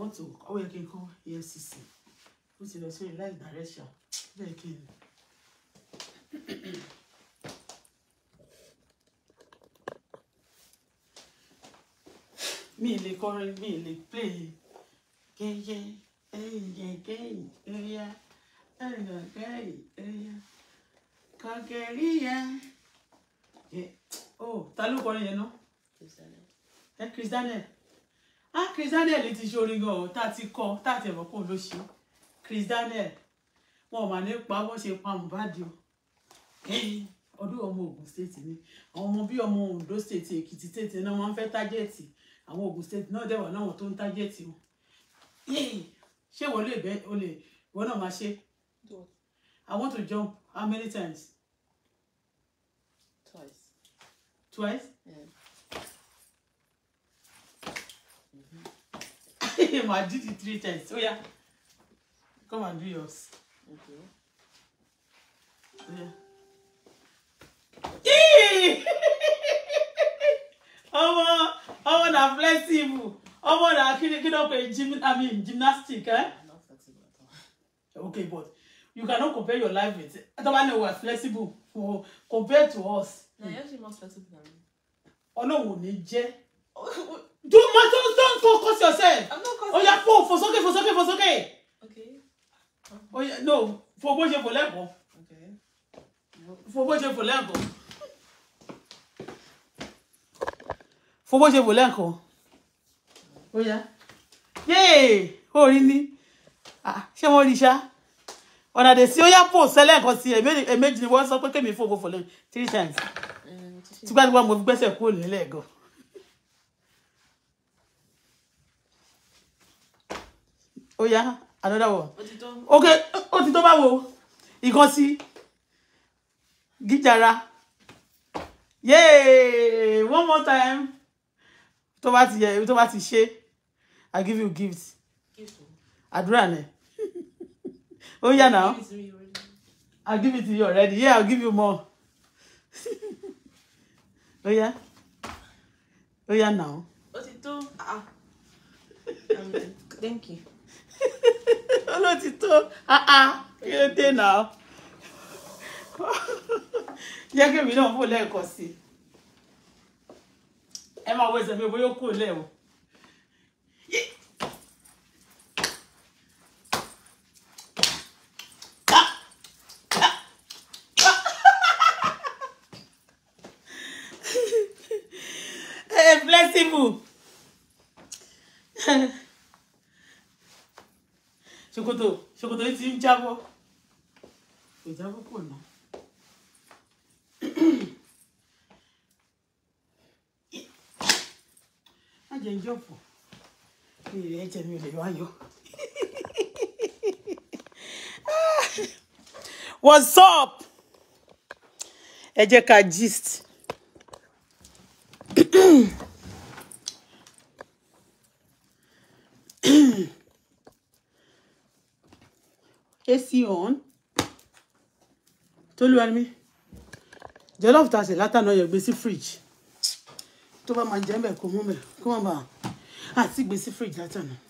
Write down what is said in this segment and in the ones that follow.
want to ó yẹ kí n kán EFCC ó ti lọ sórí live direction bẹ́ẹ̀ kí n. mi lè kọrin mi lè play kẹyẹ ẹyẹ kẹyìn ẹyà ẹyà kẹyìn ẹyà kọkẹrí yẹn. ó oh, ta ló kọrin yẹn náà. Chris Daniel. ẹ Chris Daniel ah Chris Daniel ti ṣe orin gan o tá a ti kọ tá a ti ẹ̀mọ́ kó ló ṣe Chris Daniel wọn ò mà ní pa wọ́n ṣe pa Mohbad o ọdún ọmọ Ògùn state ni àwọn ọmọ bíi ọmọ Ondo state Èkìtì state náà wọ́n fẹ́ tájẹ́ẹ̀tì àwọn Ògùn state náà dẹ̀wà láwọn tó ń tájẹ́ẹ̀tì wọn ṣé wọ́n lè bẹ́ o lè wọ́n náà máa ṣe I want to jump how many times? Twice. Twice? I did it three times. Oh yeah. Come and do yours. Okay. Yeah. ọmọ ọmọ na flexible ọmọ na kíndọ̀ a gym I mean gymnastic eh? okay but you cannot compare your life with atabale were flexible for compared to us. na yẹn more flexible than me. ọlọ́run ò ní jẹ́. Do my don't don't go yourself. I'm not causing. Oh yeah, fò fò sókè fò sókè fò sókè. Okay. Oh yeah, no. for bó ṣe fò lẹ́kọ̀ọ́. Okay. For bó ṣe fò lẹ́kọ̀ọ́. Fò bó ṣe fò lẹ́kọ̀ọ́. Oh yeah. Yay! Orí oh, ni. Ah, ṣé wọ́n rí ṣá? Ọ̀nà àdè sí ó yá fò sẹ́lẹ̀ kan sí ẹ̀mẹ́jì ni wọ́n sọ pé kémi fò bó fò lẹ́yìn three times. Eh, Tí gbàdúrà mo gbẹ́sẹ̀ kúrò nílẹ̀ gan lego. Oh yeah, another one Okay, ó ti tó báwo ìkan sí gíjàra yay one more time tó bá ti yẹ tó bá ti ṣe i give you gift àdúrà ni Oh yeah, now. i give it to you already yeah i give you more Oh yeah. Oh yeah, now. ó ti tó ah thank you ah, tó yóò dènà jẹ́ kébì náà fò lẹ́ẹ̀kan sí i ẹ máa wọ ẹsẹ̀ mi bóyá ó kúrò lẹ́wọ̀. Eh, Blessing you ṣòkòtò ṣòkòtò yìí ti ń jábọ́ kò jábọ́ pọ̀ náà má jẹ́ ìjọ pọ̀ mi ìrẹ̀ ẹ̀jẹ̀ mi ò What's up? Ẹ jẹ́ gist. Mm-hmm. AC on. Tolu and me. Jollof ta se látàná yẹ gbé sí fridge. Tó bá máa jẹ́ ńbẹ̀ kó mú ńbẹ̀ kó má bàa. A ti gbé sí fridge látàná.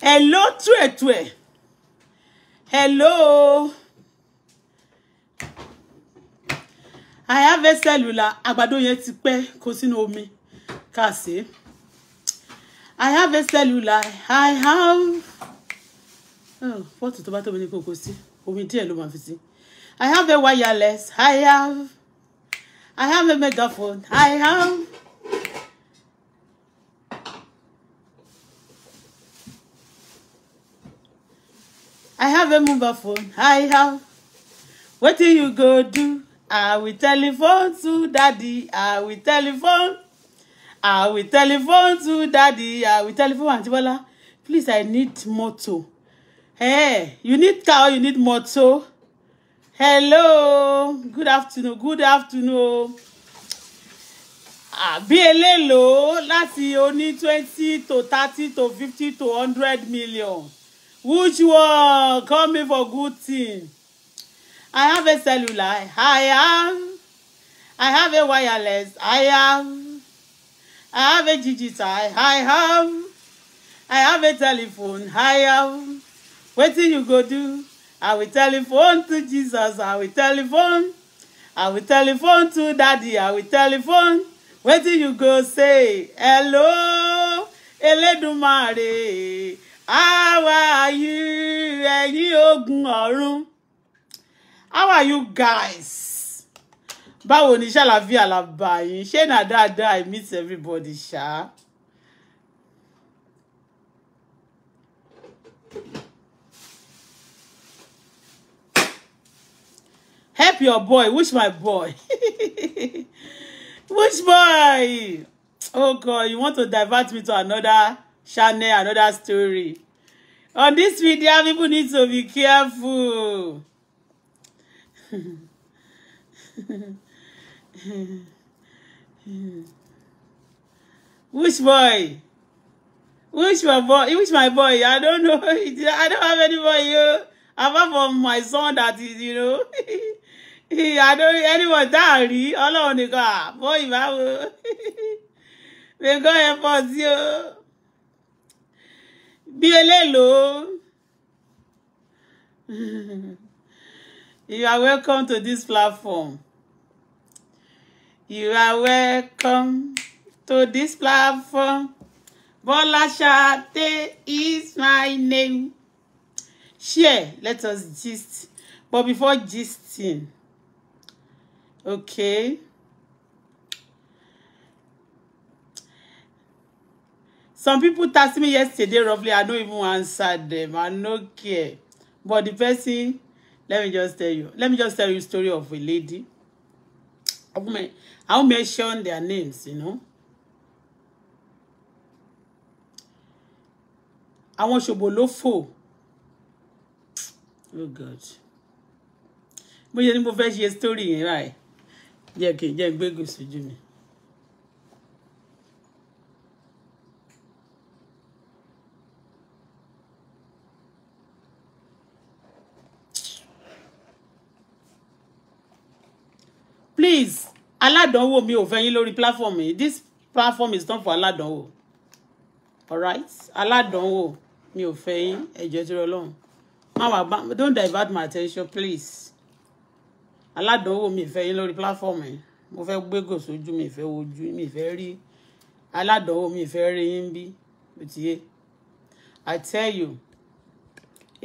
Hello tuẹ̀tuẹ̀. Hello. I have a cellular àgbàdo yẹn ti pẹ́ kó sínú omi ká sè é I have a cellular I have oh, pọ́ọ̀tù tó bá tóbi ní kòkó sí omi díẹ̀ ló máa fi sí I have a wireless I have I have a megaphone I have. I have a mobile phone. I have. What do you go do? I will telephone to daddy. I will telephone. I will telephone to daddy. I will telephone Aunty Please, I need motor. Hey, you need car, you need motor. Hello. Good afternoon. Good afternoon. Àbí That's the only twenty to thirty to fifty to hundred million. Which one? Call me for good thing. I have a cellular. I have. I have a wireless. I have. I have a digital. I have. I have a telephone. I have. do you go do? I will telephone to Jesus. I will telephone. I will telephone to daddy. I will telephone. do you go say? Hello, Elédùmarè. How are you? Are you ogun ọ̀run how are you guys báwo ni ṣàlàfí àlàbà yìí ṣé na dáadáa i miss everybody sha. help your boy which my boy which boy oh god you want to divert me to another channel another story on this video people need to be careful. which boy? Which my boy? Which my boy? I don't know. I don't have any boy you. apart from my son that is, you know. I don't anyone that rí Ọlọ́run nìkan ah, boy báwo. We go help you. Be Bí eléèlò. You are welcome to this platform. You are welcome to this platform. Bola Shate is my name. Share, let us gist. But before gisting, okay. Some people asked me yesterday roughly. I don't even answer them. I don't care. But the person let me just tell you let me just tell you story of a lady a woman i won't mention their names you know I want ló fò oh god mo ṣe ni mo fẹ́ story right? báyìí okay. kí n jẹ́ gbégùn sójú please aládánwò mi ò fẹ́ yín lórí platform yìí this platform is not for aládánwò alright aládánwò mi ò fẹ́ yín ẹ̀jẹ̀ tí ọlọ́run má wàá don't divert my attention please aládánwò mi ìfẹ́ yín lórí platform yìí mo fẹ́ gbégò sójú mi ìfẹ́ wojú mi ìfẹ́ rí aládánwò mi ìfẹ́ rí yín bí ó ti yé I tell you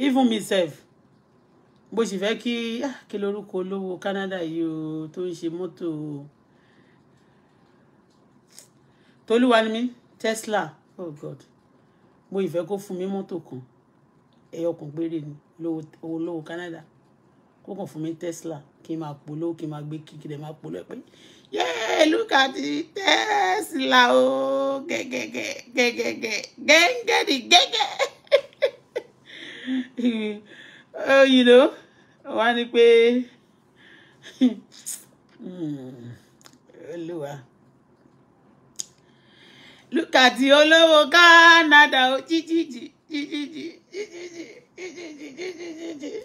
even myself bó sì fẹ́ kí ah, kí lorúkọ olówó Canada yìí o tó ń ṣe mọ́tò tolúwa ni mí Tesla oh God mo ìfẹ́ kó fún mi mọ́tò kan ẹyọ kan péré ni owó lówó Canada kó kàn fún mi Tesla kí n máa polówó kí n máa gbé kíkì rẹ̀ máa polówó ẹ̀ pé yéé lùkà ti Tesla o gẹ́gẹ́gẹ́ gẹ́gẹ́gẹ́ gẹ́ngẹ́dì gẹ́gẹ́. Oh, you know wá ní pé olúwa lùkàtì olówó Canada ó jíjíjì jíjíjì jíjíjì jíjíjì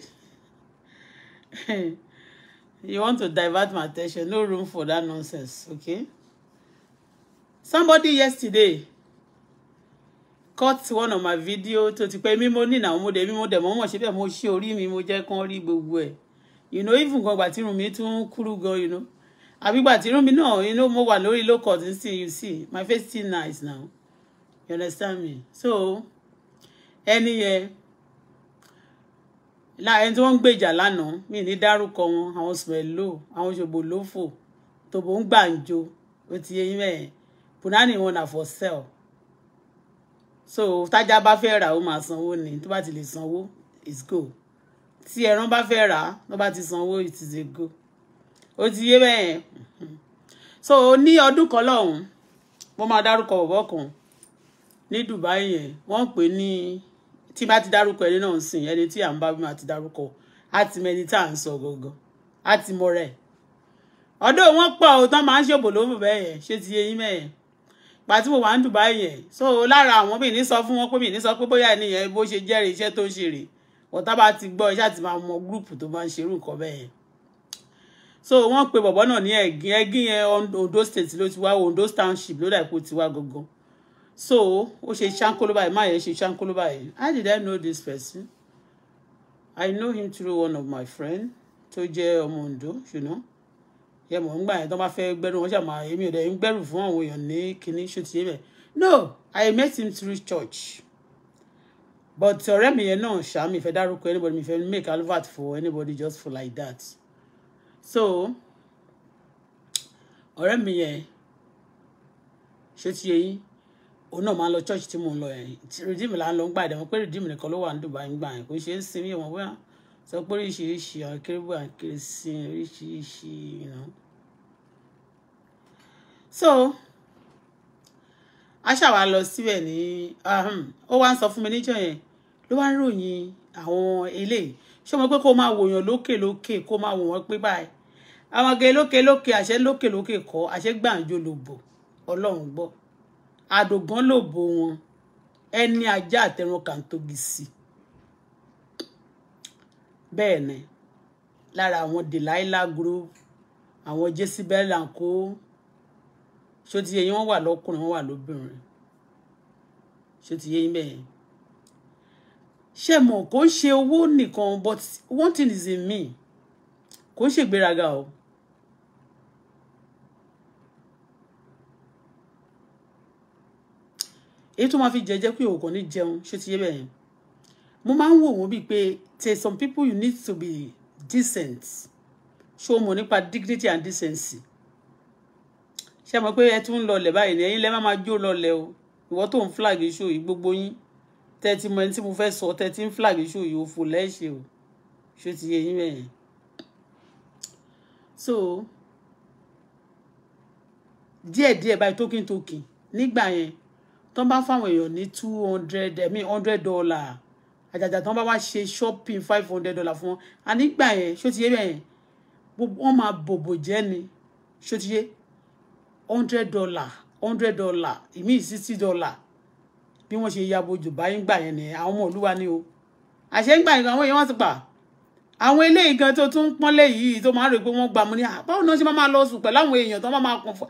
you want to divert my attention no room for that nonsense okay somebody yesterday cut one of my video to ti pẹ́ mímọ́ nínú àwọn ọmọdé mímọ́ dẹ̀ mọ́ mọ̀ ṣe bẹ́ẹ̀ mo ṣe orí mi mo jẹ́ kán rí gbogbo ẹ̀ you know even gan gbàtí irun mi tún kúrú go. you know àbí gbàtí irun mi náà you know mo wà lórí low cut see you see my face still nice now you understand me so ẹni yẹn láàrin tí wọ́n ń gbèjà lánàá mi ní dárúkọ wọn àwọn sùmẹ̀lò àwọn òṣogbo lófò tòbó ń gbàǹjo ó ti yẹ yín punani wọn na for sale so tájà bá fẹ́ rà ó máa sanwó ni tó bá ti lè sanwó is go tí ẹran bá fẹ́ rà tó bá ti sanwó it is a go ó ti yé bẹ́ẹ̀ so ni ọdún kan lọ́hùn mo máa dárúkọ bọ̀bọ̀ kan ní Dubai yẹn wọ́n pè ní tí bá ti dárúkọ ẹni náà ń sìn ẹni tí à ń bá ti dárúkọ á ti mẹni tá à ń sọ gangan á ti mọ rẹ̀ ọdún wọn pọ̀ ọ̀ tán máa ń ṣòbò lóbò bẹ́ẹ̀ yẹn ṣé ti yé yín mẹ́yẹn pàtí mo wà ń Dubai yẹn so lára àwọn mi ní sọ fún wọn pé mi ní sọ pé bóyá ènìyàn bó ṣe jẹ́rìí iṣẹ́ tó ń ṣe rèé ọ̀tá bá ti gbọ́ iṣẹ́ àti máa mọ gúrùpù tó máa ń ṣerú nǹkan bẹ́ẹ̀ yẹn so wọ́n pe bọ̀bọ́ náà ní ẹ̀gín ẹ̀gín yẹn Ondo state ló ti wá Ondo township ló dàpọ̀ ti wá gangan so ó ṣe ṣáńkóló báyìí má yẹn ṣe ṣáńkóló báyìí how did I know this person I know him through one of my friend tó jẹ́ ọmọ Ondo you know yẹ mọ̀ ń gbà yẹn tó bá fẹ́ gbẹ́rù wọn ṣàmà èmi ò dẹ̀ ń gbẹ́rù fún àwọn èèyàn ní kinní ṣùtì yẹn bẹ̀ no i met him through church but ọ̀rẹ́ mi yẹn náà ṣá mi fẹ́ dárúkọ anybody mi fẹ́ make advert for anybody just for like that so ọ̀rẹ́ mi yẹn ṣé ti yẹ yín òun náà máa ń lọ church tí mò ń lọ yẹn rìdíìmù là ń lọ ń gbà ìdẹ̀wọ̀n pé rìdíìmù nìkan ló wà ní Dubai ń gbà yẹn kò ṣe ń sinmi ìwọ̀n bóyá sọ pé oríṣiríṣi àwọn kérébù àkérésìn oríṣiríṣi ìrànwọ́ so a ṣàwà lọ síbẹ̀ ní um, ó wá ń sọ fún mi níjọ́ yẹn ló wá ń ròyìn àwọn eléyìí ṣé mo pé kó máa wòyàn lókè lókè kó máa wò wọ́n pé báyìí àwọn ọ̀gẹ̀ lókè lókè àṣẹ lókè lókè kọ́ àṣẹ gbàǹjo lòbò ọlọ́run gbọ́ àdògán lòbò wọn ẹni ajá àtẹrun kàǹtògì sí bẹ́ẹ̀ ni lára àwọn delilah group àwọn jezebel and co ṣó ti yẹ yín wọ́n wà lọ́kùnrin wọ́n wà lóbìnrin ṣó ti yẹ yín bẹ́ẹ̀ ṣe mọ̀ kó ń ṣe owó nìkan but one thing is in me kó ń ṣègbéraga o. èyí tó máa fi jẹjẹ pé òkò ní jẹun ṣé ti yé bẹ́ẹ̀ mo máa ń wò wọ́n bíi pé say some people you need to be decent ṣó mọ̀ nípa dignity and decency ṣé mo pé ẹ tún ń lọlẹ̀ báyìí ni ẹ̀yin lẹ́ máa jó lọlẹ̀ o ìwọ tó ń flag iṣu yìí gbogbo yín tẹ́tí mọ ẹni tí mo fẹ́ sọ tẹ́tí ń flag iṣu yìí òfò lẹ́ṣẹ̀ o ṣó ti yé yín bẹ́ẹ̀ so díẹ̀díẹ̀ báyìí tókìn tókìn nígbà yẹn tán bá fáwọn èèyàn ní two hundred ẹ̀mí hundred dollar àjàjà tán bá wá ṣe shopping five hundred dollar fún wọn ànígbà yẹn ṣó ti yé bẹ́ẹ̀ yẹn wọ́n máa bòbò jẹ́ ni ṣó ti yé hundred dollar hundred dollar ìmí sixty dollar bí wọ́n ṣe yabo jùbá yín gbà yẹn nìyẹn àwọn ọmọ olúwa ni o àṣẹ ń gbà yẹn àwọn èèyàn wọ́n ti pa àwọn eléyìí gan tó tún pọ́nlé yìí tó máa ń rè pé wọ́n gbà mú ní àbáwọn náà ṣe máa lọ sùn pẹ̀lú àwọn èèyàn tó máa máa kún fún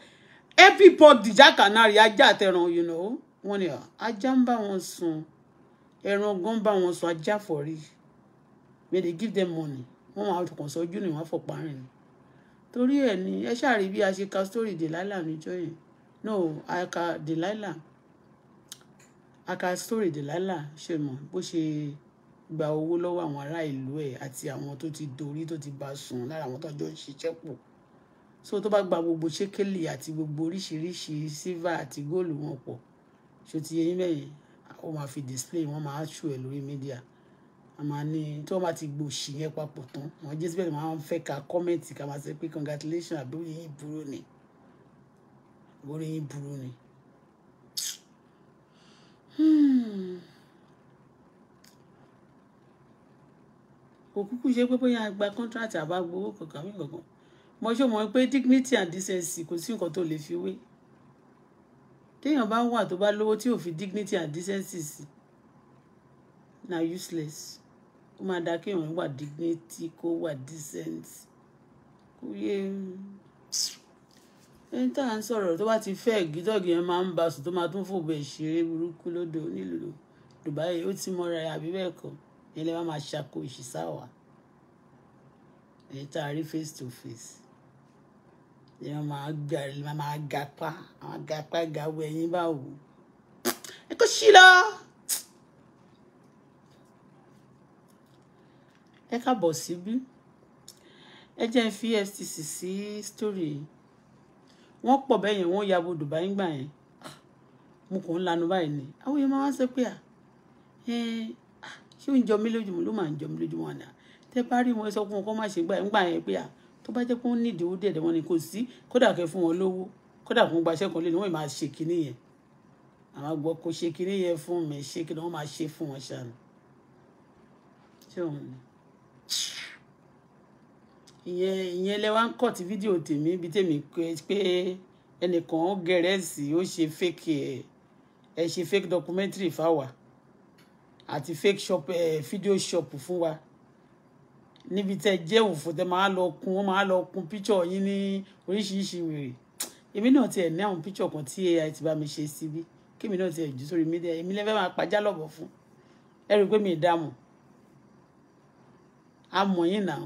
everybody jákànáàrí ajá àtẹ̀ràn you know wọ́n ní ajá ń bá wọn sùn ẹran gan bá wọn sùn ajá fọ̀rí may they give them money wọ́n máa kàn sọ́jú ni wọ́n á fọ̀ parin ni torí ẹ̀ ni ẹ ṣàrí bí a ṣe ka story Delilah níjọ́ yẹn no I ka Delilah I ka story Delilah ṣe mọ̀ bó ṣe gba owó lọ́wọ́ àwọn ará ìlú ẹ̀ àti àwọn tó ti dorí tó ti bá sùn lára àwọn tó jọ ń ṣiṣẹ́ pọ̀ so tó bá gba gbogbo ṣékélì àti gbogbo oríṣiríṣi silver àti góòlù wọn pọ̀ ṣó yín bẹ́yẹn ó máa fi display wọn máa ṣù ẹ̀ lórí mídíà a máa ní tí wọ́n bá ti gbòòṣì yẹn papọ̀ tán àwọn jésùbẹ̀ máa ń fẹ́ ka kọ́mẹ̀ntì ká máa sọ pé congratulation àbí orí yín burú ni orí yín burú ni. Hmm. kò kúkú ṣe pé bóyá gba contract àbá gbowó kankan mí kankan mo ṣe mọ̀ pé dignity and decency kò sí nǹkan tó lè fi wé téèyàn bá wà tó bá lówó tí ò fi dignity and decency sí na useless ó máa da kéèyàn wà dignity kó wà decent kó yé ẹni tá à ń sọ̀rọ̀ tó bá ti fẹ́ gídọ́gì yẹn máa ń ba sùn tó máa tún fòbẹ̀ ṣeré burúkú lódò nílùú Dubai ó ti mọ́ra ẹ̀ àbí bẹ́ẹ̀ kọ́ yẹn lè má máa ṣàkó ìṣìṣàwà ẹni tá a rí face to face yẹn máa gbà máa gapá àwọn gapá gawọ ẹyin bá wù ẹ kó sí lọ. ẹ káàbọ̀ síbí ẹ jẹ́ fi FTC sí story yìí wọ́n pọ̀ bẹ́ẹ̀ yẹn wọ́n ya bo Dubai gbà yẹn ah, mo kàn ń lanu báyìí ni àwọn èèyàn máa ń sọ pé à ṣé ó ń jọ mí lójú mo ló máa ń jọ mí lójú wọn àná tẹ bá rí wọn sọ fún wọn kó má ṣe gbà yẹn gbà yẹn pé à tó bá jẹ́ pé wọ́n nídìí owó díẹ̀ wọn ni kò sí kódà kẹ́ fún wọn lówó kódà fún gbaṣẹ́ kan lónìí wọ́n máa ṣe kinní yẹn àwọn gbọ́ kó ṣe kinní yẹn fún mi ṣe kinní wọ́n máa ṣe fún wọn ṣáà ni ìyẹn ìyẹn lẹ wá ń kọ̀ tí fídíò tèmi ibi tèmi pé ẹnìkan gẹ̀rẹ́sì ó ṣe fake ẹ ṣe fake documentary fáwa àti fake shop ẹ fídíò shop fún wa níbi tẹ jẹ òfò tẹ máa lọ kun wọn máa lọ kun píchọ yín ní oríṣiríṣi wèrè èmi náà tiẹ̀ ní àwọn píchọ kan tí ai ti bá mi ṣe síbí kémi náà tiẹ̀ jù sórí mídíà èmi lẹ́fẹ̀ẹ́ máa pàjá fún ẹ rí i pé mi ì dáàmú a mọ̀ yín náà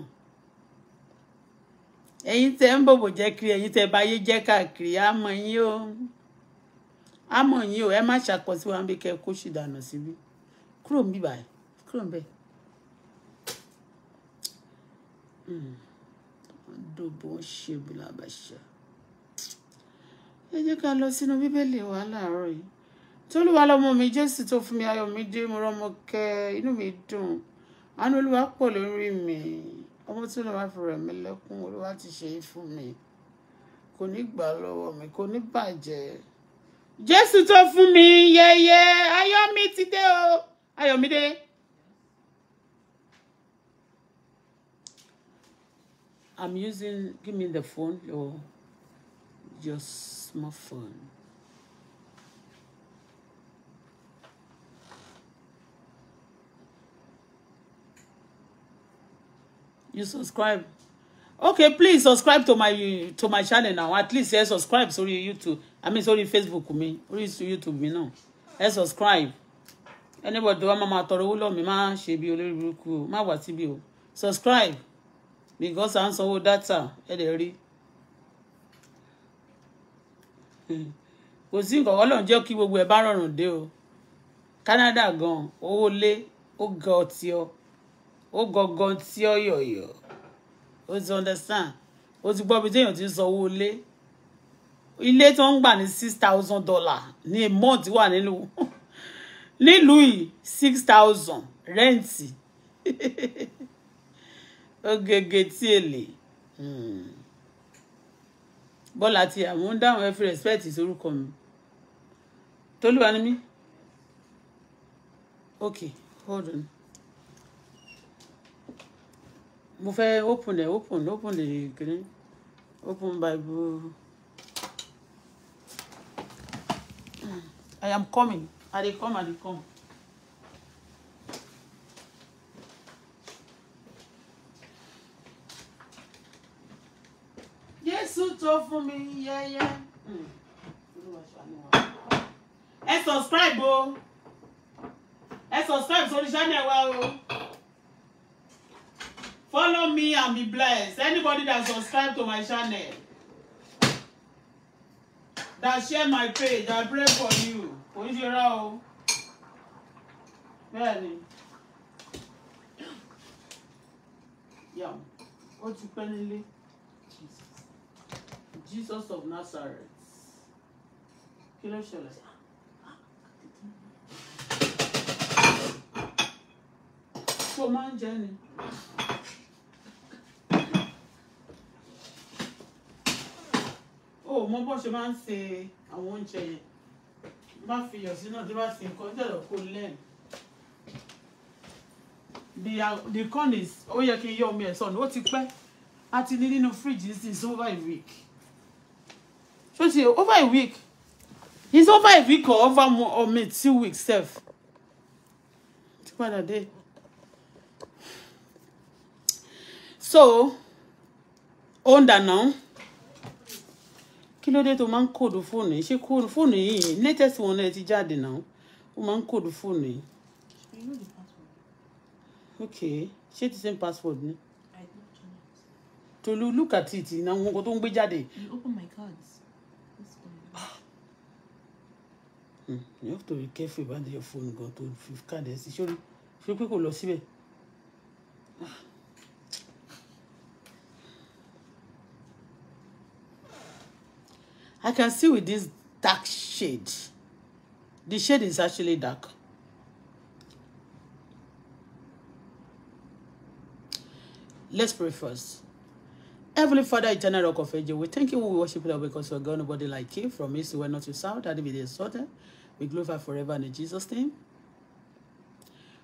ẹ̀yin tẹ́ ń bòbò jẹ́ kiri ẹ̀yin tẹ́ báyé jẹ́ káàkiri a mọ̀ yín o a mọ̀ yín o ẹ má ṣàkọsí wa bí kẹ́ kó sì dànù síbí kúrò ń bíbà kúrò ń bẹ̀. Hmm. dòbò ń ṣe bùlà bàṣà ẹ jẹ́ ká lọ sínú bíbélì wa láàárọ̀ yìí tolúwa lọmọ mi jésù tó fún mi ayọ̀ mi dé mo rọ́mọ kẹ́ inú mi dùn àánú olúwa pọ̀ lórí mi ọmọ tí olúwa fi rẹ̀ mí lẹ́kún olúwa ti ṣe é fún mi kò ní gbà lọ́wọ́ mi kò ní bàjẹ́ jésù tó fún mi yẹyẹ ayọ̀ ti dé o ayọ̀ dé. I'm using, give me the phone your your smartphone. you subscribe okay please subscribe to my to my channel now at least yeah, subscribe Sorry, youtube i mean sorry, facebook mi orí youtube me náà Yeah, subscribe anybody do wá máa tọrọ owó ma má ṣe bí ma burúkú o má o subscribe because à ń sanwó data ẹ lè rí kò sí nǹkan ọlọ́run jẹ́ kí gbogbo ẹ̀ bá rọrùn dé o canada gan owó lé ó ga ọtí ọ ó gangan tí ọ̀yọ̀yọ̀ ó ti understand ó ti gbọ́ bí téèyàn ti ń sanwó ilé ilé tó ń gbà ní six thousand dollar ní a month wà nílùú nílùú yìí six thousand rẹ́ǹtì ó gègé tí èlé hmm. bọ́lá ti àmú ń dáhùn ẹ fi respect sórúkọ mi tolúwa ni mí okay hold on mo fẹ́ open ẹ̀ open open the green, open bible i am coming i dey come i dey come. jésù tó fún mi yẹ́yẹ́ ẹ subscribe o ẹ subscribe sórí channel wa o. Follow me and be blessed. Anybody that subscribe to my channel, that share my page, I pray for you. Oyinṣẹ́ra o. Bẹ́ẹ̀ni. Yàm, ó ti pẹ́ nílé. Jesus of Nazareth. Kí ló ṣẹlẹ̀? Ṣé o o mọ bó ṣe máa ń se àwọn oúnjẹ yẹn má fi iyọ̀ sí náà tí bá ti nǹkan jẹ̀rọ kó lẹ́nu the the corn is ó yẹ kí n yọ omi ẹ̀ sọ̀nù ó ti pẹ́ a ti ní nínú fridge this is over a week ṣó ti over a week it's over a week or over more or maybe two weeks sef ti padà dé so ó ń dànù kí ló dé tó máa ń kóòdù fóònù yìí ṣé fóònù yìí latest one ẹ ti jáde náà ó máa ń kóòdù fóònù yìí. ok ṣé the same password ni. Tolu look at it na nǹkan tó ń gbé jáde. you open my cards. Hmm, you have to be careful about your phone gan to fi card ẹ sí ṣé pé kò lọ síbẹ̀. I can see with this dark shade. The shade is actually dark. Let's pray first. Heavenly Father, eternal rock of ages, we thank you, we worship you because we're are God, nobody like you. From east to west, north to south, that be the exalted. We glorify forever in Jesus' name.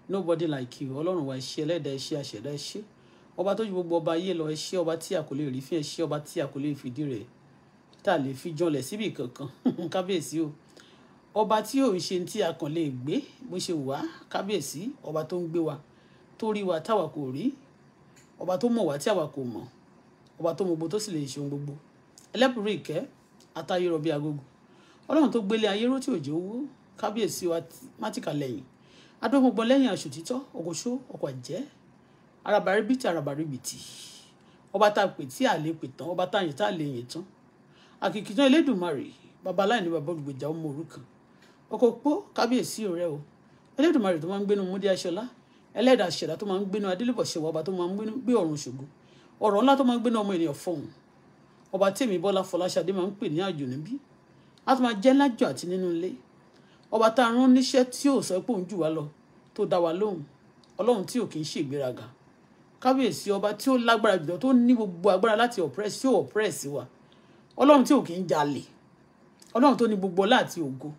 Nobody like you. Ọlọ́run wa ẹ ṣé ẹlẹ́dàá ẹ ṣé àṣẹ̀dá ẹ ṣé. Ọba tó ju gbogbo ọba ayé lọ ẹ ṣé ọba a kò lè rí fín ẹ ṣé ọba a kò lè fìdí rẹ̀ tá a lè fi janlẹ̀ síbi kankan kábíyèsí o ọba tí ò ṣe tí a kàn lè gbé bó ṣe wà kábíyèsí ọba tó ń gbé wa tó rí wa táwa kò rí ọba tó mọ̀ wá tí àwa kò mọ̀ ọba tó mọ gbogbo tó sì lè ṣeun gbogbo ẹlẹ́pùrú ìkẹ́ atayérọ bíi agogo ọlọ́run tó gbélé ayé rótì òjò owó kábíyèsí wa mátìkà lẹ́yìn adógbogbo lẹ́yìn aṣọ títọ́ ògòṣó ọkọ̀ àjẹ́ arabaribìtì arabaribìtì ọba tá a pè tí a lè pè tán ọba tá a yìn tá a lè yìn tán àkìkìtàn elédùnmarè babaláì ní bàbá olùgbèjà ọmọ òrukàn ọkọ pọ kábíyèsí ọ̀rẹ́ o elédùnmarè tó máa ń gbénu múdí aṣọlá ẹlẹ́dàá ṣẹ̀dá tó máa ń gbénu adélébọ̀ ṣẹ̀wọ̀ ọba tó máa ń gbé ọ̀run ṣògo ọ̀rọ̀ ńlá tó máa ń gbénu ọmọ ènìyàn fọ̀hún ọba tèmi bọ́lá fọláṣadé máa ń pè ní àjò níbí a tó máa jẹ́ lájò àti nínú ilé ọba tá a rán níṣẹ́ tí ò sọ pé òun jù wá lọ tó dá wa lóhùn ọlọ́run tí ò kì í ṣègbéraga kábíyèsí ọba tí ó lágbára jùlọ tó ní gbogbo agbára láti oppress tí ò oppress wa ọlọ́run tí ò kí ń jalè ọlọ́run tó ní gbogbo ọlá àti ògo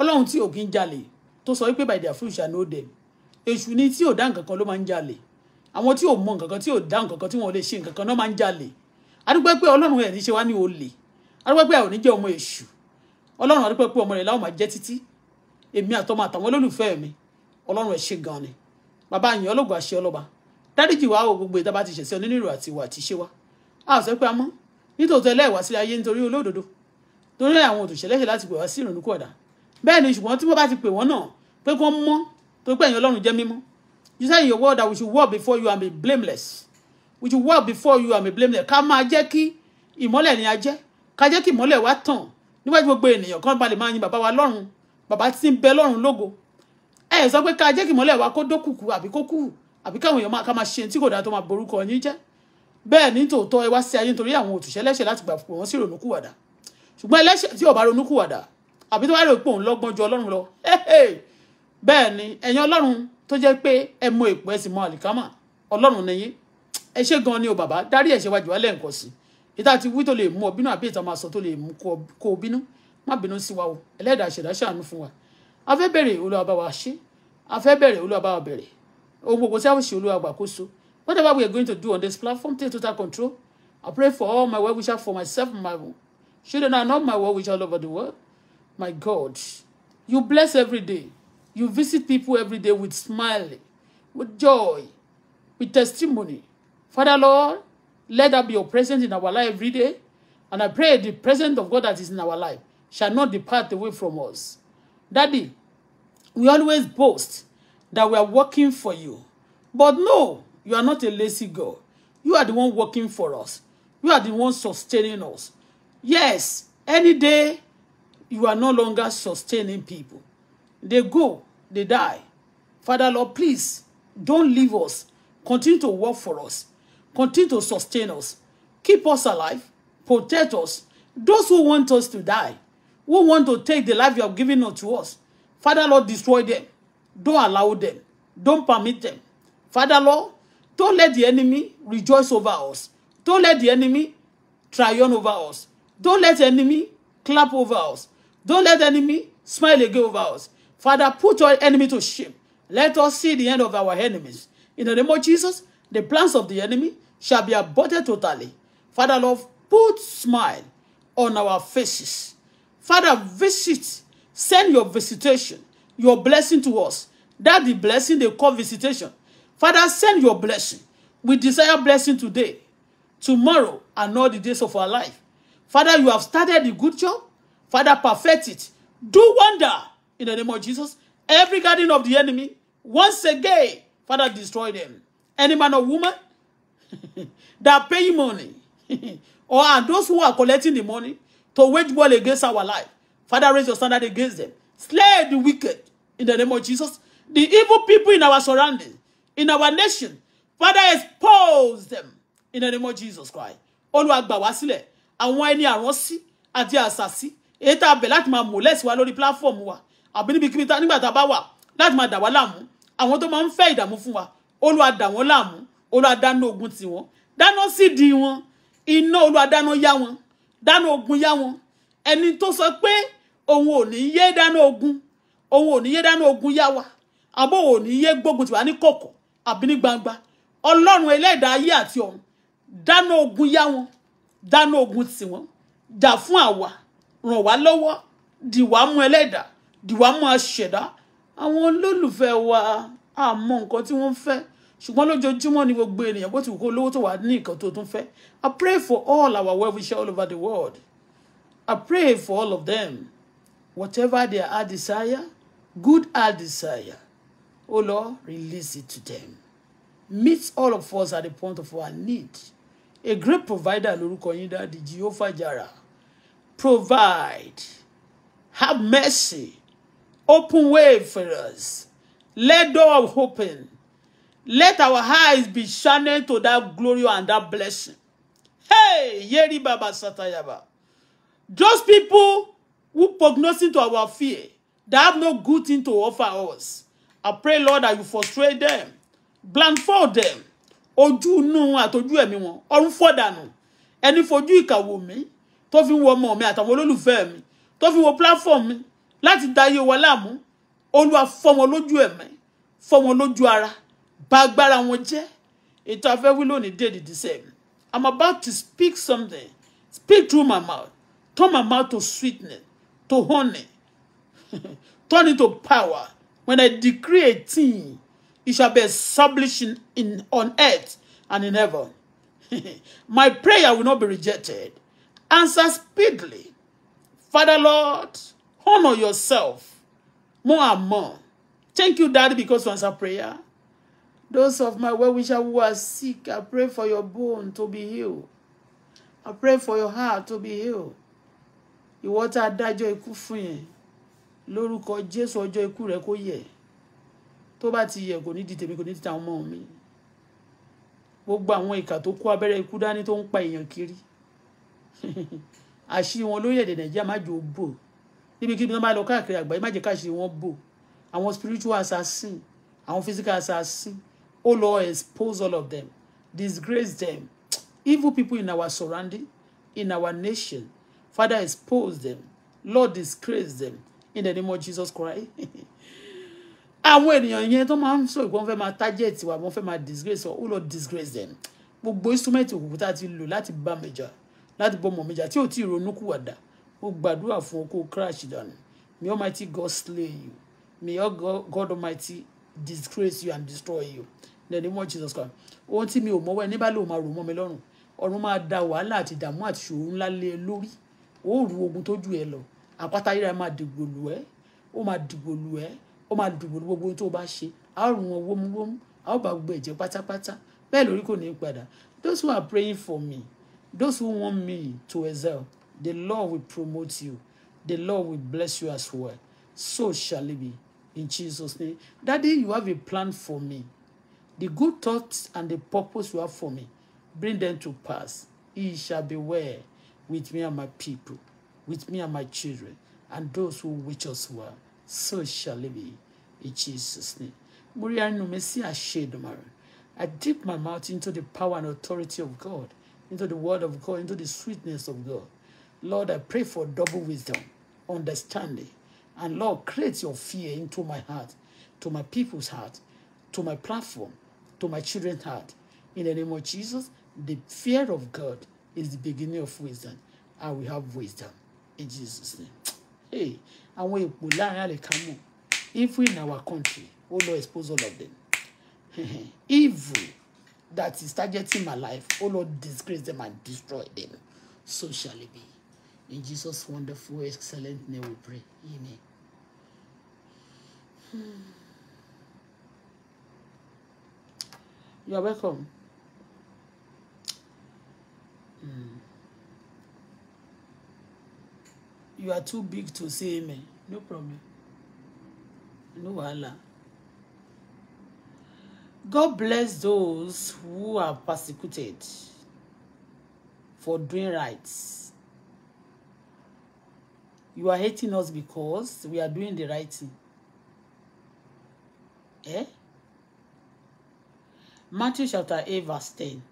ọlọ́run tí ò kí ń jalè tó sọ wípé by their fruit shall èṣù ni tí ò dá nǹkan kan ló máa ń jalè àwọn tí ò mọ nǹkan kan tí ò dá nǹkan kan tí wọn ò lè ṣe nǹkan kan náà máa ń jalè adúpẹ́ pé ọlọ́run ẹ̀ ní ṣe wá ní olè adúpẹ́ pé àwọn ò ní jẹ́ ọmọ èṣù ọlọ́run adúpẹ́ pé ọmọ rẹ̀ láwọn máa jẹ́ títí èmi àtọmọ àtàwọn olólùfẹ́ mi ọlọ́run ẹ̀ ṣe gan ni bàbá àyàn ológun àṣẹ ọlọ́ba dáríjì wa o gbogbo ìta bá ti ṣẹ̀ṣẹ̀ onínú ìrò àti ìwà àti ṣé wa a ò sọ pé a mọ́ nítòótọ́ ẹlẹ́wà sí ayé nítorí olódodo torí àwọn òtòṣẹlẹ́ṣẹ láti pè wá sí ìrònú kọ̀dà bẹ́ẹ̀ ni ṣùgbọ́n tí wọ́n bá ti pè wọ́n náà pé kí mọ́ tó pẹ̀yìn ọlọ́run jẹ́ mímọ́ you say your word that we should walk before you and be blameless we should walk before you and be blameless ká máa jẹ́ kí ìmọ́lẹ̀ ni a jẹ́ ká jẹ́ kí ìmọ́lẹ̀ wa tàn níwájú gbogbo ènìyàn kan balẹ̀ máa yin bàbá wa lọ́run bàbá tí ń bẹ lọ́run lógo ẹ sọ pé ká jẹ́ kí ìmọ́lẹ̀ wa kó dókùkù àbí kó kù àbí káwọn èèyàn ká máa ṣe tí kò dáa tó máa borúkọ yín jẹ́ bẹ́ẹ̀ ní tòótọ́ ẹ wá sí ayé nítorí àwọn òtúnṣẹ́ lẹ́ṣẹ̀ láti gbà pé wọ́n sì ronúkúwàdà ṣùgbọ́n ẹlẹ́ṣẹ̀ tí ò ronúkúwàdà àbí tó bá rò pé òun lọ́gbọ́n ju ọlọ́run lọ bẹ́ẹ̀ ni ẹ̀yin ọlọ́run tó jẹ́ pé ẹ mọ èpò ẹ sì mọ àlìkámà ọlọ́run nìyí ẹ ṣe gan ni o bàbá dárí ẹ̀ṣẹ̀ wájú wálẹ̀ nǹkan sí ìta ti wí tó lè mú ọ bínú àbí ìta máa sọ tó lè mú kó o bínú má bínú sí wa o ẹlẹ́dàá ṣẹ̀dá ṣàánú fún wa a bẹ̀rẹ̀ olúwa bá wa ṣe a bẹ̀rẹ̀ olúwa bá wa bẹ̀rẹ̀ ohun gbogbo tí a ṣe olúwa gbàkóso Whatever we are going to do on this platform, take total control. I pray for all my well wishes for myself, my children, are not my well wishes all over the world. My God, you bless every day. You visit people every day with smile, with joy, with testimony. Father Lord, let that be your presence in our life every day. And I pray the presence of God that is in our life shall not depart away from us. Daddy, we always boast that we are working for you. But no, You are not a lazy girl. You are the one working for us. You are the one sustaining us. Yes, any day you are no longer sustaining people. They go, they die. Father Lord, please don't leave us. Continue to work for us. Continue to sustain us. Keep us alive. Protect us. Those who want us to die, who want to take the life you have given unto us, Father Lord, destroy them. Don't allow them. Don't permit them. Father Lord, Don't let the enemy rejoice over us. Don't let the enemy triumph over us. Don't let the enemy clap over us. Don't let the enemy smile again over us. Father, put your enemy to shame. Let us see the end of our enemies. In the name of Jesus, the plans of the enemy shall be aborted totally. Father, love, put smile on our faces. Father, visit, send your visitation, your blessing to us. That the blessing they call visitation Father, send your blessing. We desire blessing today, tomorrow, and all the days of our life. Father, you have started the good job. Father, perfect it. Do wonder in the name of Jesus. Every garden of the enemy, once again, Father, destroy them. Any man or woman that pay money or are those who are collecting the money to wage war against our life, Father, raise your standard against them. Slay the wicked in the name of Jesus. The evil people in our surroundings, in our nation father expose them in the name of jesus christ olúwa gbà wá sílẹ̀ àwọn ẹni àránsí àti àṣàsí èyí tá a bẹ̀ láti máa mọ̀lẹ́sì wa lórí pílàfọ́ọ̀mù wa àbí níbikíbi tá nígbà tá a bá wà láti máa dà wá láàmú àwọn tó máa ń fẹ́ ìdààmú fún wa olúwa dà wọ́n láàmú olúwa dáná ogun tì wọ́n dáná sì di wọn iná olúwa dáná yá wọn dáná ogun yá wọn ẹni tó sọ pé òun ò ní yé dáná ogun òun ò ní yé dáná ogun yá wa àbó òun ò ní yé gbógun tiwa ní àbí ní gbangba ọlọ́run ẹlẹ́dàá ayé àti ọ̀run dáná ogun yá wọn dáná ogun tì wọ́n jà fún àwa ràn wá lọ́wọ́ dìwà mú ẹlẹ́dàá dìwà mú aṣẹ̀dá àwọn olólùfẹ́ wa àmọ́ nǹkan tí wọ́n fẹ́ ṣùgbọ́n lójoojúmọ́ ni gbogbo ènìyàn bó ti wù kó lówó tó wà ní nǹkan tó tún fẹ́ I pray for all our well-wishers all over the world I pray for all of them whatever their heart desire good heart desire Oh Lord, release it to them. Meet all of us at the point of our need. A great provider lórúkọ yín the Jehovah Jireh. Provide. Have mercy. Open way for us. Let door open. Let our eyes be shining to that glory and that blessing. Hey, Yeri Baba Satayaba. Those people who prognosing to our fear, they have no good thing to offer us. I pray, Lord, that you frustrate them, blindfold them, ojú inú àtọjú ẹ̀mí wọn, ọ̀run fọ́ dànù, ẹni fojú ìkà wò mí, tó fi ń wo ọmọ mi àtàwọn olólùfẹ́ mi, to fi ń wo platform mi láti da ayé wa láàmú, olúwa fọ́ wọn lójú ẹ̀mí, fọ́ wọn lójú ara, bà agbára wọn jẹ́, ètò afẹ́ wí lónìí dé the same. I'm about to speak something, speak through my mouth, turn my mouth to sweetness, to honey, turn it to power. When I decree a thing, it shall be established in, in on earth and in heaven. My prayer will not be rejected. Answer speedily. Father Lord, honor yourself more and more. Thank you, Daddy, because you answer prayer. Those of my well-wishers who are sick, I pray for your bone to be healed. I pray for your heart to be healed. Ìwọ tá a dájọ́ lórúkọ jésù ọjọ́ ikú rẹ kó yẹ tó bá ti yẹ kò ní di tèmi kò ní di tàwọn ọmọ mi gbogbo àwọn ìkà tó kó abẹ́rẹ́ ikú dání tó ń pa èèyàn kiri àṣírí wọn lórí èdè nàìjíríà má jò bò níbikíbi wọn bá lọ káàkiri àgbáyé má jẹ káàṣírí wọn bò àwọn spiritual assassin àwọn physical assassin ó lọ expose all of them disgrace them evil people in our surrounding in our nation father expose them lord disgrace them in the name of Jesus Christ àwọn ènìyàn yẹn tó máa ń sọ ìgbọ́n fẹ́ máa target wa wọ́n fẹ́ máa disgrace wa ó lọ disgrace them gbogbo instrument òkùnkùn tá a ti lò láti bá mẹjà láti bọ́ mọ̀ mẹjà tí ò tí ì ronúkúwàdà ó gbàdúrà fún oko crash dànù may almighty God slay you may all God, God almighty disgrace you and destroy you in the name of Jesus Christ ohun tí mi ò mọ́wọ́ ẹ ní bá lè máa rò mọ́ mi lọ́rùn ọ̀run máa da wàhálà àti ìdààmú àti ṣòro ńlá lé e lórí ó rú ogun tó ẹ lọ àpáta yìí rẹ̀ máa dìgbò lù ẹ́ ó máa dìgbò lù ẹ́ ó máa dìgbò lù gbogbo ohun tó bá ṣe a ó rùn wọn wómúwómú a ó bá gbogbo ẹ̀jẹ̀ pátápátá bẹ́ẹ̀ lórí kò ní í padà those who are praying for me those who want me to excel the Lord will promote you the Lord will bless you as well so shall it be in Jesus name daddy you have a plan for me the good thoughts and the purpose you have for me bring them to pass He shall be well with me and my people with me and my children and those who wish us well. So shall it be in Jesus' name. I dip my mouth into the power and authority of God, into the word of God, into the sweetness of God. Lord, I pray for double wisdom, understanding. And Lord, create your fear into my heart, to my people's heart, to my platform, to my children's heart. In the name of Jesus, the fear of God is the beginning of wisdom. and we have wisdom. in Jesus name hey àwọn èpò láàrin If we in our country oh Lord expose all of them evil that is targeting my life oh Lord disgrace them and destroy them so shall it be in Jesus wonderful excellent name we pray amen. Hmm. You are welcome. Mm. you are too big to say amen no problem no wahala God bless those who are persecuted for doing right. you are hating us because we are doing the right thing eh Matthew chapter 8 verse 10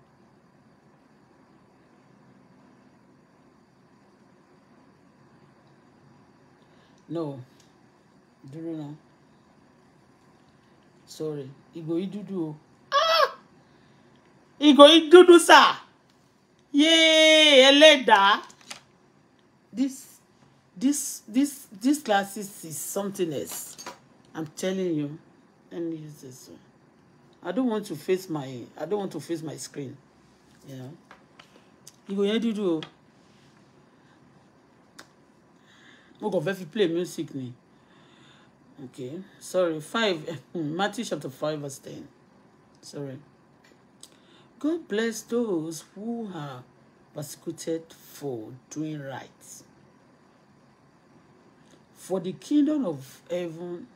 no dúró náà sorry ìgò yìí dúdú o ah! ìgò yìí dúdú sà yéé ẹlẹ́dàá this this this this classes is something else i'm telling you let me use this one i don't want to face my i don't want to face my screen you know ìgò yẹn dúdú o. We go very play music ni okay sorry five hmm, Matthew chapter five verse ten sorry God bless those who are persecuted for doing right for the kingdom of heaven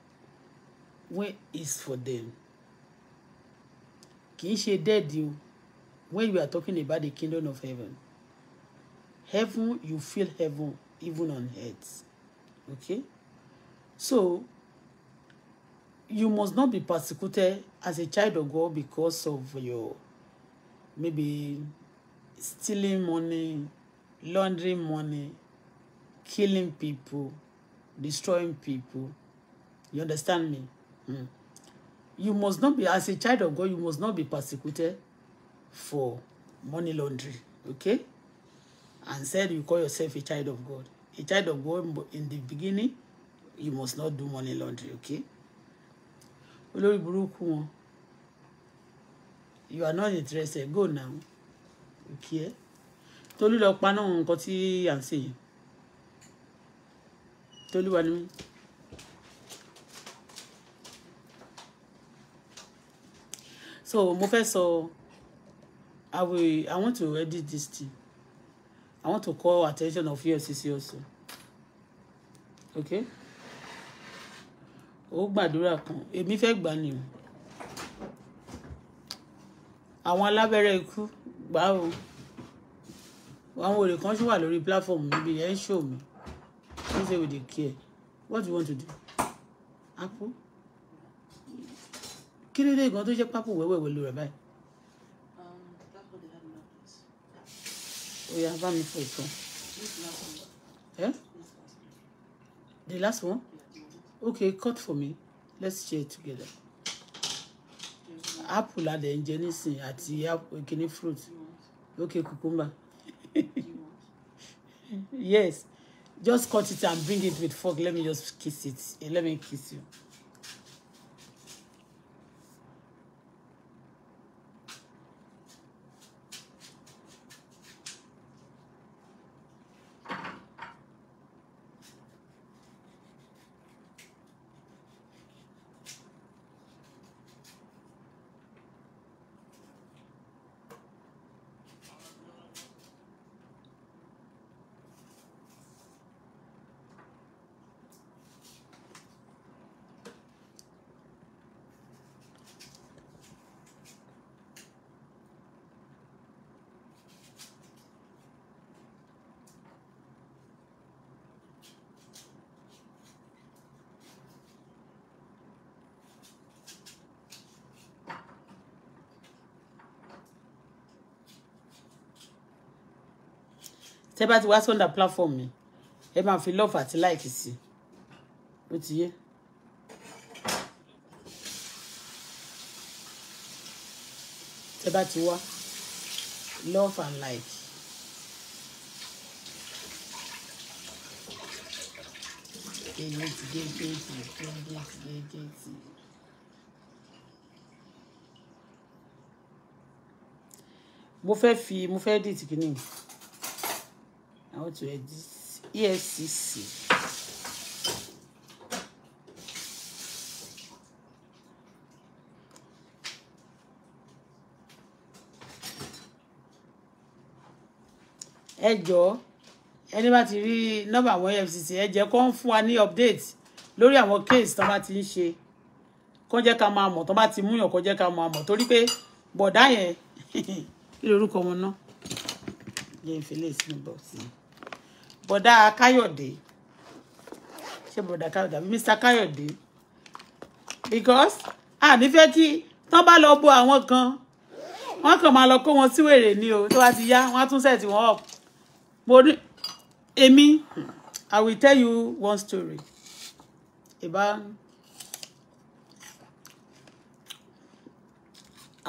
when is for them Can she dead you? when we are talking about the kingdom of heaven heaven you feel heaven even on earth Okay? So, you must not be persecuted as a child of God because of your maybe stealing money, laundering money, killing people, destroying people. You understand me? Mm. You must not be, as a child of God, you must not be persecuted for money laundering. Okay? And said you call yourself a child of God a child of God in the beginning you must not do money laundry okay olórí burúkú wọn you are not interested go now okay eh? tolú lọ pa náà nǹkan tí à ń sè yẹn wa ni so mo fẹ́ sọ i will i want to edit this thing I want to call attention of EFCC also. Okay? Ó gbàdúrà kan, èmi fẹ́ gbà ni o. Àwọn alábẹ́rẹ́ ikú gbà o. Àwọn òrè kan ṣì wà lórí platform níbi ẹ̀ ń ṣò mí. Ṣé ṣe we dey care? What do you want to do? Apple? Kí ló dé gan tó jẹ́ pápò wẹ́wẹ́wẹ́ lóra báyìí? We have one fọ ìtàn. Eh? The last one? Okay, cut for me. Let's share it together. Apple la dẹ̀ ń jẹ nísìnyí àti kìíní fruit. Okay, cucumber. Yes. Just cut it and bring it with fork. Let me just kiss it. Let me kiss you. tẹ́ bá ti wá sọ́ndà platform mi ẹ máa fi love àti like sí ó ti yé. tẹ́ bá ti wá love and like. èyí ti dé géètì tó ń géètì dé géètì. mo fẹ́ fi mo fẹ́ dìtì kìíní. I want to edit ESCC. ẹ jọ̀ọ́ ẹni bá ti rí nọ́mbà àwọn EFCC ẹ jẹ́ kó ń fún wa ní update lórí àwọn case tán bá ti ń ṣe kó jẹ́ ká máa mọ̀ tán bá ti mú yàn kó jẹ́ ká máa mọ̀ torí pé bọ̀dá yẹn kí lorúkọ wọn náà yẹn ìfẹlẹ ìsinmi bọ sí i bọ̀dá káyọ̀dé ṣé bọ̀dá káyọ̀dé àbí mr káyọ̀dé because ah, fẹ́ kí tán bá lọ bo àwọn kan wọ́n kàn máa lọ kó wọn sí wèrè ni o tó bá ti yá wọ́n á tún sẹ̀tì wọn up mo ní èmi i will tell you one story about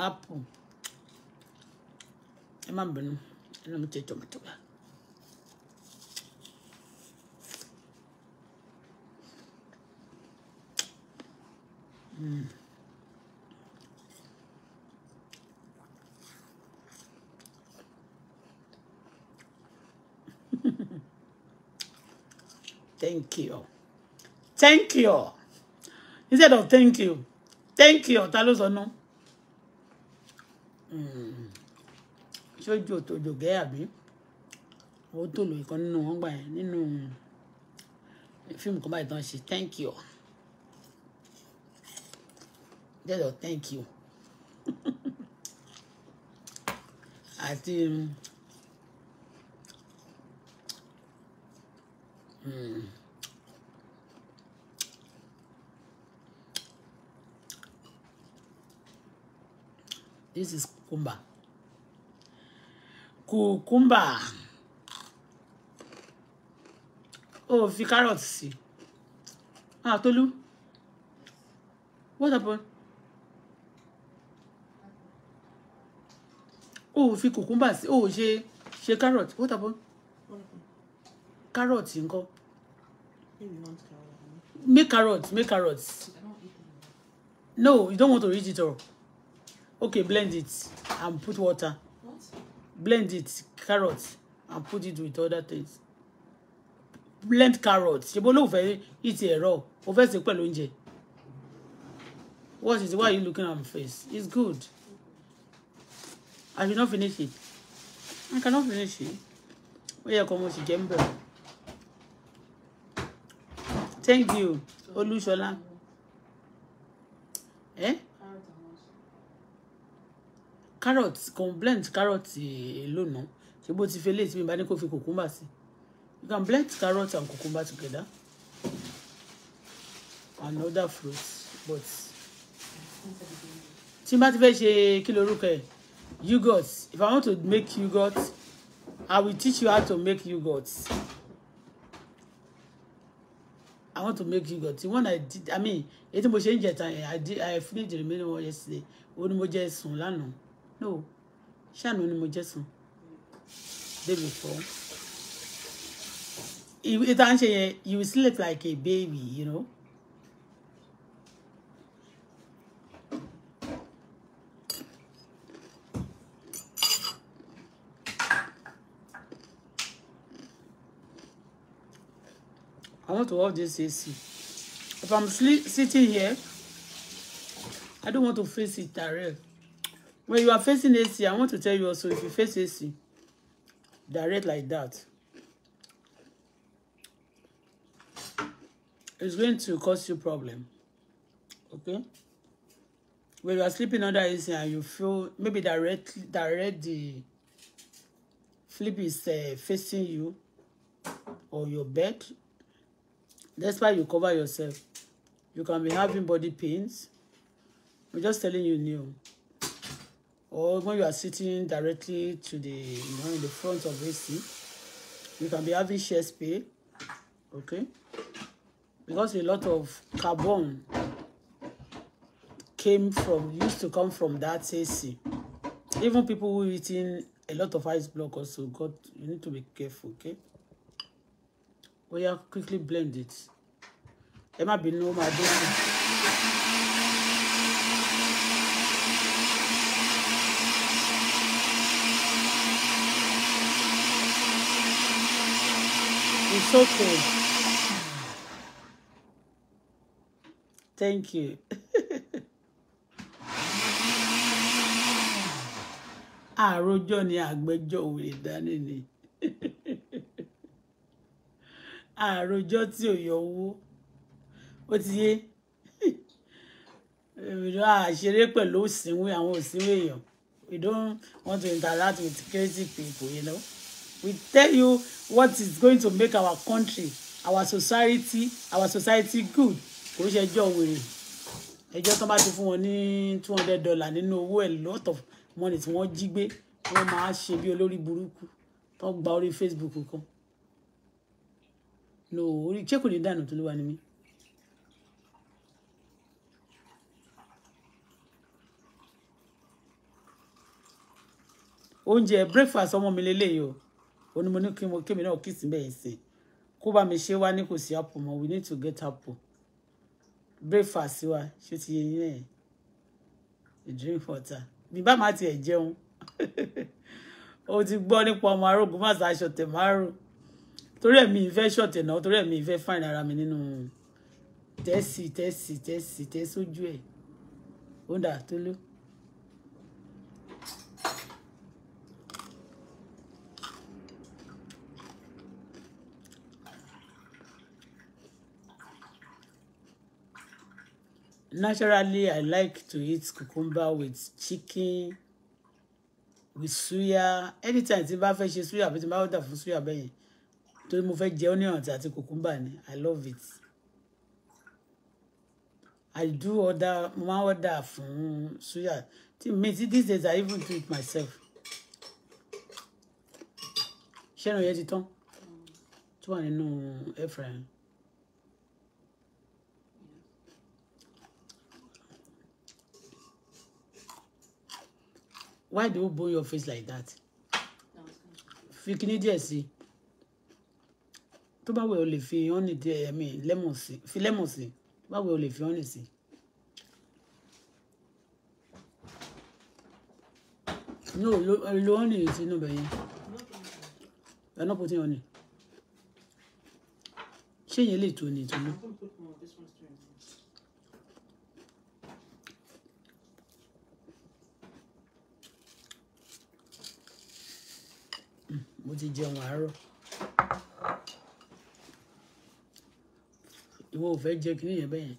apple ẹ má bínú ẹ lọ́ mi tẹ́ tọmọtọmọ. Mm. thank you thank you instead of thank you thank you ta ló sọ ná sójú mm. òtòjò gẹ́ àbí owó tó lò ìkan nínú wọn gbà yẹn nínú fíìmù thank you jẹ́jọ́ thank you àti mm, hmm. this is kumba kùkúmbà Oh, fi carrot sí ah Tolu what happened. o ò fi cucumber sí o ò ṣe ṣe carrot what about carrot ńkọ́ make carrot make carrot no you don't want to reach it all okay blend it and put water what? blend it carrot and put it with other things blend carrot ṣebó ló fẹ́ ìtì ẹ̀rọ o fẹ́ ṣe pẹ̀lú oúnjẹ what is it why are you looking at my face it's good. I should not finish it. I cannot finish it. Ó yẹ kó mo sì jẹ́ Thank you, Olúṣọlá. Eh? Carrots. can blend carrot alone, eh, no? Ṣé bó ti fẹ́lẹ̀ tí mi bá ní cucumber You can blend carrots and cucumber together. And other fruits, but... Tí n bá ti fẹ́ yogurt if i want to make yogurt i will teach you how to make yogurt i want to make yogurt the one i did i mean ètò mo ṣe ń i did i finished the remaining one yesterday ó ní just jẹ sùn lánàá no ṣáà ní mo just sùn day before It ń actually you will sleep like a baby you know. want to off this AC. If I'm sitting here, I don't want to face it direct. When you are facing AC, I want to tell you also, if you face AC, direct like that, it's going to cause you problem. Okay? When you are sleeping under AC and you feel, maybe direct direct the flip is uh, facing you or your bed That's why you cover yourself. You can be having body pains. I'm just telling you new. Or when you are sitting directly to the, you know, in the front of AC, you can be having chest pain. Okay? Because a lot of carbon came from, used to come from that AC. Even people who eating a lot of ice block also, got. you need to be careful, okay? We have quickly blend it Emma, be bínú ó máa dé It's okay. Thank you. Ah, rojo ni agbejo òwe dání ni àròjọ tí ò yọ owó ó ti yé àṣeré pẹ̀lú òsínwé àwọn òsínwé èèyàn we don't want to interact with crazy people you know we tell you what is going to make our country our society our society good kò ṣe ẹjọ́ wèrè ẹjọ́ tó bá ti fún wọn ní two hundred dollar nínú owó ẹ̀ lot of money tí wọ́n jí gbé wọ́n máa ṣe bí olórí burúkú tó gba orí Facebook kan no orí ṣé kò ní dànù tó ló wà ní oúnjẹ breakfast ọmọ mi lélẹ́yìí o ó ní mo ní kí mo kémi náà kí sí bẹ́ẹ̀ sí kó bá mi ṣe wá ní kò sí apple mọ́ we need to get apple breakfast wa ṣé ti yẹ yín ẹ̀ drink water bí bá má tiẹ̀ jẹun o ti gbọ́ nípa ọmọ arógun má sa aṣọ tẹ̀ márùn-ún torí ẹ̀mí ìfẹ́ ṣọ̀tẹ̀ náà torí ẹ̀mí ìfẹ́ fáìn ara mi nínú tẹ́sì tẹ́sì tẹ́sì tẹ́sójú ẹ̀ ó dà tó ló. naturally i like to eat cucumber with chicken with suya anytime tí n bá fẹ́ ṣe suya àbí tí n bá order fún suya bẹ́yẹn torí mo fẹ́ jẹ onion àti kùkúmbà ni i love it i do order mo máa ń order fún suya mi ti these days i even do it myself ṣẹ́ran yẹn ti tán tó wà nínú airfryer. why do you bone your face like that? fi kíní díẹ̀ sí i tó bá wẹ̀ o lè fi honey díẹ̀ ẹ̀mí lẹ́mọ̀ sí fi lẹ́mọ̀ sí tó bá wẹ̀ o lè fi honey sí. no lo lo honey sínú bẹ̀ yẹn you are not putting honey ṣé yẹn lè tó ni ìtùnú. Hmm, mo ti jẹun àárọ̀. ìwọ ofe je jẹ kí nìyẹn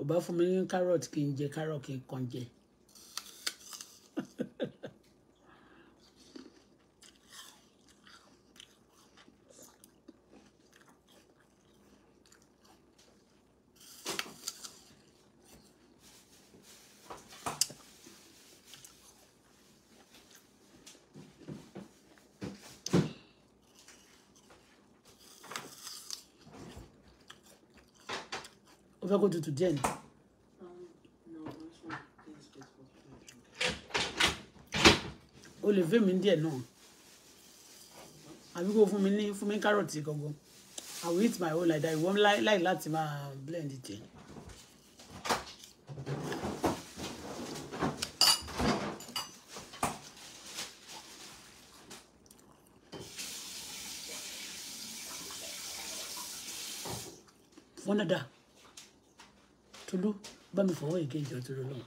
o ba bá mi carrot n carrot kó tutù díẹ̀ ni. o lè fẹ́ mi díẹ̀ náà àbí kó fún mi ní fún mi kárọ̀tì gangan i will eat my own like that ìwọ́n láì láti máa blend jẹ. wọ́n náà dáa. Tolú bá mi fọwọ́ ìgé ìjọ tó lọ́wọ́.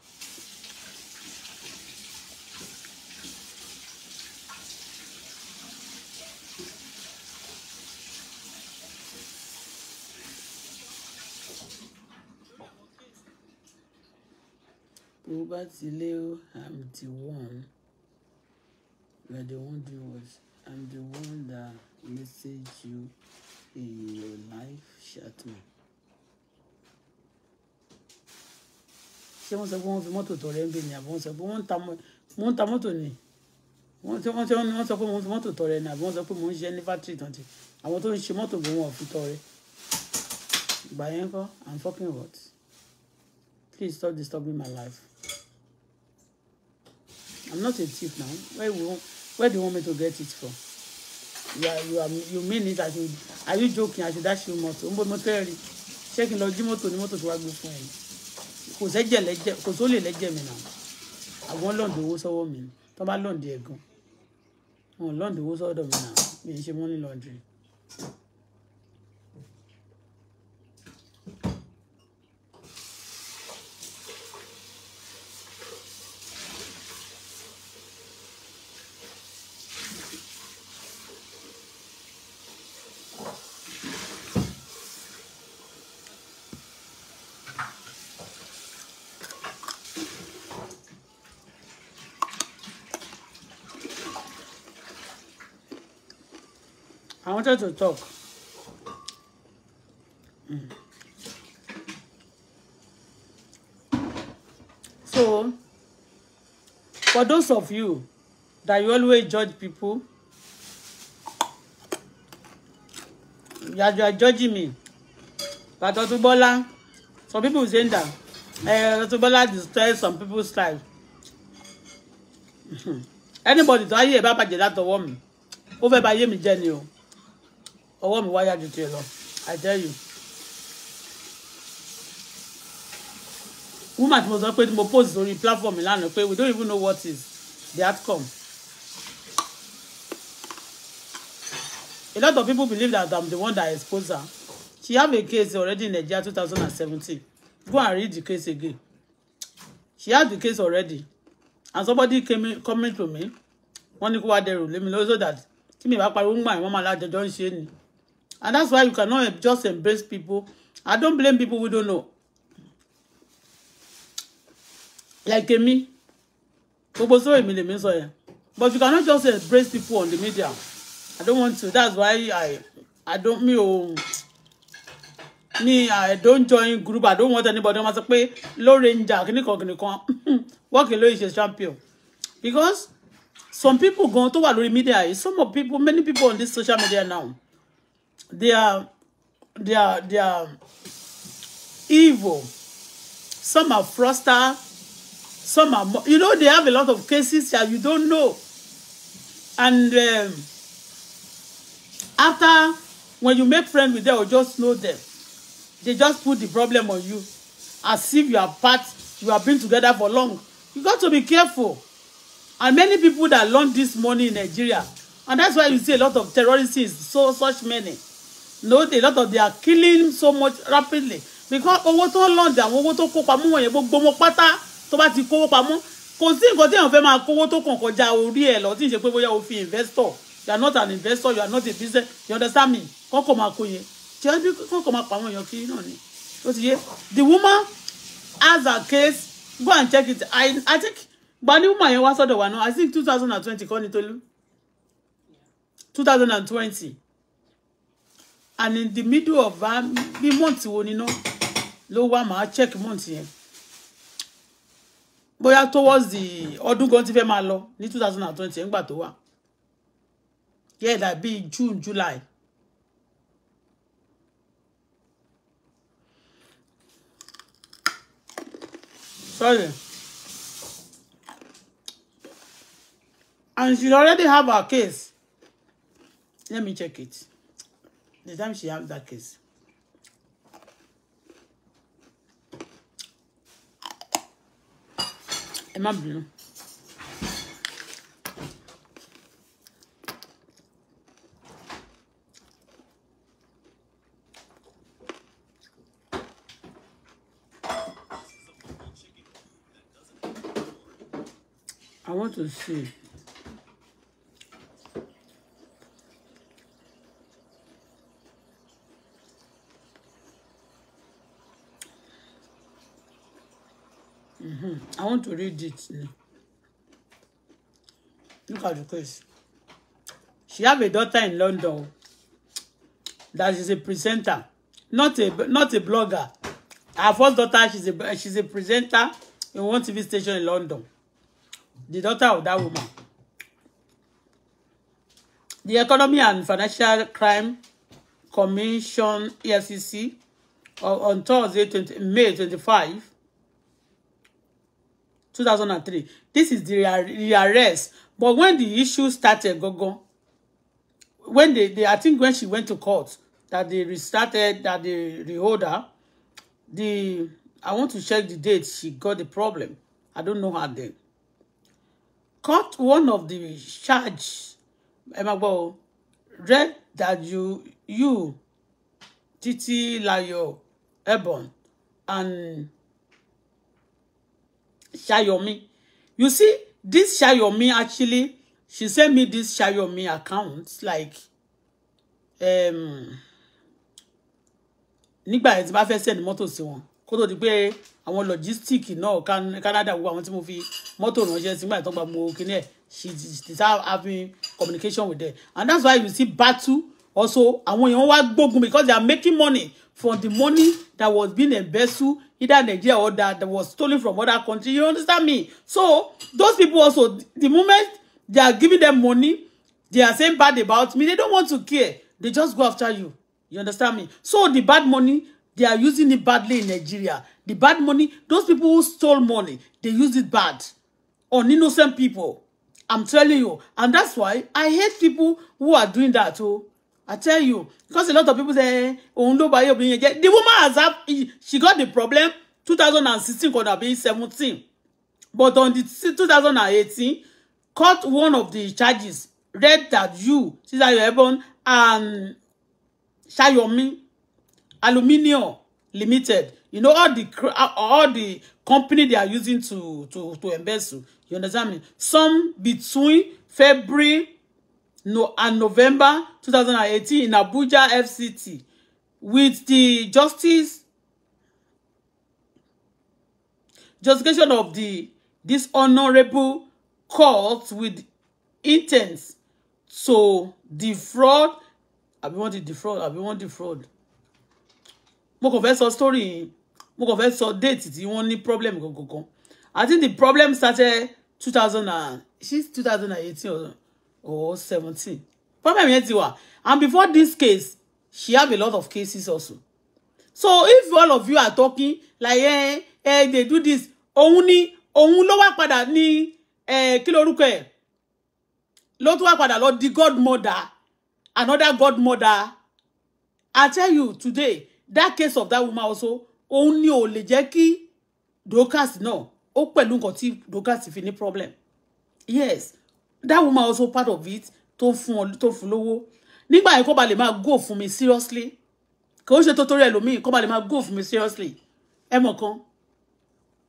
bó bá ti lé o i'm the one you are the one doing what i'm the one that message you in your life chat me. ṣé wọ́n sọ pé wọ́n fi mọ́tò tọrẹ ń bè ní àbí wọ́n sọ pé wọ́n ń ta mọ́tò ni wọ́n sọ pé wọ́n fi mọ́tò tọrẹ ni àbí wọ́n sọ pé mò ń ṣe ní fátírì tán ti àwọn tó ń ṣe mọ́tò gbé wọn fi tọrẹ ìgbà yẹn kọ́ i'm fucking hot. please stop disturbing my life i'm not a thief now where, will, where do you want me to get it from you are you are you mean it as you are you joking as you dash your motor n bọ mọtò ẹ rí ṣé kí n lọ jí mọ́tò ní mọ́tò tó wá gbé fún ẹ ni kò sẹ́jẹ̀ lẹ́jẹ̀ kò sólè lẹ́jẹ̀ mi nà àwọn lọ́ǹdì owó sọ́wọ́ mi tó bá lọ́ǹdì ẹ̀gàn wọn lọ́ǹdì owó sọ́dọ̀ mi nà mi ń ṣe mọ́nì lọ́ǹdì. wanted to talk. Mm. So, for those of you that you always judge people, you are, you are judging me. But Auto Bola, some people say that uh, eh, Auto Bola destroys some people's lives. Anybody tó ayé ẹ̀ bá that látọwọ́ mi, ó fẹ́ bà ayé ọwọ́ mi wáyà ju tiẹ̀ lọ I tell you. woman tí mo sọ pé mo post lórí platform mi lánàá pé we don't even know what is the outcome. A lot of people believe that I'm the one that exposed her. She have a case already in Nigeria 2017. Go and read the case again. She has the case already. And somebody came in, coming to me. Wọ́n ní kó wá dẹrù lémi lóso that tí mi bá pariwo ń gbà wọ́n máa lájọjọ́ ń ṣe ni. And that's why you cannot just embrace people. I don't blame people we don't know. Like me. But you cannot just embrace people on the media. I don't want to. That's why I I don't me oh me I don't join group. I don't want anybody ma say, low ranger Can you come? What can alone is a champion. Because some people go tó what lórí media yìí, some of people, many people on this social media now. They are, they are, they are evil. Some are froster, Some are, you know, they have a lot of cases that you don't know. And um, after, when you make friends with them or just know them, they just put the problem on you as if you are part, you have been together for long. You got to be careful. And many people that learn this money in Nigeria, and that's why you see a lot of terrorists, so such many lóde lot of they are killing so much rapidly because owó tó lọ́ọ̀dì àwọn owó tó kó pamọ́ wọ̀nyẹn gbogbo wọn pátá tó bá ti kówó pamọ́ kò sí nǹkan tí èèyàn fẹ́ máa kówó tó kàn kọjá orí ẹ̀ lọ tí ì ṣe pé bóyá o fi investor you are not an investor you are not a business you understand me kọ́kọ́ máa kó yẹn tí wọ́n bí kọ́kọ́ máa pa àwọn èèyàn kiri náà ni ó ti yé the woman has her case go and check it i i think gbani woman yẹn wá sọ́dọ̀ wa náà i think two thousand and twenty kọ́ ni Tolú two thousand and twenty and in the middle of that, ah, bí month wo ni náà ló wá màá check month yẹn bóyá towards the ọdún kan ti fẹ́ máa lọ ní two thousand and twenty nígbà tó wà yeah that be June July sorry and she already have her case let me check it the time she have that case. ẹ má I want to see. to read it. Eh. Look at the case. She have a daughter in London that is a presenter, not a not a blogger. Her first daughter, she's a she's a presenter in one TV station in London. The daughter of that woman. The Economy and Financial Crime Commission, EFCC, on Thursday, 20, May 25, 2003 this is the arrest. but when the issue started gangan when they, they i think when she went to court that they restarted that they rehold her the i want to check the date she got the problem i don't know how then Caught one of the charge Emma emagbo read that you you Titi Layo, Ebon and Shayomi. You see, this Shayomi actually, she sent me this Shayomi account, like, um, nígbà yẹn tí bá fẹ́ send mọ́tò sí wọn kó tó di pé àwọn logistic náà Canada wo àwọn tí mo fi mọ́tò ránṣẹ́ sí nígbà tó gba mo kíní ẹ̀ she deserve having communication with them and that's why you see battle also àwọn èèyàn wá gbógun because they are making money from the money that was being embezzled either Nigeria or that, that was stolen from other country. You understand me? So those people also, the moment they are giving them money, they are saying bad about me. They don't want to care. They just go after you. You understand me? So the bad money, they are using it badly in Nigeria. The bad money, those people who stole money, they use it bad on innocent people. I'm telling you. And that's why I hate people who are doing that. too. Oh. I tell you, because a lot of people say, òun ló báyé obìnrin yẹn jẹ́. The woman has up. she got the problem 2016 could have been 17. But on the 2018, caught one of the charges, read that you, Sister Yebon, and Xiaomi Aluminium Limited, you know, all the all the company they are using to to to embezzle. You understand me? Some between February no, and November 2018 in Abuja FCT with the justice justification of the dishonorable court with intent to defraud àbí wọ́n ti defraud àbí wọ́n defraud mo kàn fẹ́ sọ story yìí mo kàn fẹ́ sọ date tí wọ́n ní problem gangan I think the problem started two thousand and six two thousand and eighteen or oh, seventeen problem yẹn ti and before this case she have a lot of cases also so if all of you are talking like eh eh they do this òun ni òun ló wá padà eh kí lorúkọ ẹ̀ ló tún wá padà godmother another godmother i tell you today that case of that woman also òun ni ò lè jẹ́ kí Dorcas náà ó pẹ̀lú nǹkan problem yes that woman also part of it To fún ọ tó fún lówó nígbà yẹn ba lè máa go fún me seriously kò ń ṣe tó torí ẹlòmíì ba lè máa go fún me seriously ẹ mọ̀ kan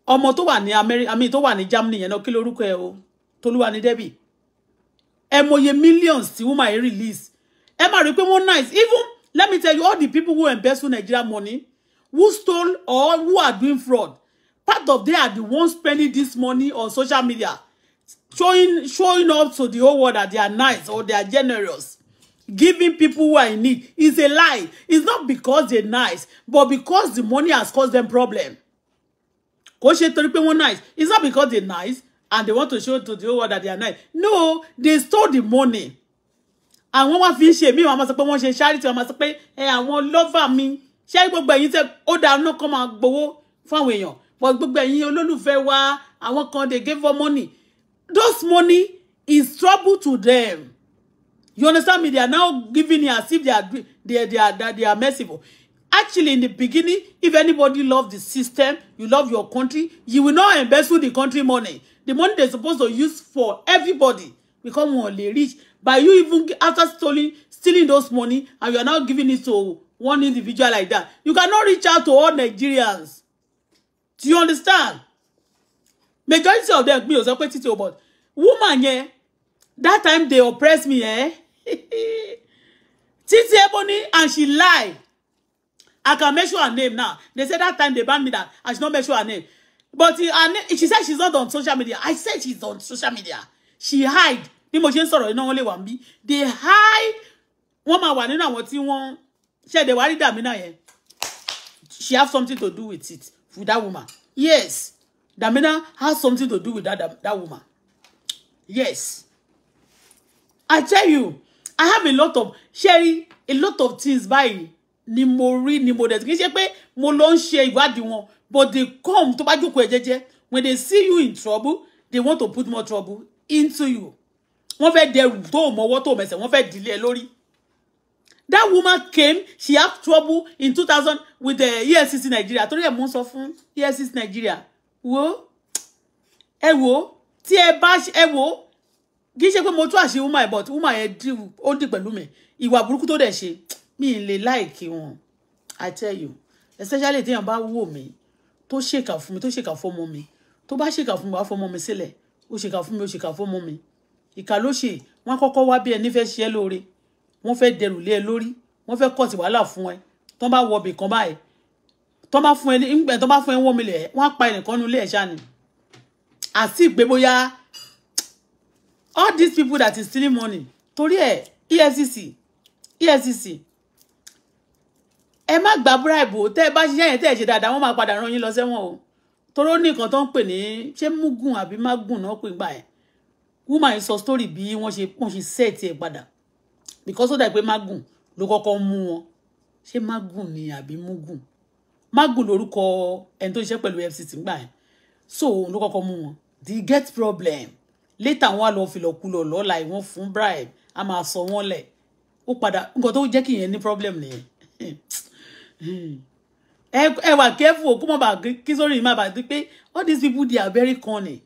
ọmọ tó wà ní Amẹ́ríkà àmì tó wà ní Germany yẹn náà kí lórúkọ ẹ o tolúwa ní Debbie ẹ ye millions tí woman yẹn release ẹ má rí i pé nice even let me tell you all the people who embezzle Nigeria money who stole or who are doing fraud part of they are the ones spending this money on social media showing showing up to the whole world that they are nice or they are generous giving people what are need is a lie it's not because they're nice but because the money has caused them problem kò ṣe torí pé nice it's not because they're nice and they want to show to the whole world that they are nice no they stole the money àwọn wá fi ń ṣe mí wọn máa sọ charity wọn máa Hey, I want love for me. ṣé gbogbo ẹ̀yin tẹ ó dáa náà kọ́ máa gbowó fún àwọn èèyàn but gbogbo ẹ̀yin olólùfẹ́ wa àwọn kan they gave for money those money is trouble to them. You understand me? They are now giving it as if they are they are, they are, they are, they are merciful. Actually, in the beginning, if anybody loves the system, you love your country, you will not embezzle the country money. The money they're supposed to use for everybody become only rich. By you even after stealing, stealing those money, and you are now giving it to one individual like that. You cannot reach out to all Nigerians. Do you understand? majority of them me ò sọ pé títí o but woman yẹn that time they oppress me eh títí ebony and she lie i can mention her name now they say that time they ban me that i should not mention her name but her she said she's not on social media i said she's on social media she hide bí mo ṣe ń sọ̀rọ̀ iná wọn lè wà bí they hide wọ́n máa wà nínú àwọn tí wọ́n ṣẹ̀dẹ̀ wá rí dàmínà yẹn she have something to do with it with that woman yes Damina has something to do with that, that, that woman. Yes. I tell you, I have a lot of sharing, a lot of things by Nimori mo rí ni mo dẹ̀ kì í ṣe but they come to bá you ẹ when they see you in trouble they want to put more trouble into you wọ́n fẹ́ dẹrù tó mọ́wọ́ tó mẹsẹ̀ wọ́n fẹ́ dìlé ẹ lórí that woman came she had trouble in two thousand with the EFCC Nigeria torí ẹ̀ mú sọ fún EFCC Nigeria wo ẹ wo tí ẹ bá ẹ wo kì í ṣe pé mo tún àṣe woman but woman yẹn dì ó dì pẹ̀lú mi ìwà burúkú tó dẹ̀ ṣe mi ì lè láìkí wọn I tell you especially téèyàn bá wò mí tó ṣèkà fún mi tó ṣèkà fọmọ mi tó bá ṣèkà fún mi wàá fọmọ mi sílẹ̀ ó ṣèkà fún mi ó ṣèkà fọmọ mi ìkà ló ṣe wọn kọ́kọ́ wá bí ẹni fẹ́ ṣe é lóore wọn fẹ́ dẹrù lé ẹ lórí wọn fẹ́ kọ̀tì wàhálà fún ẹ tán bá wọ ibì kan báyìí tó bá fún ẹni ńgbẹ tó bá fún ẹni wọ́n milẹ̀ wọ́n á pa ẹnìkan nulẹ̀ ẹ̀ṣá ni àti ìpè bóyá all these people that is stealing money torí ẹ̀ EFCC EFCC ẹ má gba bíráìbù tẹ́ ẹ bá ṣiṣẹ́ yẹn tẹ́ ẹ ṣe dáadáa wọ́n máa padà rán yín lọ sẹ́wọ̀n o toró ní nǹkan tó ń pè ní ṣé mugun àbí magun náà pè gbà ẹ̀ woman yìí sọ story bí wọ́n ṣe wọ́n ṣe sẹ́ẹ̀tì ẹ̀ padà because ó dà pé magun ló kọ́kọ́ mú wọn ṣé magun ni àbí mugun magu lórúkọ ẹni tó ń ṣiṣẹ́ pẹ̀lú fcc ńgbà yẹn so òun ló kọ́kọ́ mú wọn they get problem later wọn á lọ filọkulọ lọ́la ìwọ̀n fún bribe a máa sọ wọn lẹ̀ ó padà nǹkan tó jẹ́ kí yẹn ní problem nìyẹn ẹ wà careful kó má bàa kí sórí má bàa di pé all these people they are very cunning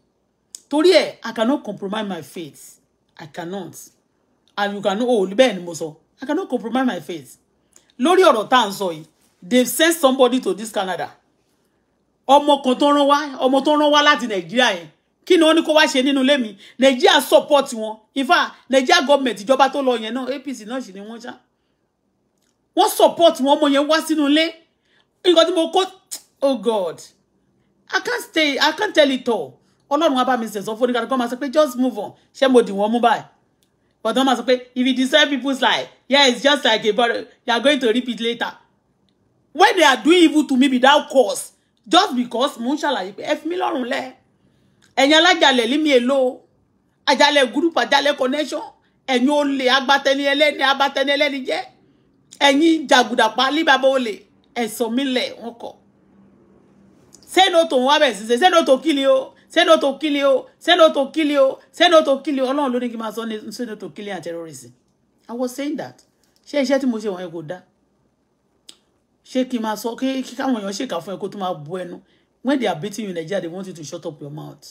torí ẹ i cannot compromise my faith i cannot and you cannot oh bẹ́ẹ̀ ni mo sọ i cannot compromise my faith lórí ọ̀rọ̀ tá à ń sọ yìí they send somebody to this Canada ọmọ kan tó rán wá ọmọ tó rán wá láti nàìjíríà yẹn kí ni wọ́n ní kó wá ṣe Nigeria support wọn in fact Nigeria government ìjọba tó lọ yẹn náà APC náà sì ni wọ́n ṣá wọ́n support wọn ọmọ yẹn wá sínú ilé nǹkan tí mo kó oh God I can't stay I can't tell it all ọlọ́run wa bá mi sẹ̀ sọ fún oníkàtúkọ́ máa sọ pé just move on ṣé mo dì wọ́n mú báyìí but wọ́n máa sọ pé if you destroy people's life yeah it's just like a bottle you are going to repeat later when they are doing evil to me without cause just because mo ń ṣàlàyé pé ẹ fi mí lọ́rùn lẹ̀ ẹ̀yin alájàlẹ̀ límí èlò group àjàlẹ̀ connection ẹ̀yin olè agbatẹni ẹlẹ́ni abatẹni ẹlẹ́ni jaguda ẹ̀yin jàgùdàpá líbàbá olè ẹ̀sọ́ mi le wọ́n kọ̀ sẹ́ni tó ń wá bẹ̀ ṣiṣẹ́ sẹ́ni tó kí ni o sẹ́ni tó kí ni o sẹ́ni tó kí ni o sẹ́ni tó kí ni o ọlọ́run ló ní kí n máa sọ ní sẹ́ni tó kí ni I was saying that ṣé iṣẹ́ tí mo ṣe wọ̀nyẹn kò dáa ṣé kí n máa sọ kí káwọn èèyàn ṣèkà fún ẹ kó tó máa bu ẹnu when they are beating you in Nigeria they want you to shut up your mouth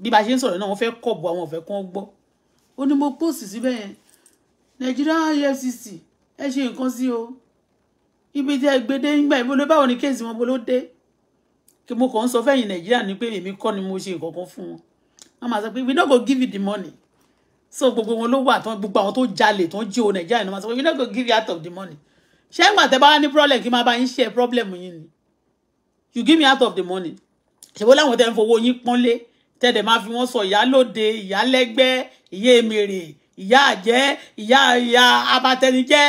bí bá ṣe ń sọ̀rọ̀ náà wọ́n fẹ́ kọ̀bù àwọn ọ̀fẹ́ kan gbọ́ ó ní mo póòsì síbẹ̀ yẹn Nigeria EFCC ẹ ṣe nǹkan sí o ibi tí ẹ gbede ńgbà ìbò ló báwo ni kéèsì wọn bó ló dé kí mo kàn ń sọ fẹ́yìn Nàìjíríà ni pé èmi kọ́ ni mo ṣe nǹkan kan fún wọn wọ́n máa sọ pé we no go give you the money so gbogbo wọn ló wà tán gbogbo àwọn tó jalè tó ń jí o nàìjíríà ní wọn sọ pé you no go give out of the money ṣé ń gbà tẹ́ bá wá ní problem kí n máa bá yín share problem yín ni you give me out of the money ṣèbó láwọn tẹ́ ń fowó yín pọ́nlé tẹ́tẹ̀ máa fi wọ́n sọ ìyálòde ìyálẹ́gbẹ́ ìyá èmèrè ìyá àjẹ́ ìyá ìyá abatẹnijẹ́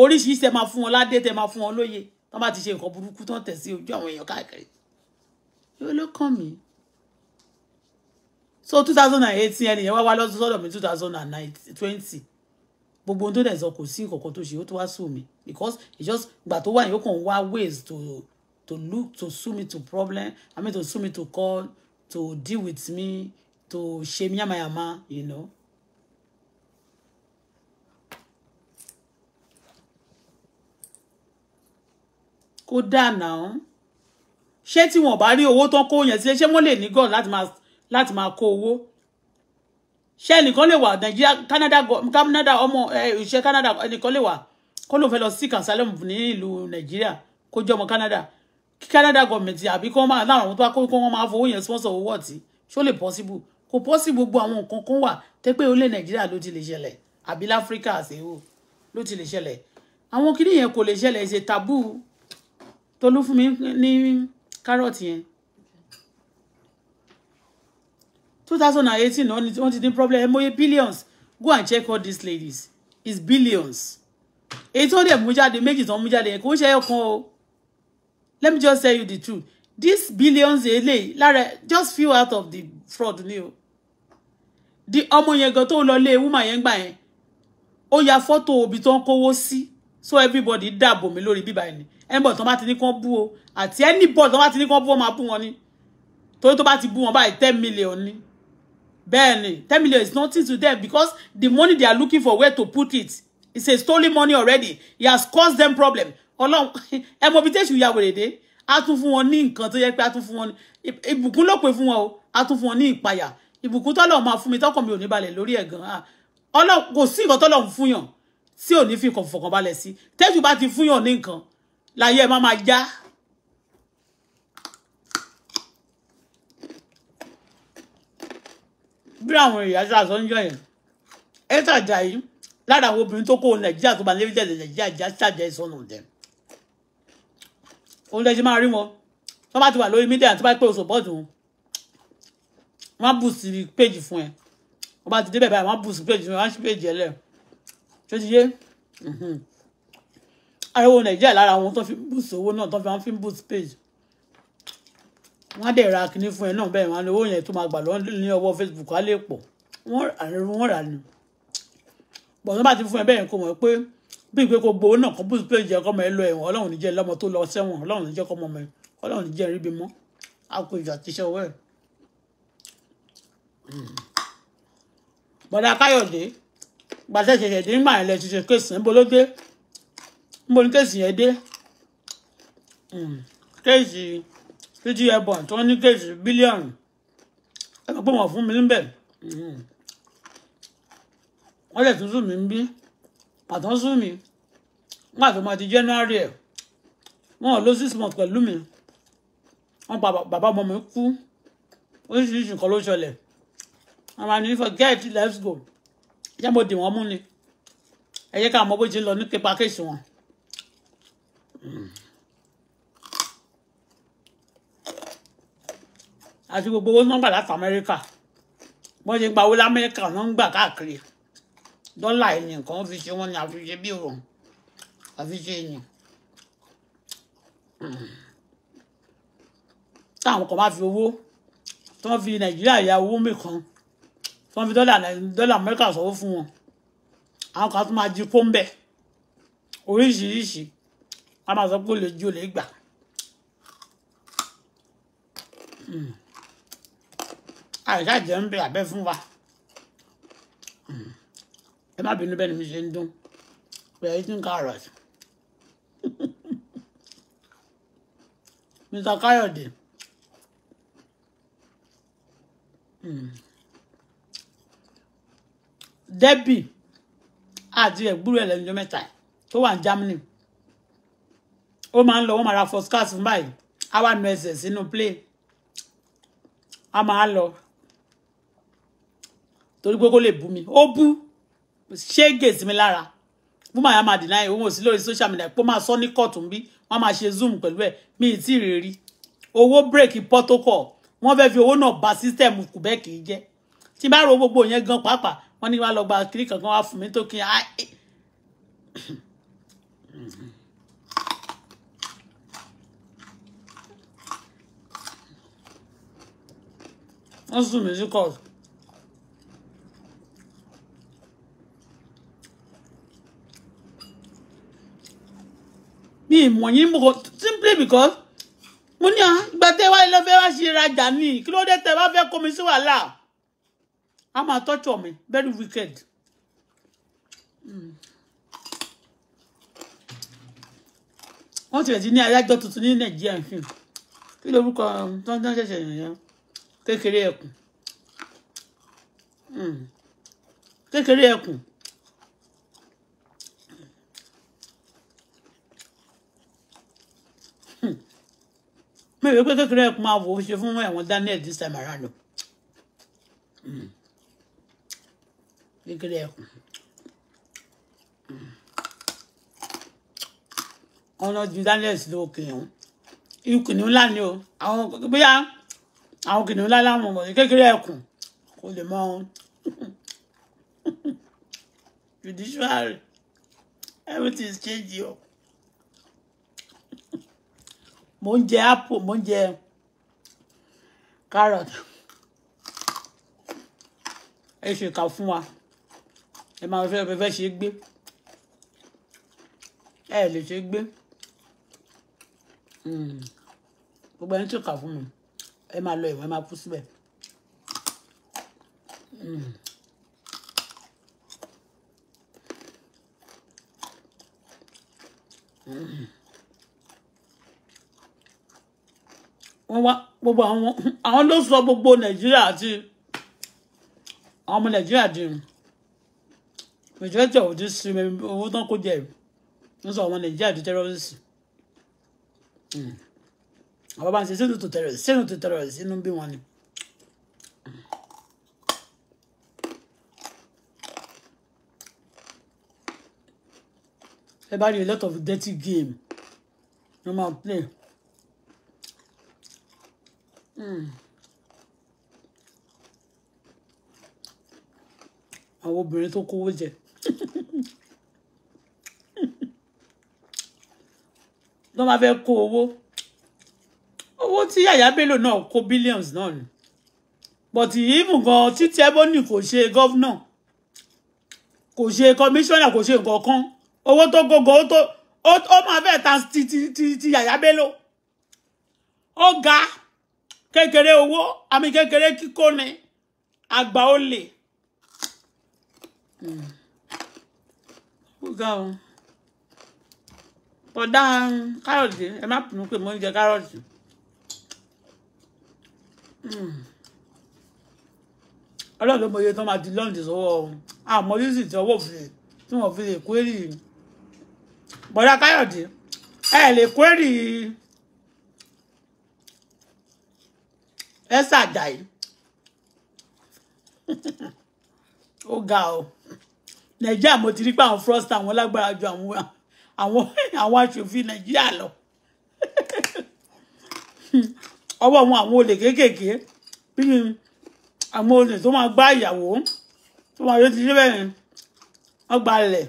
oríṣiríṣi tẹ́ máa fún wọn ládé tẹ́ máa fún wọn lóye tọ́ bá ti ṣe nǹkan burúkú tán tẹ̀ sí ojú àwọn èèyàn káàkiri yóò ló kàn mí so two thousand and eighteen ẹnìyẹn wá wá lọ sọ́dọ̀ mi two thousand and twenty gbogbo ohun tó dẹ̀ sọ kò sí ìkọ̀kan tó ṣe ó tó wá sùn mi because it just gbà tó wà yóò kàn wá ways to to look to sue me to problem i mean to sue me to call to deal with me to ṣe mí yàmàyàmà you know. kó dáa náà ṣé tí wọn bá rí owó tán kó yẹn sí ṣé wọn lè ní god láti máa láti máa kó owó ṣé ẹnìkan lè wà nàìjíríà canada canada ọmọ ìṣe canada ẹnìkan lè wà kó ló fẹ́ lọ sí asylum ní ìlú nàìjíríà kó jẹ́ ọmọ canada kí canada gọọmenti àbí kí wọ́n máa láwọn àwọn tó bá kó kó wọ́n máa fowó yẹn sponsor owó ọ̀tí ṣó lè possible kò possible gbogbo àwọn nǹkan kan wà tẹ́ pé olè nàìjíríà ló ti lè ṣẹlẹ̀ àbí láfíríkà àṣewò ló ti lè ṣẹlẹ̀ àwọn kinní kò lè ṣẹlẹ̀ ṣe taboo Tolú ní kárọ̀tì yẹn 2018 only and eighteen wọ́n ti ní problem emoye billions go and check all these ladies it's billions It's only a mú they make it on mú jáde yẹn kò ń let me just tell you the truth these billions eléyìí lára just few out of the fraud ni o di ọmọ yẹn gan tó lọ woman yẹn gbà yẹn ó ya photo òbí tó ń kówó so everybody dàbò mí lórí bíbá ẹni ẹnbọ̀ tó bá ti ní kán bú o àti ẹnibọ̀ tó bá ti ní kán bú wọn máa bú wọn ni torí tó bá ti bú wọn báyìí ten million ni bẹ́ẹ̀ ni ten million is nothing to them because the money they are looking for where to put it it's a stolen money already it has caused them problem ọlọ́run ẹ mọ bí tẹ́sí ìyá wèrè dé a tún fún wọn ní nǹkan tó yẹ pé a tún fún wọn ìbùkún ló pè fún wọn o a tún fún wọn ní ìpayà ìbùkún tọ́lọ̀ máa fún mi tọ́kàn mi ò ní Lori lórí ẹ̀ gan-an ah, ọlọ́run kò sí nǹkan tọ́lọ̀ ń fún yàn tí ò ní fi kàn fọkàn balẹ̀ sí tẹ́jú bá ti fún yàn ní nǹkan láyé ẹ má máa bí àwọn èèyàn ṣe àsọyúnjọ yẹn ẹ ṣàjà yìí lára àwọn obìnrin tó kó nàìjíríà tó bá lé jẹ̀lẹ̀ nàìjíríà já ṣàjà ìsọnù dẹ̀ òun lẹ́sìn máa rí wọn tó bá ti wà lórí mídíà tó bá pé oṣù bọ́ọ̀dù wọn wọn bù sí péjì fún ẹ wọn bá ti débẹ̀ báyìí wọn bù sí péjì fún ẹ wọn ṣí péjì ẹ lẹ̀ tó ti yé ariwo nàìjíríà lára àwọn tó fi bù sí owó náà tó fi wọn fi bù sí péjì wọ́n á dẹ̀ ra kinní fún ẹ náà bẹ́ẹ̀ wọ́n á ní owó yẹn tó máa gbà lọ ní ọwọ́ Facebook á lè pọ̀ wọ́n rà ní. bọ̀ tó bá ti fún ẹ bẹ́ẹ̀ kó mọ̀ pé bí ìpè kò gbowó náà kó bùsùn pé ìjẹ́ kọ́mọ ẹ lọ ẹ̀wọ̀n ọlọ́run níjẹ́ lọ́mọ tó lọ sẹ́wọ̀n ọlọ́run níjẹ́ kọ́mọ mẹ ọlọ́run níjẹ́ rí bímọ á kó ìjà tíṣẹ́ owó ẹ̀. bọ̀dà káyọ̀dé gbàtẹ́ ṣẹ̀ṣẹ̀ dé nígbà yẹn lẹ ṣiṣẹ́ kéèsì níbo ló dé níbo ni kéèsì yẹn dé hmm, kéèsì títí airborne tí wọ́n ní kéèsì bílíọ̀nù ẹ mọ̀ pé wọ́n fún mi níbẹ̀ mhm. wọ́n lè tún sùn mí ń bí pàtó sùn mí wọ́n àti ọmọ ti january ẹ̀ wọ́n lọ six months pẹ̀lú mi wọ́n pa bàbá ọmọ mi kú oríṣiríṣi nǹkan ló ṣẹlẹ̀ àwọn àni forget let's go ìyá mo dì wọ́n mú ni ẹ yẹ ká mọ bó ṣe ń lọ ní pípa kéèsì wọn. Mhm. àti gbogbo owó nọ́mbà láti amẹ́ríkà wọ́n ṣe gba owó lamẹ́ríkà wọ́n ń gbà káàkiri dọ́là ẹni nǹkan fi ṣe wọ́n ni àfi ṣe bí òrùn àfi ṣe ẹni táwọn kan bá fi owó tí wọ́n fi nàìjíríà ya owó mìkan tí wọ́n fi dọ́là amẹ́ríkà sọ̀wọ́ fún wọn àwọn kan tó máa jí kó ń bẹ̀ oríṣiríṣi a máa sọ pé olè jí olè gbà. Mm àìsà jẹ́ ń bẹ abẹ́ fún wa ẹ má bínú bẹ́ẹ̀ mi ṣe ń dún we're eating carrot Mr. Kayode mm. àti ẹ̀gbúrú ẹ̀ lẹ́nu tó wà ní Germany ó máa ń lọ wọ́n máa ra first fún báyìí á wà nu ẹsẹ̀ sínú plane á máa lọ torí pé kó lè bú mi ó bú ṣé gèsì mi lára woman yà máa dìnnà yìí òun ò lórí social media pé ó máa sọ ní kóòtù ń bí máa ṣe zoom pẹ̀lú ẹ̀ mi ì tí ì rí rí owó break protocol wọ́n fẹ́ fi owó náà ba system Quebec jẹ́ tí bá ro gbogbo yẹn gan pàápàá wọ́n ní wàá lọ gba kiri kankan wá fún mi tó kí n eh. wọ́n sùn mí sí kóòtù. mi ìmọ̀ yín mo simply because mo ní à ah, ìgbà tẹ́ wá ilé fẹ́ wá ṣe rajà ní kí ló dé tẹ́ wá fẹ́ kó mi sí wàhálà a máa tọ́jọ̀ mi very wicked. Hmm. wọ́n ti rẹ̀ ti ní adájọ́ tuntun ní nàìjíríà ń fihàn kí lorúkọ hmm, tó ń ṣẹ̀ṣẹ̀ yàn yàn kékeré ẹkùn hmm. kékeré ẹkùn mi ò pé kékeré ẹ̀kún máa wò ó ṣe fún ẹ̀wọ̀n Daniel this time around o hmm. kékeré ẹ̀kún hmm. ọ̀nà ju Daniel sí ló kìnìún ikú kìnìún ńlá ni o àwọn bóyá àwọn kìnìún ńlá láwọn ọmọ kékeré ẹ̀kún kò lè mọ ohun judiciary everything is changing mo ń jẹ apple mo ń jẹ carrot ẹ ṣe kà fún wa ẹ máa fẹ́ fẹ́ ṣe gbé ẹ lè ṣe gbé hmm. gbogbo ẹni tí ò kà fún mi ẹ máa lọ ìwọ ẹ máa kú síbẹ̀. Mm. Mm. wọ́n wá gbogbo àwọn àwọn ló sọ gbogbo nàìjíríà àti àwọn ọmọ nàìjíríà di majority of this owó tán kó jẹ ń sọ ọmọ nàìjíríà di terrorist hmm. àwọn bá ń ṣe sínú tó terrorist sínú tó terrorist inú bí wọn ni. ẹ bá rí a lot of dirty game ló máa play. Hmm. àwọn obìnrin tó kówó jẹ tó máa fẹ́ kó owó owó tí yàyà bello náà kó billions náà ni but even gan títí ẹbọnì kò ṣe gọ́vnà kò ṣe kọmíṣánná kò ṣe nǹkan kan owó tó gógó ó máa fẹ́ ta ti yàyà bello ó ga kékeré owó àmì kékeré kíkó ni àgbà olè. ó ga o bọ̀dá kárọ̀tì ẹ má pinnu pé mo ń jẹ kárọ̀tì. ọlọ́run ló mọ iye tó máa di lọ́ọ̀dì sọ́wọ́ àmọ́ yìí tí ọwọ́ fi tí wọ́n fi lè kúrèrè bọ̀dá káyọ̀dé ẹ lè kúrèrè Esther Ajayi ó ga ọ nàìjíríà mo ti rí pé àwọn frosta àwọn lágbára ju àwọn àwọn àwọn aṣòfin nàìjíríà lọ ọwọ́ wọn àwọn olè kéékèèké bí àwọn olè tó máa gbá ìyàwó tó máa yọ ti ṣe bẹ́ẹ̀ wọ́n gba ilẹ̀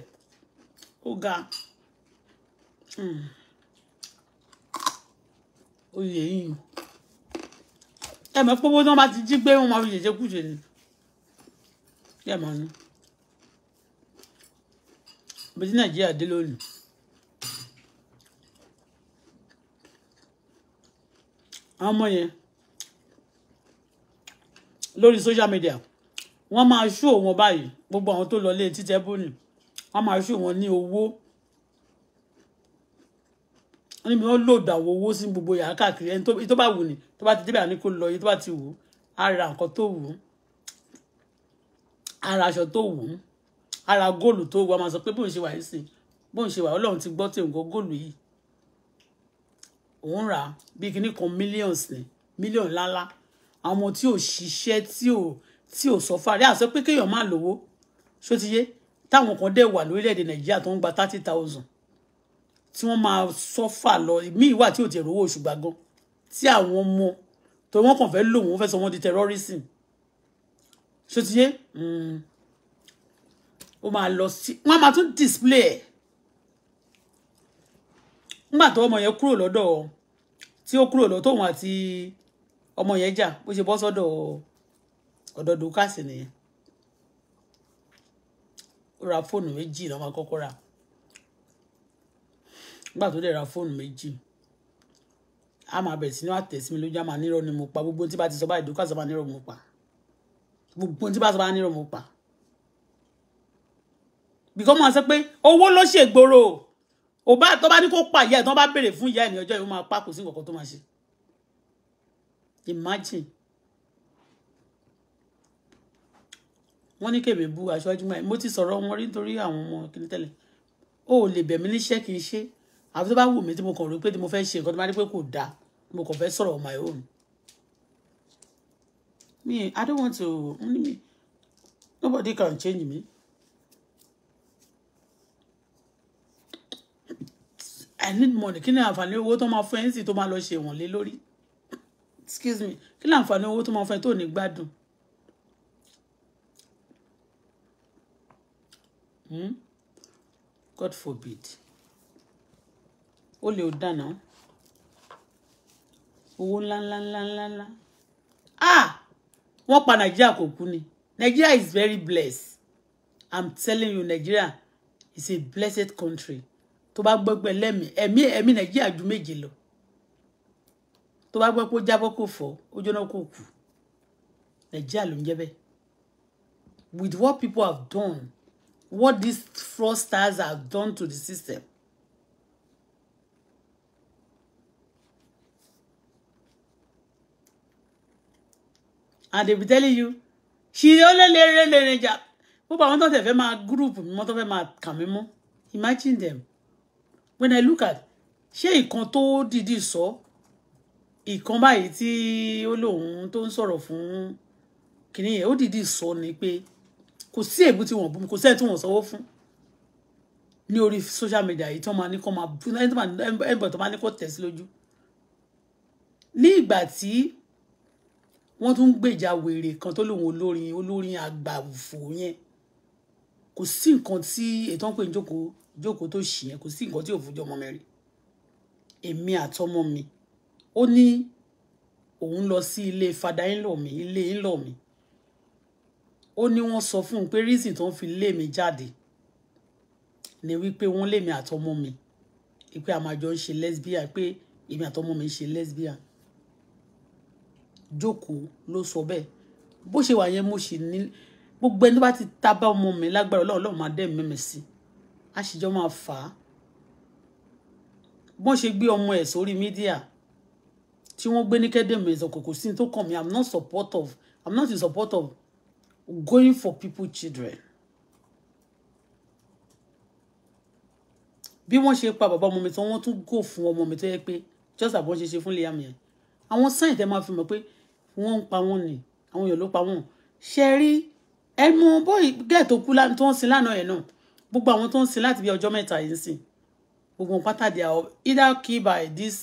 ó ga hmm. oyè yìí ẹ mọ̀ pé owó tí wọ́n bá ti jí gbé wọn máa fi jẹjẹ kújẹ ni ẹ mọ̀ ni bí ti nàìjíríà dé lónìí. àwọn ọmọ yẹn lórí social media wọ́n máa ṣú òun báyìí gbogbo àwọn tó lọ lé títẹ́ bónì wọ́n máa ṣú òun ní owó wọ́n ní mi wọ́n lò dàwọ̀ owó sí gbogbo yàrá káàkiri ẹni tó bá wù ní tó bá ti débẹ̀ àní kó lọ iye tó bá ti wù ara nǹkan tó wù ara aṣọ tó wù ara góòlù tó wù a máa sọ pé bóun ṣe wà yìí sí bóun ṣe wà ọlọ́run ti gbọ́ tí nǹkan góòlù yìí òun rà bí kinní kan millions ni million ńláńlá àwọn ọmọ tí ò ṣiṣẹ́ tí ò tí ò sọ fáre àsọ pé kéèyàn má lówó ṣó ti yé táwọn kan dẹ̀ wà lórílẹ̀ nàìjíríà tó ń gba thirty thousand tí wọ́n máa sọ́fà lọ míì wà tí ò tiẹ̀ rówó oṣù gbàgán tí àwọn ọmọ tó wọ́n kàn fẹ́ lò wọ́n fẹ́ sọ wọ́n di terrorism ṣó ti yé hmm. ó máa lọ sí wọ́n máa tún display ẹ̀ nígbà tó ọmọ yẹn kúrò lọ́dọ̀ tí ó kúrò lọ́dọ̀ tóun àti ọmọ yẹn jà bó ṣe bọ́ sọ́dọ̀ ọ̀dọ̀ dùkásì nìyẹn ó ra fóònù méjì lọ́mọ kọ́kọ́ rà nígbà tó dẹ̀ ra fóònù méjì a máa bẹ̀rẹ̀ sínú àtẹ̀sí mi lójú a máa nírọ̀ ni mo pa gbogbo tí bá ti sọ báyìí dókà sọ bá nírọ̀ mo pa gbogbo tí bá sọ bá nírọ̀ mo pa bìkọ́ máa sọ pé owó ló ṣègboro ò bá tó bá ní kó pa ìyá ẹ̀ tó bá béèrè fún ìyá ẹ̀ ní ọjọ́ yìí ó máa pa kò sí nǹkan tó máa ṣe imagine wọ́n ní kèmí bu aṣọ ajúmọ̀ mo ti sọ̀rọ̀ wọn rí nítorí àwọn ọmọ kìnìtẹ́lẹ̀ o ò lè bẹ̀ mí níṣẹ́ kì í ṣe àfi tó bá wù mí tí mo kàn rí pé tí mo fẹ́ ṣe nǹkan tó bá rí pé kò dáa mo kàn fẹ́ sọ̀rọ̀ on my own me i don't want to me nobody can change me i need money kí ni àǹfààní owó tó máa fún ẹ ń sì tó máa lọ ṣe ìwọ̀n lé lórí excuse me kí ni àǹfààní owó tó máa fún ẹ tó ní gbádùn. Hmm? God forbid ó lè ò dànà owó ńlá ńlá ńlá ńlá ńlá ah wọ́n pa nàìjíríà kò kú ni nàìjíríà is very blessed i'm telling you nàìjíríà is a blessed country tó bá gbẹgbẹ lẹ́mìí ẹ̀mí ẹ̀mí nàìjíríà ju méje lọ tó bá gbẹ pé ó jábọ́ kò fọ́ ó jóná kò kú nàìjíríà ló ń jẹ́ bẹ́ẹ̀ with what people have done what these fraudsters have done to the system and they be telling you she only lere lere ja gbogbo àwọn tó tẹ̀ fẹ́ máa group mi mọ́ tó fẹ́ máa kàn mí imagine them when i look at ṣé ìkan tó dìdí sọ ìkan báyìí tí ó lóun tó ń sọ̀rọ̀ fún kìnìún yẹn ó dìdí sọ ni pé kò sí èébú tí wọ́n bú mi kò sẹ́ni tí wọ́n sanwó fún ní social media yìí tí wọ́n máa ní kó máa bú ẹni tó máa ní kó tẹ̀ sí lójú ní ìgbà tí wọ́n tún ń gbèjà wèrè kan tó lòun olórin olórin àgbàfò yẹn kò sí nǹkan tí ètò ń pè ní jókòó jókòó tó ṣì yẹn kò sí nǹkan tí òfújọ ọmọ mẹ́rin èmi àtọmọ mi ó ní òun lọ sí ilé fada ńlọ mi ilé ńlọ mi ó ní wọ́n sọ fún un pé reason tó ń fi lé mi jáde ni wípé wọ́n lé mi àtọmọ mi pé a máa jọ ń ṣe lesbian pé èmi àtọmọ mi ń ṣe lesbian jókòó ló sọ bẹ́ẹ̀ bó ṣe wà yẹn mo sì ní gbogbo ẹni tó bá ti ta bá ọmọ mi lágbára ọlọ́run ọlọ́run máa dẹ́mi mẹ́mẹ́ sí i á sì jọ máa fà á bọ́n ṣe gbé ọmọ ẹ̀ sórí mídíà tí wọ́n gbé ní kẹ́dẹ̀mẹ̀ ìsọ̀kòkò sí tó kàn mí i'm not support of i'm not in support of going for people children. bí wọ́n ṣe pa bàbá ọmọ mi tán wọ́n tún gò fún ọmọ mi tó yẹ pé just àbọ̀n ṣe ṣe fún liam yẹn àwọn sáyẹn tẹ máa fi mọ̀ pé wọ́n ń pa wọ́n ni àwọn èèyàn ló pa wọ́n ṣe rí ẹnu bóyì gẹ́ẹ̀ tó kú tó ń sin lánàá ẹ̀ náà gbogbo àwọn tó ń sin láti bí ọjọ́ mẹ́ta yìí ń sìn gbogbo pátá either killed by this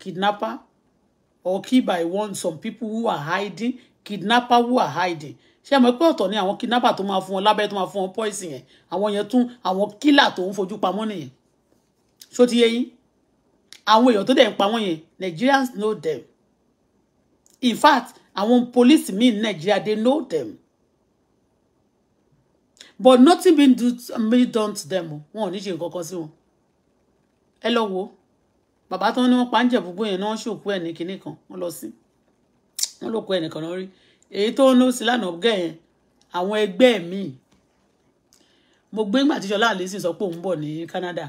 kidnapper or killed by one some people who are hiding kidnapper who are hiding ṣé mọ̀ pé ọ̀tọ̀ ni àwọn kidnapper tó máa fún wọn lábẹ́ tó máa fún wọn poison yẹn àwọn yẹn tún àwọn killer tó ń fojú pamọ́ nìyẹn ṣó ti yé yín àwọn èèyàn tó dẹ̀ ń pa wọ́n yẹn Nigerians know them in fact our police mi in Nigeria they know them but nothing been do me done to them One, ò ní ṣe nǹkan kan sí wọn ẹ lọ wo bàbá tó ń ní wọn pa ń jẹ gbogbo yẹn náà ṣòkú ẹ ní kinní kan wọn lọ sí wọn ló kó ẹnìkan náà rí èyí tó ń lọ sí lánàá ọgá yẹn àwọn ẹgbẹ́ mi mo gbé ńgbà tí Ṣọlá Allyson sọ pé òun bọ̀ ní Canada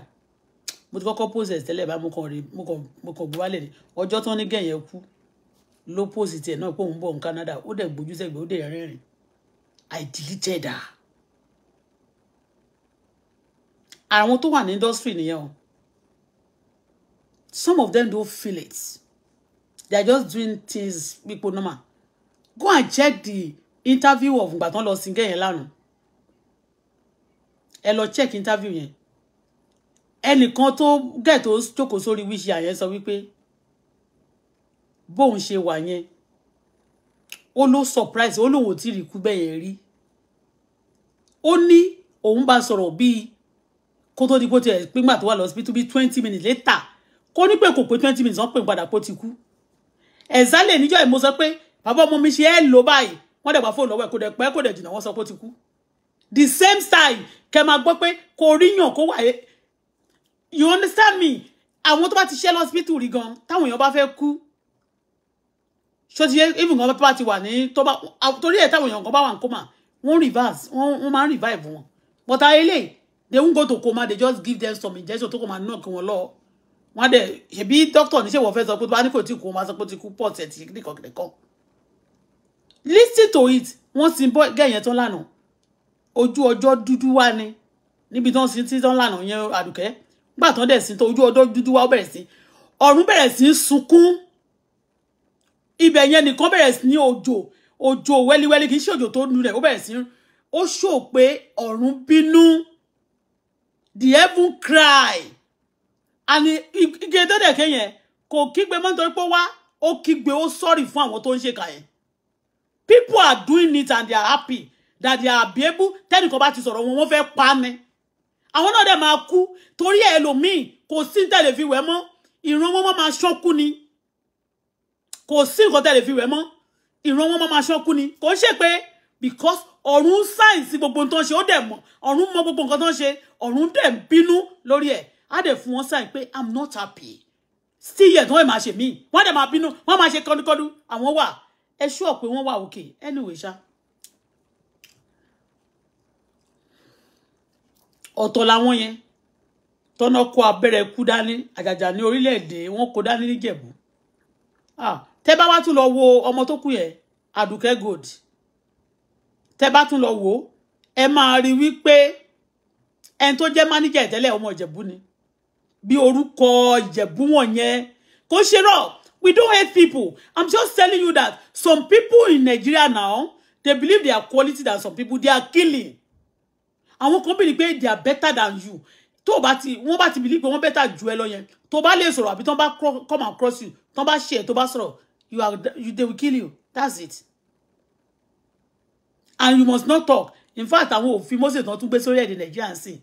mo ti kọ́kọ́ process tẹ́lẹ̀ bá mo kàn rí mo kàn gbé wálẹ̀ ní ọjọ́ tó ní gẹ̀yẹn kú ló pòsì náà pé òun bọ̀ ní Canada ó dẹ̀ gbójú sẹ́gbẹ̀ẹ́ ó dẹ̀ rẹ́rìn I deleted her. àwọn tó wà ní industry nìyẹn o some of them don't feel it they are just doing things people normal go and check the interview of ìgbà tán lọ sí gẹ̀yẹn lánàá ẹ lọ check interview yẹn ẹnìkan tó gẹ̀ tó jókòó sórí wíṣí àyẹn sọ wípé bóun ṣe wà yẹn ó ló surprise ó lóun ò tí ì rí ikú bẹ́ẹ̀ yẹn rí ó ní òun bá sọ̀rọ̀ bíi kó tó di bó tiẹ̀ pé ńgbà tó wà lọ síbi bíi twenty minutes later kó ní pé kò pé twenty minutes wọ́n pè padà pó ti kú ẹ̀sálẹ̀ níjọ́ ìmọ̀ sọ pé bàbá ọmọ mi ṣe ẹ́ lò báyìí wọ́n dẹ̀ gbà fóònù lọ́wọ́ ẹ̀ kò dẹ̀ pẹ́ kò dẹ̀ jìnnà wọ́n sọ pé ti kú the same time kẹ máa gbọ́ pé kò ríyàn kó wà you understand me àwọn tó bá ti ṣe lọ́sibítù rí gan táwọn èèyàn bá fẹ́ kú So ti even kan bá ti wà ní tó bá torí ẹ̀ táwọn èèyàn kan bá wà ní kó mà reverse wọ́n máa ń revive wọn but eléyìí they won't go to coma they just give them some injection to kò máa knock wọn lọ wọn dẹ̀ ṣebí doctor níṣẹ́ wọ́n fẹ́ sọ pé tó bá ní kò tí kú wọ́n máa sọ pé ti kú pọ̀ tẹ̀ tí nìkan kìnìkan listen to it wọ́n sin bọ́ gẹ̀yẹn tán lánàá ojú Ojo Dudu wá ni níbi tán sin tí tán lánàá yẹn àdùkẹ́ gbà tán dẹ̀ sin tó ojú Ojo Dudu wá ó bẹ̀rẹ̀ sí ọ̀run bẹ̀rẹ̀ sí sunkún ibẹ̀ yẹn nìkan bẹ̀rẹ̀ sí ní òjò òjò wẹ́líwẹ́lí kì í ṣe òjò tó nu rẹ̀ ó bẹ̀rẹ̀ sí ó ṣò pé ọ̀run bínú the heaven cry and ike tẹ́tẹ̀kẹ́ yẹn kò kígbe mọ́ nítorí pé wá ó kígbe ó sọ́ọ̀rì fún àwọn tó ń ṣèkà yẹn people are doing it and they are happy that they are able tẹ́nìkan bá ti sọ̀rọ̀ wọn wọ́n fẹ́ pa ni àwọn náà dẹ̀ máa kú torí ẹ̀ lòmíì kò sí tẹ̀lé fi wẹ̀ mọ́ ìran wọn máa ṣọ́kú ni kò sí nǹkan tẹ́lẹ̀ fi wẹ̀ mọ́ ìran wọn máa ṣọ́kú ni kò ń ṣe pé because ọ̀run sáyẹ̀nsì gbogbo nǹkan tó ń ṣe ó dẹ̀ mọ̀ ọ̀run mọ gbogbo nǹkan tó ń ṣe ọ̀run dẹ̀ ń bínú lórí ẹ̀ á dẹ̀ fún wọn sáyẹn pé i'm not happy still yet wọ́n máa ṣe mí wọ́n dẹ̀ máa bínú wọ́n máa ṣe kọ́dúkọ́dú àwọn wà ẹ ṣúọ̀ pé wọ́n wà òkè anyway ṣá. ọ̀tọ̀ làwọn yẹn tọ́nà kó abẹ́rẹ́ kú dání àjàjà ní orílẹ̀-èdè wọn kó dání níjẹ̀bú ah tẹ́ bá wá tún lọ wo Omo tó kù yẹn Àdùkẹ́ Gold tẹ́ bá tún lọ wo ẹ máa rí wípé ẹni tó jẹ́ máníjà ìtẹ́lẹ̀ ọmọ Ìjẹ̀bú ni bí orúkọ Ìjẹ̀bú wọ̀nyẹn kò ṣe rọ we don't hate people i'm just telling you that some people in Nigeria now they believe they are quality than some people they are killing àwọn kan bìrì pé they are better than you To o bá ti wọ́n bá ti bìlí pé wọ́n better ju ẹ lọ yẹn tó o bá lè sọ̀rọ̀ àbí tó come across you tó ba share, to ba tó you are you, they will kill you that's it and you must not talk in fact àwọn òfin Mósè tán tún gbé sórí èdè Nàìjíríà ń sìn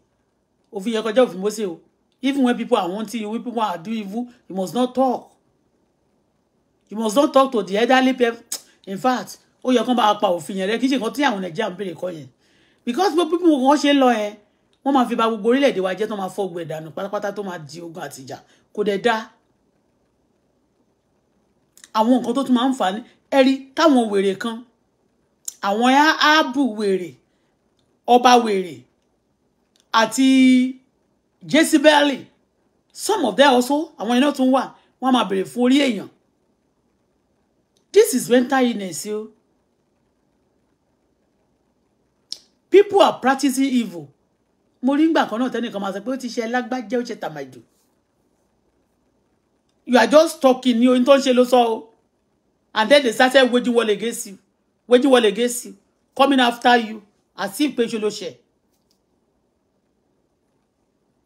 òfin yẹn kọjá òfin Mósè even when people are wanting you people are doing evil you must not talk you must not talk to the elderly people in fact oh, you come back pa òfin yẹn rẹ kí n ṣe nǹkan tí àwọn Nàìjíríà ń béèrè kọ yẹn because gbogbo pípọ̀ wọn ṣe ń lọ yẹn wọ́n máa fi ba gbogbo orílẹ̀-èdè wa jẹ́ tó máa fọ́ gbẹ̀dànù pátápátá tó máa di ogun àtìjà kò àwọn nǹkan tó tún máa ń fà ní ẹ̀rí táwọn wèrè kan àwọn áàbù wèrè ọba wèrè àti jésìbẹ́ẹ̀lì some of them also àwọn iná tún wà wọ́n máa bèrè fún orí èèyàn this is mental illness o people are practicing evil mo rí ngbà kan náà tẹ́nìkan máa sọ pé ó ti ṣe lágbájá ó ṣe tàmàdù you are just talking ni oyin tó ń ṣe ló o and then they started wage war against you wage war against you coming after you as if pé ṣe ló ṣe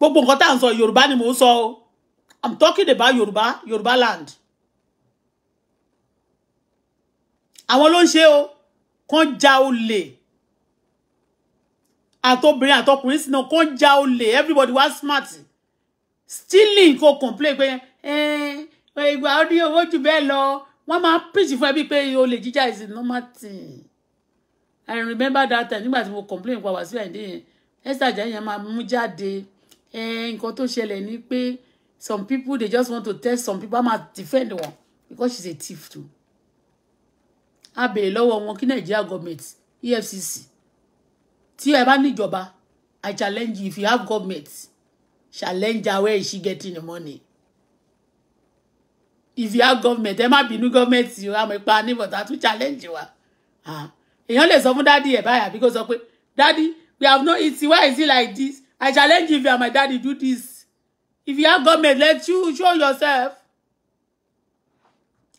gbogbo nǹkan tá à Yoruba sọ yorùbá ni mò ń o i'm talking about yorùbá yorùbá land àwọn ló ń ṣe o kàn ja olè àtobìnrin àtọkùnrin sínú kàn ja olè everybody was smart stealing kò complain pé Eh, ìgbà ó ní owó jù bẹ́ẹ̀ lọ wọ́n máa preach fún ẹbí pé olè jíjà is a normal thing i remember that time nígbà tí mo complain pa Wàsíù Àyìndé yẹn Esther Ajayi yẹn máa mú jáde eh, nǹkan tó ṣẹlẹ̀ ni pé some people they just want to test some people máa defend wọn because she's a thief too a béèrè lọ́wọ́ wọn kí Nigeria government EFCC tí ẹ bá níjọba i challenge you if you have government challenge her where is she getting the money if you are government ẹ má bínú government o àmọ́ ipa níbọ̀ tá a tún challenge wa ah, èèyàn lè sọ fún dádì ẹ̀ báyà bí kò sọ pé dádì we have no eating why is it like this I challenge you if you are my daddy do this if you are government let you show yourself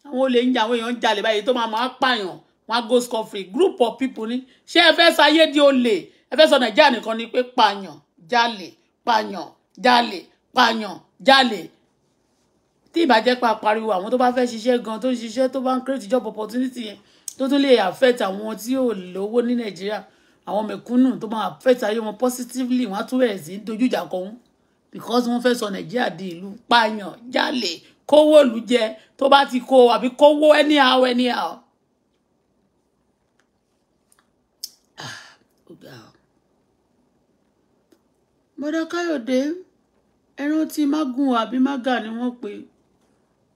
àwọn olè ń jà àwọn èèyàn ń jalè báyìí tó máa máa pààyàn wọn á go score free group of people ni ṣé ẹ fẹ́ sáyé di olè ẹ fẹ́ sọ nàìjíríà nìkan ni pé pààyàn jalè pààyàn jalè pààyàn jalè tí ìbá jẹ́ pa pariwo àwọn tó bá fẹ́ ṣiṣẹ́ gan tó ń ṣiṣẹ́ tó bá ń create job opportunity yẹn tó tún lè affect àwọn tí ò lówó ní nàìjíríà àwọn mẹ̀kúnnù tó máa affect ayé wọn positively wọ́n á tún bẹ̀rẹ̀ sí dojú ìjà kọ because wọ́n fẹ́ sọ nàìjíríà di ìlú pààyàn jalè kówó òlù jẹ tó bá ti kó àbí kówó anyhow anyhow. bọ́dá ah, káyọ̀dé ẹran tí magun àbí maga ni wọ́n pe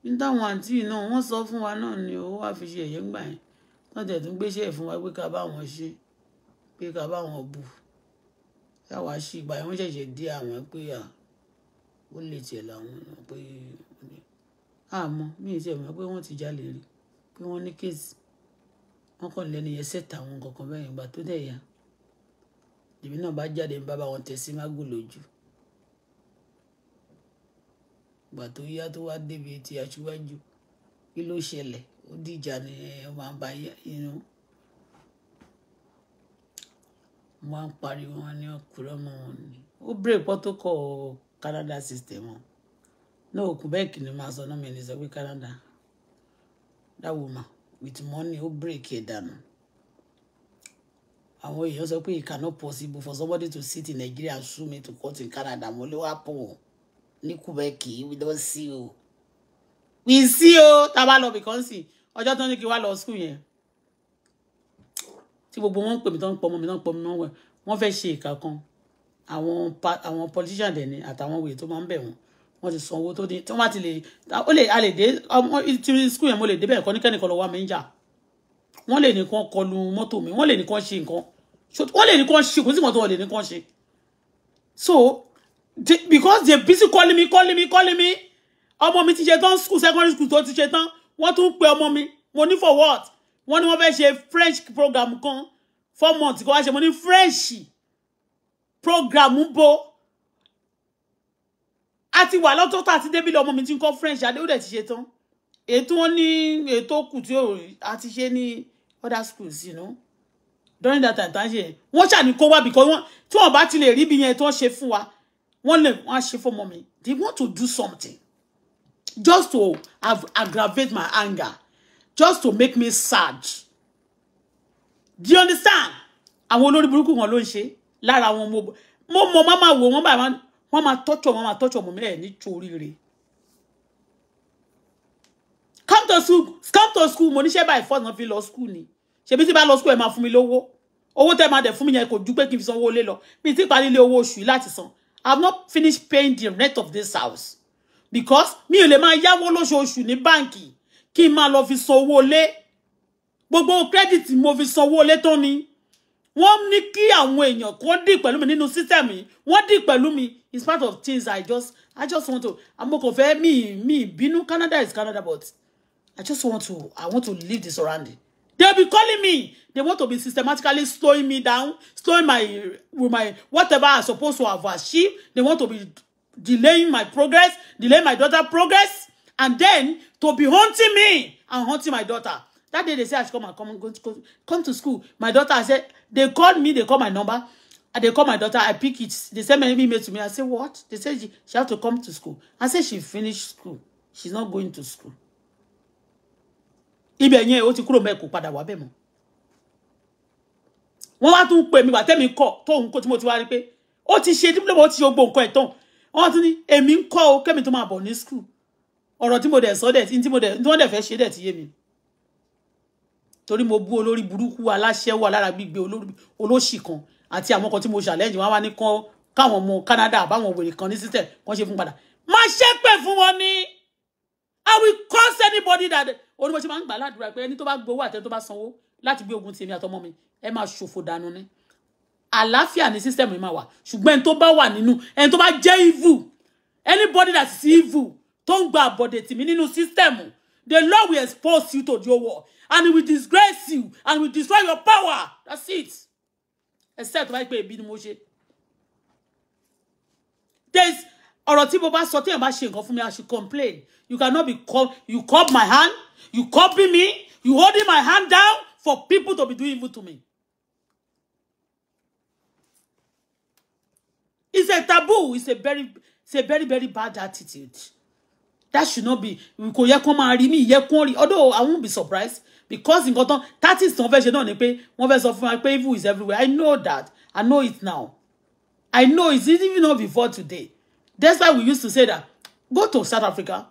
ní táwọn àǹtí náà wọ́n sọ fún wa náà ni owó wàá fi ṣe ẹ̀yẹ́ ńgbà yẹn wọ́n tẹ̀ tún gbéṣẹ́ fún wa pé ká bá wọn ṣe pé ká bá wọn bù táwa ṣì ìgbà yẹn wọ́n ṣẹ̀ṣẹ̀ dé àwọn pé à ó lè tiẹ̀ làwọn pé àmọ́ mi ì tiẹ̀ mọ̀ pé wọ́n ti jalè rí pé wọ́n ní kéèsì wọ́n kàn lẹ́nu yẹn sẹ́ta àwọn kankan bẹ́ẹ̀ yẹn tó dẹ̀ yá èmi náà bá jáde ń bá bá wọn tẹ̀ sí mágò lójú ìgbà yá tó wá débi etí aṣíwájú kí ló ṣẹlẹ̀ ó dìjà ní ọmọ àbá inú wọn ń pariwo wọn ní ọkùnrin ọmọ wọn ni ó break protocol Canada system wọn náà òkú bẹ́ẹ̀ kì ni máa sọ náà mi ní sọ pé Canada that woman with money ó break ẹ̀ dànù àwọn èèyàn sọ pé it cannot possible for somebody to sit in Nigeria and sue me to court in Canada mo lè wá pọ̀ wọ́n. ní Quebec we don see o we see o tá a bá lọ bìkan sí ọjọ́ tó ní kí wá lọ school yẹn tí gbogbo wọn ń pè mí tó ń pọmọ mi tó ń pọmọ mi náà wọ́n fẹ́ ṣe ìka kan àwọn àwọn politician dẹ̀ ni àtàwọn wèé tó máa ń bẹ̀ wọ́n wọ́n ti san owó tó ní tí wọ́n bá ti lè ó lè a lè dé ọmọ tí school yẹn mo lè débẹ̀ ẹ̀kọ́ níkẹ́nìkan lọ́wọ́ mi ń jà wọ́n lè ní kán kọlu mọ́tò mi wọ́n lè ní kán ṣe nǹkan wọ́n lè ní kán ṣe kò sí mọ́tò wọ́n lè ní kán ṣe so they, because they busy calling me calling me calling me ọmọ mi ti ṣe school secondary school tó ti ṣe tán wọ́n tún pe ọmọ mi mo for what wọ́n ní wọ́n fẹ́ ṣe french program kan four months kó wá ṣe money ní french program bo àti wà lọ́tọ́tọ́ àti débìlì ọmọ mi ti ń kọ́ french adéhùdẹ̀ ti ṣe tán ètò wọn ní ètò kù tí ó àti ṣe ní other schools you know during that time tá a ṣe yẹn wọ́n ṣàní kó wá bìkọ́ wọn tí ti lè rí ibi yẹn tó ń ṣe wa One name, one á ṣe fọ́mọ they want to do something just to have, aggravate my anger just to make me sad do you understand àwọn olórí burúkú wọn ló ń ṣe lára wọn mo mo mọ má máa wò wọn bá wọn máa tọ́jọ̀ wọn máa tọ́jọ̀ mọ̀ mẹ́rẹ̀ nítorí rẹ̀ come to school come to school mo níṣẹ́ báyìí fọ́ọ̀nà fi lọ school ni ṣebí tí bá lọ school ẹ máa fún mi lówó owó tẹ́ máa dẹ̀ fún mi yẹn kò ju pé kí n fi san owó lé lọ mi ti parí lé owó oṣù láti san I've not finished paying the rent of this house because mi ò lè máa yáwó lóṣooṣù ní báǹkì kí n máa lọ fi san owó lé credit mo fi san owó lé tó ni wọ́n ní kí àwọn èèyàn kan dì pẹ̀lú mi nínú system mi wọ́n dì pẹ̀lú mi it's part of things I just I just want to àmọ́ kò fẹ́ mi mi bínú Canada is Canada but I just want to I want to leave the surrounding They'll be calling me. They want to be systematically slowing me down, slowing my, with my whatever I'm supposed to have achieved. They want to be delaying my progress, delaying my daughter's progress, and then to be haunting me and haunting my daughter. That day they say I should come and come, and go, to come to school. My daughter, I said, they called me, they call my number. And uh, they call my daughter, I pick it. They send many email to me. I say, what? They say she, she has to come to school. I say she finished school. She's not going to school ibẹ̀ yẹn ó ti kúrò mẹ́ẹ̀ kó padà wá bẹ̀ mọ́ wọ́n wá tún pè mí wà tẹ́mi kọ̀ tóun kó tí mo ti wá rí pé ó ti ṣe dípúlọ̀mù ó ti ṣe gbogbo nǹkan ẹ̀ tán wọ́n tún ní èmi ń kọ́ o kẹ́mi tó máa bọ̀ ní skul ọ̀rọ̀ tí mo dẹ̀ sọ dẹ̀ tí mo dẹ̀ tí wọ́n dẹ̀ fẹ́ ṣe dẹ̀ ti yé mi torí mo bú olórí burúkú aláṣẹ́wọ̀ alára gbígbé olóṣì kan àti àwọn kan tí mo ṣàlẹ́jì wọn wá ní kán káwọn ọmọ Canada àbáwọn òwèrè kan ní sísẹ̀ kan ṣe fún padà má ṣépè fún wọn ni. I will curse anybody that orí ṣe máa ń gbà ládùúrà pé ẹni tó bá gbowó àtẹni tó bá sanwó láti gbé ogun tèmi àtọmọ mi ẹ máa ṣòfò dànù ni àlàáfíà ní sísẹ̀mù yìí máa wà ṣùgbọ́n ẹni tó bá wà nínú ẹni tó bá jẹ́ evil anybody that is evil tó ń gba àbọ̀dè tìmí nínú sísẹ̀mù the Lord will expose you to the war and he will disgrace you and will destroy your power that's it except tó bá yẹ pé ebi ni mo ṣe ọ̀rọ̀ tí mo bá sọ téèyàn bá ṣe nǹkan fún mi i should complain you cannot be call you cup my hand you copy me you holding my hand down for people to be doing evil to me. It's a taboo. It's a very, it's a very, very bad attitude. That should not be. Kò yẹ kó máa rí mi, yẹ kó rí. Although I won't be surprised because nǹkan tán that is tán fẹ́ ṣe náà ni pé wọ́n fẹ́ sọ fún wa pé evil is everywhere. I know that. I know it now. I know it even not before today. That's why we used to say that go to South Africa,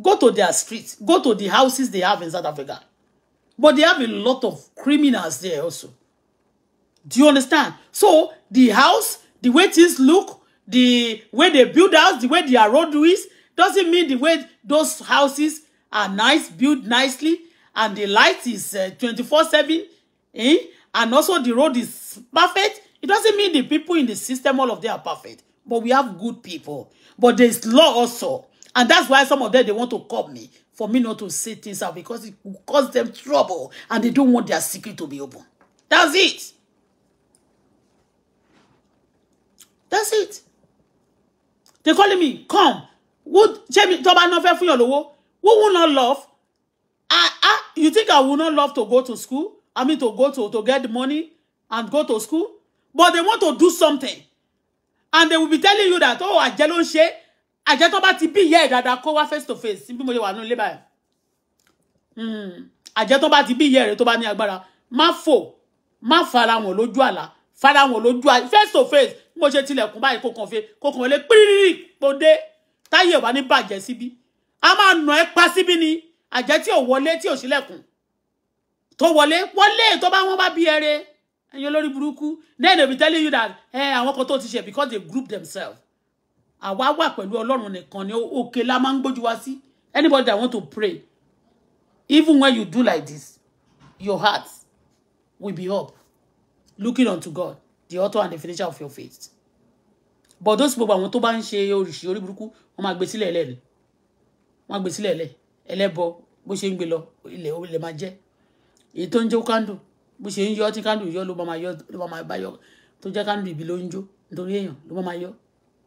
go to their streets, go to the houses they have in South Africa. But they have a lot of criminals there also. Do you understand? So the house, the way things look, the way they build house, the way their road is, doesn't mean the way those houses are nice, built nicely, and the light is uh, 24-7, eh? and also the road is perfect. It doesn't mean the people in the system, all of them are perfect but we have good people. But there's law also. And that's why some of them, they want to call me for me not to say things out because it will cause them trouble and they don't want their secret to be open. That's it. That's it. They're calling me, come. Would Jamie talk about nothing for your lowo? Who will not love? I, I, you think I will not love to go to school? I mean to go to to get the money and go to school? But they want to do something and they will be telling you that oh àjẹ́ ló ń ṣe àjẹ́ tó bá ti bí ìyá ẹ̀ dáadáa kó wá face to face bí mo ṣe wà nínú ilé báyìí hmm. àjẹ́ tó bá ti bí ìyá ẹ̀ rẹ̀ tó bá ní agbára má fò má fara wọn lójú àlá fara wọn lójú àlá face to face bí mo ṣe tilẹ̀kùn báyìí kó kàn fi kó kàn lé pírírí pòdé táyé wà ní bàjẹ́ síbí a máa nà ẹ́ pa síbí ni àjẹ́ tí ò wọlé tí ò sílẹ̀kùn tó wọlé wọlé tó bá wọn bá bí ẹrẹ́ You're olórí burúkú then they'll be telling you that ẹ eh, àwọn kan tó ti you because they group themselves àwa wà pẹ̀lú ọlọ́run nìkan ni òkè la máa ń gbójú wa sí anybody that want to pray even when you do like this your heart will be up looking unto God the author and the finisher of your faith but those people àwọn tó bá ń ṣe oríṣi orí burúkú wọ́n máa gbé sílẹ̀ ẹlẹ́ni wọ́n á gbé sílẹ̀ ẹlẹ́ ẹlẹ́bọ bó ṣe ń gbé lọ ilẹ̀ ó lè máa jẹ́ èyí bó ṣe ń yọ tí kándù yọ ló bá máa yọ ló bá máa bá yọ tó jẹ́ kándù ìbí ló ń jó nítorí èèyàn ló bá máa yọ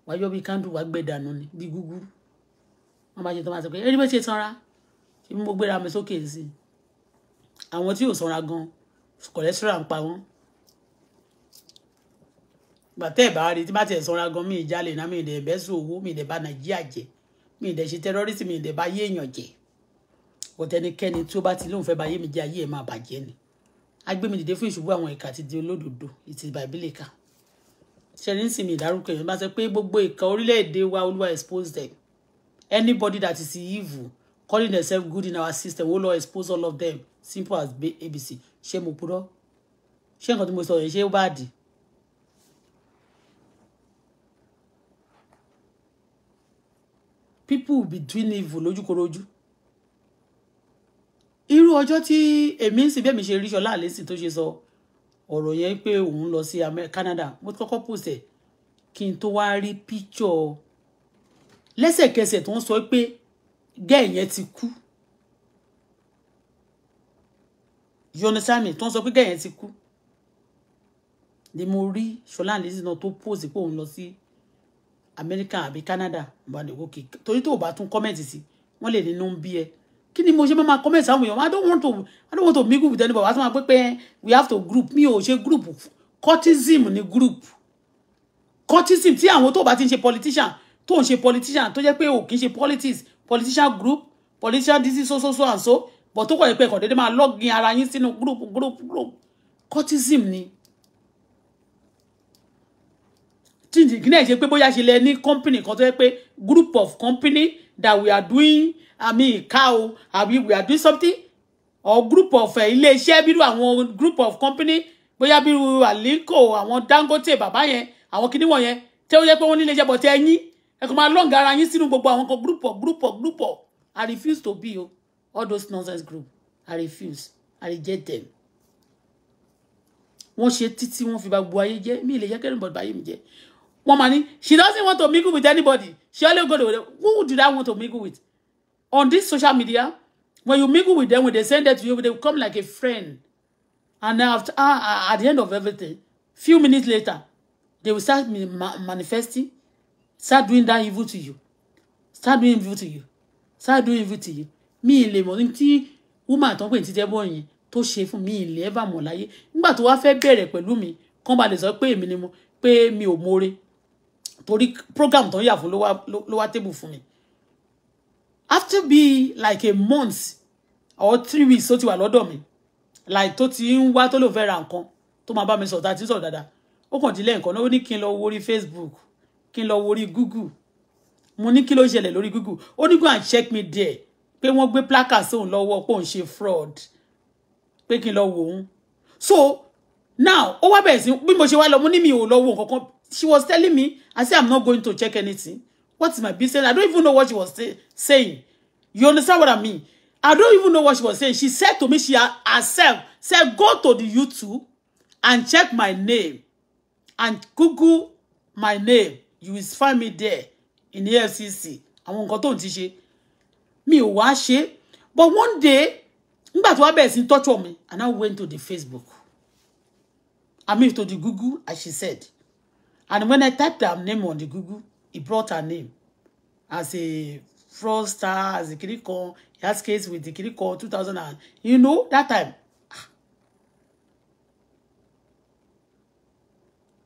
wá yọ bí kándù wá gbẹ dànù ni bí gúgúrú wọn bá ṣe tó máa sọ pé eré méjì sanra ṣe mo gbéra mi sókè sí i àwọn tí ò sanra gan cholesterol ń pa wọn gbàtẹ́ ẹ̀ tí bá tiẹ̀ sanra gan mi ìjálè náà mi ìdẹ̀ bẹ́sù owó mi ìdẹ̀ bá nàìjíríà jẹ mi ìdẹ̀ ṣe tẹ́rọ́rìsì mi ìdẹ̀ bá yé èèyàn jẹ kò tẹnikẹ́ni tí ó bá ti lóun fẹ́ bá yé mi jẹ ayé ẹ̀ máa bàjẹ́ ni agbẹ́mìdìde fún ìṣubú àwọn ìka àti di olódodo ìtì bàbílì ka ṣẹlẹ̀ ń sinmi ìdárúkọ èèyàn bá sọ pé gbogbo ìka orílẹ̀-èdè wa olúwa expose them anybody that is evil calling themselves good in our system ó oh lọ expose all of them simple as abc ṣé mo purọ́ ṣé nǹkan tí mo sọ yẹn ṣé ó bá dì people will be doing evil lójúkorojú irú ọjọ́ tí èmi ń sìn bẹ́ẹ̀ mi ṣe rí ṣọlá àlẹ́sìn tó ṣe sọ ọ̀rọ̀ yẹn pé òun lọ sí Canada mo ti kọ́kọ́ post ẹ̀ kí n tó wá rí píkṣọ lẹ́sẹ̀kẹsẹ̀ tó ń sọ pé gẹ́ẹ̀ yẹn ti kú yonisami tó ń sọ pé gẹ́ẹ̀ yẹn ti kú ni mo rí ṣọlá àlẹ́sìn náà tó post pé òun lọ sí America àbí Canada ìbàdàn òkè torí tó o bá tún kọ́mẹ̀ntì sí wọ́n lè nínú ń bí ẹ kí ni mo ṣe máa comment sáwọn èèyàn i don't want to i don't want to mingle with anybody wàá sọ ma pé we have to group mi ò ṣe group cultism ni group cultism tí àwọn tó bá ti ń ṣe politician tó ń ṣe politician tó jẹ́ pé ò kì í ṣe politics politician group politician disease so so so and so but tó kọ̀ yẹ pé ẹ̀kọ́ dédé máa lọ́gìn ara yín sínú group group group cultism ni tí ìdí náà ṣe pé bóyá ṣe lẹ ní company kan tó yẹ pé group of company that we are doing àmì ìka o àbí we are doing something or group of eh, ilé iṣẹ́ bírú àwọn group of company bóyá bírú Aliko àwọn Dangote bàbá yẹn àwọn kinní wọ̀nyẹn tẹ́ ó yẹ pé wọ́n nílé iṣẹ́ bọ̀ tẹ́ ẹ̀yìn ẹ kò máa lọ́ǹgà ara yín sínú gbogbo àwọn kan group of group of group of I refuse to be o oh, all those nonsense group I refuse I reject them wọ́n ṣe títí wọ́n fi ba gbogbo ayé jẹ́ mi ìlẹ̀ yẹ kẹ́rin bọ̀dọ̀ ayé mi jẹ́ wọ́n máa ní she doesn't want to mingle with anybody she only go to who do that want to mingle with on this social media, when you mingle with them, when they send that to you, they come like a friend. And after, uh, at the end of everything, few minutes later, they will start manifesting, start doing that evil to you, start doing evil to you, start doing evil to you. Mi ilé mọ̀ ní tí woman tó ń pè ní títẹ́ bọ́ yẹn tó ṣe fún mi ilé ẹ̀ bá mọ̀ láyé. Nígbà tó wá fẹ́ bẹ̀rẹ̀ pẹ̀lú mi, kán ba lè sọ pé èmi program tó ń yà lower ló wá tébù fún after be like a month or three weeks ó ti wà lọ́dọ̀ mi like tó ti ń wá tó lò fẹ́ ra nǹkan tó máa bá mi sọ̀tà tí ń sọ̀rọ̀ dáadáa ó kàn dílé nǹkan náà ó ní kí n lọ Facebook kí n lọ Google mo ní kí ló ṣẹlẹ̀ lórí Google ó ní go and check me there pé wọ́n gbé placard sóun lọ́wọ́ pé òun ṣe fraud pé kí n lọ wò so now ó wá bẹ̀rẹ̀ sí bí mo ṣe wá lọ mo ní mi ò lọ wo nǹkan kan she was telling me I say I'm not going to check anything What is my business? I don't even know what she was say saying. You understand what I mean? I don't even know what she was saying. She said to me, she herself said, go to the YouTube and check my name and Google my name. You will find me there in the FCC. I won't go to ti Me Mi it, But one day, nígbà tó wá in touch with me, and I went to the Facebook. I mean to the Google, as she said. And when I typed her name on the Google, he brought her name as a fraudster as a kirikon he has case with the kirikon two thousand and you know that time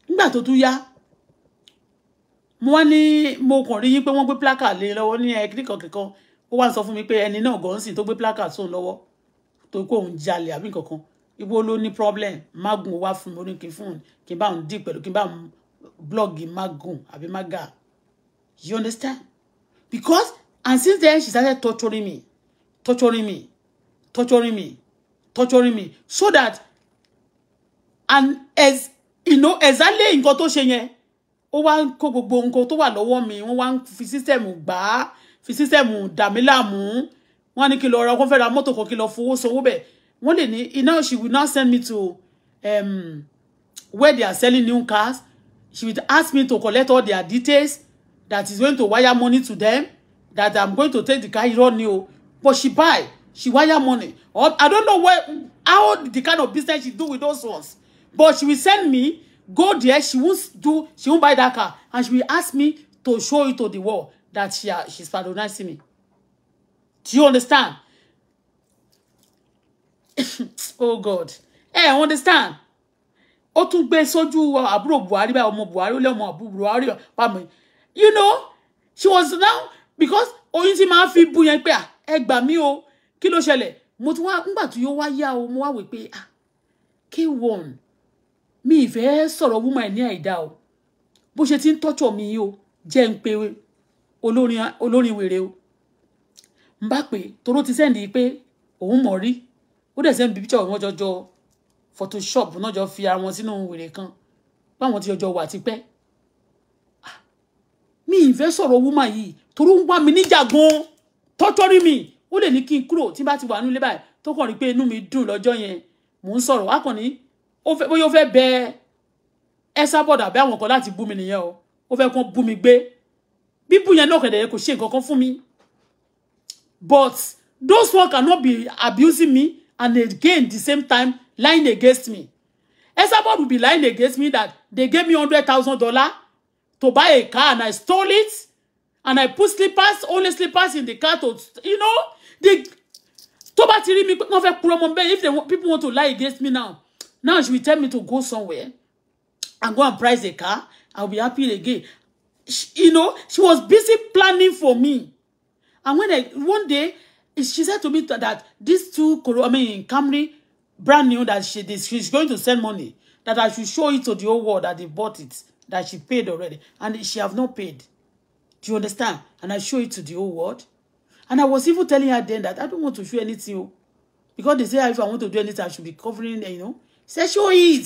nígbà tó tún yá mo wá ní mo kàn rí yín pé wọ́n gbé plaka lé e lọ́wọ́ ní ẹ eh, kirikon kirikon ó wá sọ fún mi pé ẹni náà gan sìn tó gbé plaka sóun lọ́wọ́ tó kó òun jalè àbí nǹkan kan ibo ló ní problem magun wá fún mi ó ní kí n fún kí n bá òun dì pẹ̀lú kí n bá òun blọọgì magun maga You understand? Because, and since then, she started torturing me, torturing me, torturing me, torturing me, so that, and as, you know, exactly nǹkan tó ṣe yẹn, ó wá ń kó gbogbo nǹkan tó wà lọ́wọ́ mi, wọ́n wá ń fi sísẹ̀mù gbà á, fi sísẹ̀mù dà mí láàmú, wọ́n á ní kí lọ ra, wọ́n fẹ́ ra mọ́tò kan kí lọ fowó sanwó bẹ̀. Wọ́n lè you know, she would now send me to um, where they are selling new cars. She would ask me to collect all their details that is going to wire money to them that I'm going to take the car irọ́ but she buy she wire money I don't know where how the kind of business she do with those ones but she will send me go there she won't do she won't buy that car and she will ask me to show it to the world that she uh, she's patronizing me do you understand oh God eh hey, understand ó tún gbé sójú àbúrò Buhari báyìí ọmọ Buhari ó lé ọmọ àbúrò Buhari pàmò you know she was now because oyún ti máa fi bu yẹn pé à ah, ẹ gbà mí o kí ló ṣẹlẹ̀ mo ti wá ńgbà tí ó wá yá o mo wá wí pé ah k1 mi ìfẹ́ sọ̀rọ̀ woman ní àìdá o bó ṣe ti ń tọ́jọ̀ mi o jẹ́ ń pe olórin wèrè o ń bá pè toró ti sẹ́ndì pé òun mọ̀ rí ó dẹ̀ sẹ́ndì píkṣọ̀ wọn jọjọ photoshop náà jo fi ara wọn sínú wèrè kan báwọn ti jọjọ wà tipẹ́ mi ìfẹ́ sọ̀rọ̀ woman yìí torí ń wá mi níjà gan tọ́tọ́rí mi ó lè ní kí n kúrò tí bá ti wà nílé báyìí tó kàn rí pé inú mi dùn lọ́jọ́ yẹn mò ń sọ̀rọ̀ akànní bóyá ó fẹ́ bẹ ẹ sábọ̀dà bẹ àwọn kan láti bú mi nìyẹn o ó fẹ́ kàn bú mi gbé bíbú yẹn náà kẹ̀dẹ̀ kò ṣe nǹkan kan fún mi but those one cannot be abusing me and again the same time lying against me ẹ sábọ̀dù be lying against me that they gave me hundred thousand dollars to buy a car and I stole it. And I put slippers, only slippers in the car to, you know, the toba tiri me rí mi pé wọ́n if they want, people want to lie against me now. Now she will tell me to go somewhere and go and price a car. I'll be happy again. She, you know, she was busy planning for me. And when I, one day, she said to me that these two, I mean, Camry, brand new, that she, she's going to send money, that I should show it to the whole world that they bought it that she paid already and she have not paid. Do you understand? And I show it to the whole world. And I was even telling her then that I don't want to show anything. Oh. Because they say if I want to do anything, I should be covering, you know. Say, show it.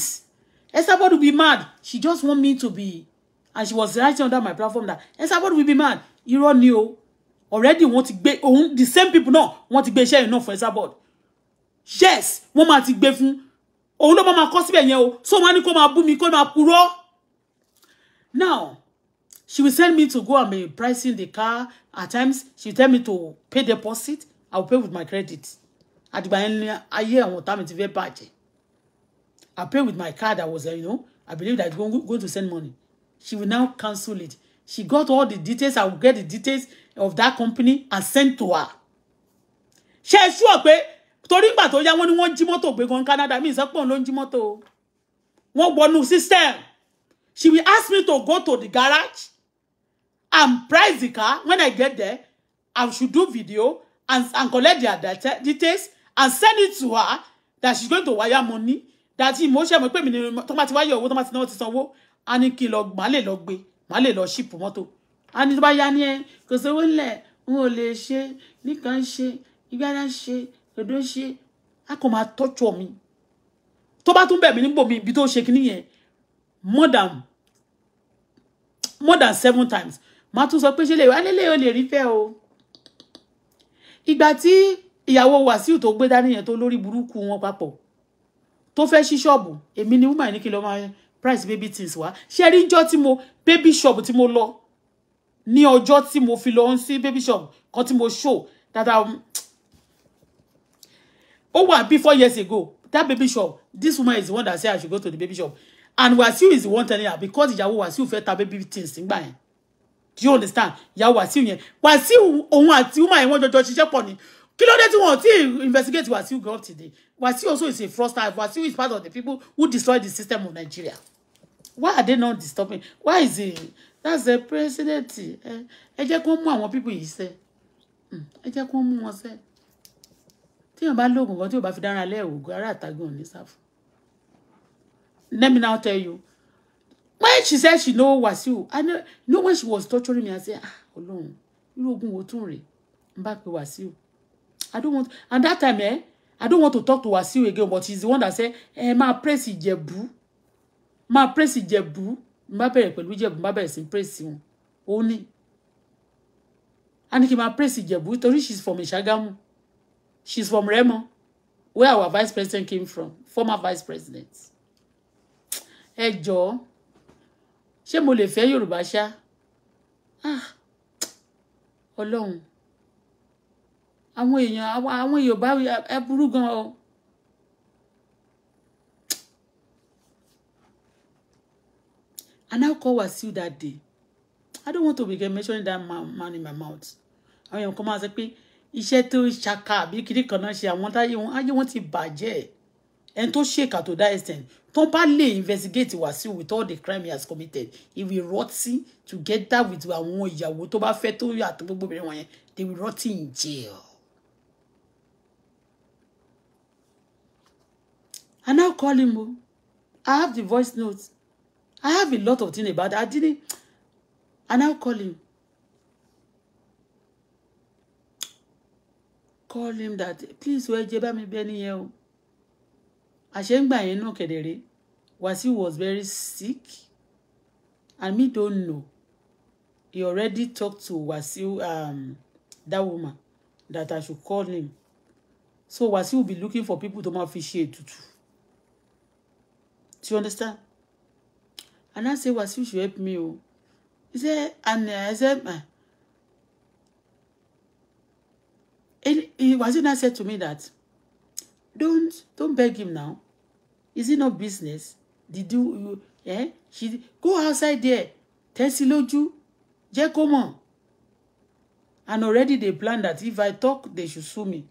Esabod will be mad. She just want me to be. And she was writing under my platform that Esabod will be mad. Irọ́ ni o. Already want ti gbé òun the same people náà want to gbé iṣẹ́ yẹn for fún Esabod. Yes, wọ́n máa ti gbé fún. Òun ló máa máa kọ́ síbẹ̀ So wọ́n á ní kó máa bú mi kó Now, she will send me to go and be pricing the car. At times, she will tell me to pay deposit. I will pay with my credit. Àdìgbà yẹn ni ayé àwọn ọ̀tá mi ti fẹ́ bàjẹ́. I pay with my card. I was, there. Uh, you know, I believe that I'm going to send money. She will now cancel it. She got all the details. I will get the details of that company and send to her. She is sure pé torí ìgbà tó yá wọn ni wọ́n jí mọ́tò gbé gan Canada mi ìsọ́pọ̀ ló ń jí mọ́tò o. Wọ́n wọnú system she will ask me to go to the garage and price the car when I get there. I should do video and, and collect their data, details and send it to her that she's going to wire money. That he mo ṣe mọ̀ pé mi ni tó máa ti wáyé owó tó máa ti náwó ti sanwó. A ní kí n lọ màá lè lọ gbé màá lè lọ ṣìpù mọ́tò. A ní tó bá yá ní ẹ kò sówó ńlẹ̀ n ò lè ṣe nìkan ṣe igbára ṣe òdo ṣe more than more than seven times màá tún sọ pé ṣe lè wá lélẹ̀ ò lè rí fẹ́ o ìgbà tí ìyàwó Wàsíù tó gbé dání yẹn tó lórí burúkú wọn papọ̀ tó fẹ́ ṣí ṣọ́ọ̀bù èmi ni woman ní kí n lọ máa price baby things wá ṣe rí njọ́ tí mo baby shop tí mo lọ ní ọjọ́ tí mo fi lọ ń sí baby shop kan tí mo show dáadáa um, ó wà bí four years ago that baby shop this woman is the one that say I should go to the baby shop and Wasiu is the one telling her because ìyàwó Wasiu felt a baby things nígbà yẹn do you understand ìyàwó Wasiu yẹn Wasiu òun àti woman yẹn wọ́n jọjọ ṣiṣẹ́ pọ̀ ni kí one, dé tí wọn ò tí investigate Wasiu go up today Wasiu also is a fraudster Wasiu is part of the people who destroy the system of Nigeria why are they not disturbing why is it that's the president ẹ jẹ́ kó mú àwọn people yìí sẹ́ hmm, ẹ jẹ́ kó mú wọn sẹ́ tíyàn bá lóògùn kan tí ò bá fi dára lẹ́ẹ̀wò ara àtàgùn ò ní sáfù let me now tell you when she said she know Wasiu i know you know when she was torturing me i say ah Ọlọ́run you ogun wo tún rèé n Wasiu i don't want and that time eh i don't want to talk to Wasiu again but he's the one that said, eh my press is Jebu. My press is Jebu. My pẹ̀lú Ìjẹ̀bú n bá bẹ̀rẹ̀ sí praise wọn òun ni a ní kí n she's from Ìṣàgámù she's from Remo where our vice president came from former vice president ẹ jọ̀ọ́ ṣé mo lè fẹ́ yorùbá ṣá ah, ọlọ́run àwọn èèyàn àwọn yorùbá ẹ burú gan o. I now call Wasiu that day. I don't want to begin mentioning that man, man in my mouth. Àwọn èèyàn kan máa sọ pé iṣẹ́ tó ṣaka àbí kiri kan náà ṣe àwọn táyé wọn ayé wọn ti bàjẹ́ ẹni tó ṣèkà tó dá ẹsẹ̀ tó bá lè investigate Wasiu with all the crime he has committed he will rotty together with àwọn ìyàwó tó bá fẹ́ tó yà tó gbogbo obìnrin wọ̀nyẹn they will rotty in jail. I now call him Oh, I have the voice notes. I have a lot of things about that I didn't I now call him call him that please Where jeba bá mi bẹ́ẹ̀ nìyẹn o àṣẹ ń gbà yẹn náà kẹ̀dẹ̀rẹ́ Wasiu was very sick and me don't know he already talked to Wasi, um, that woman that I should call him so Wasi will be looking for people to ma fi ṣe ètùtù do you understand and I say Wasi should help me o he say and uh, I say uh, ah. and he Wasiu now said to me that don't don't beg him now is it not business did you, you eh she go outside there tẹ́sí lójú jẹ́ kó mọ̀ and already they plan that if I talk they should sue me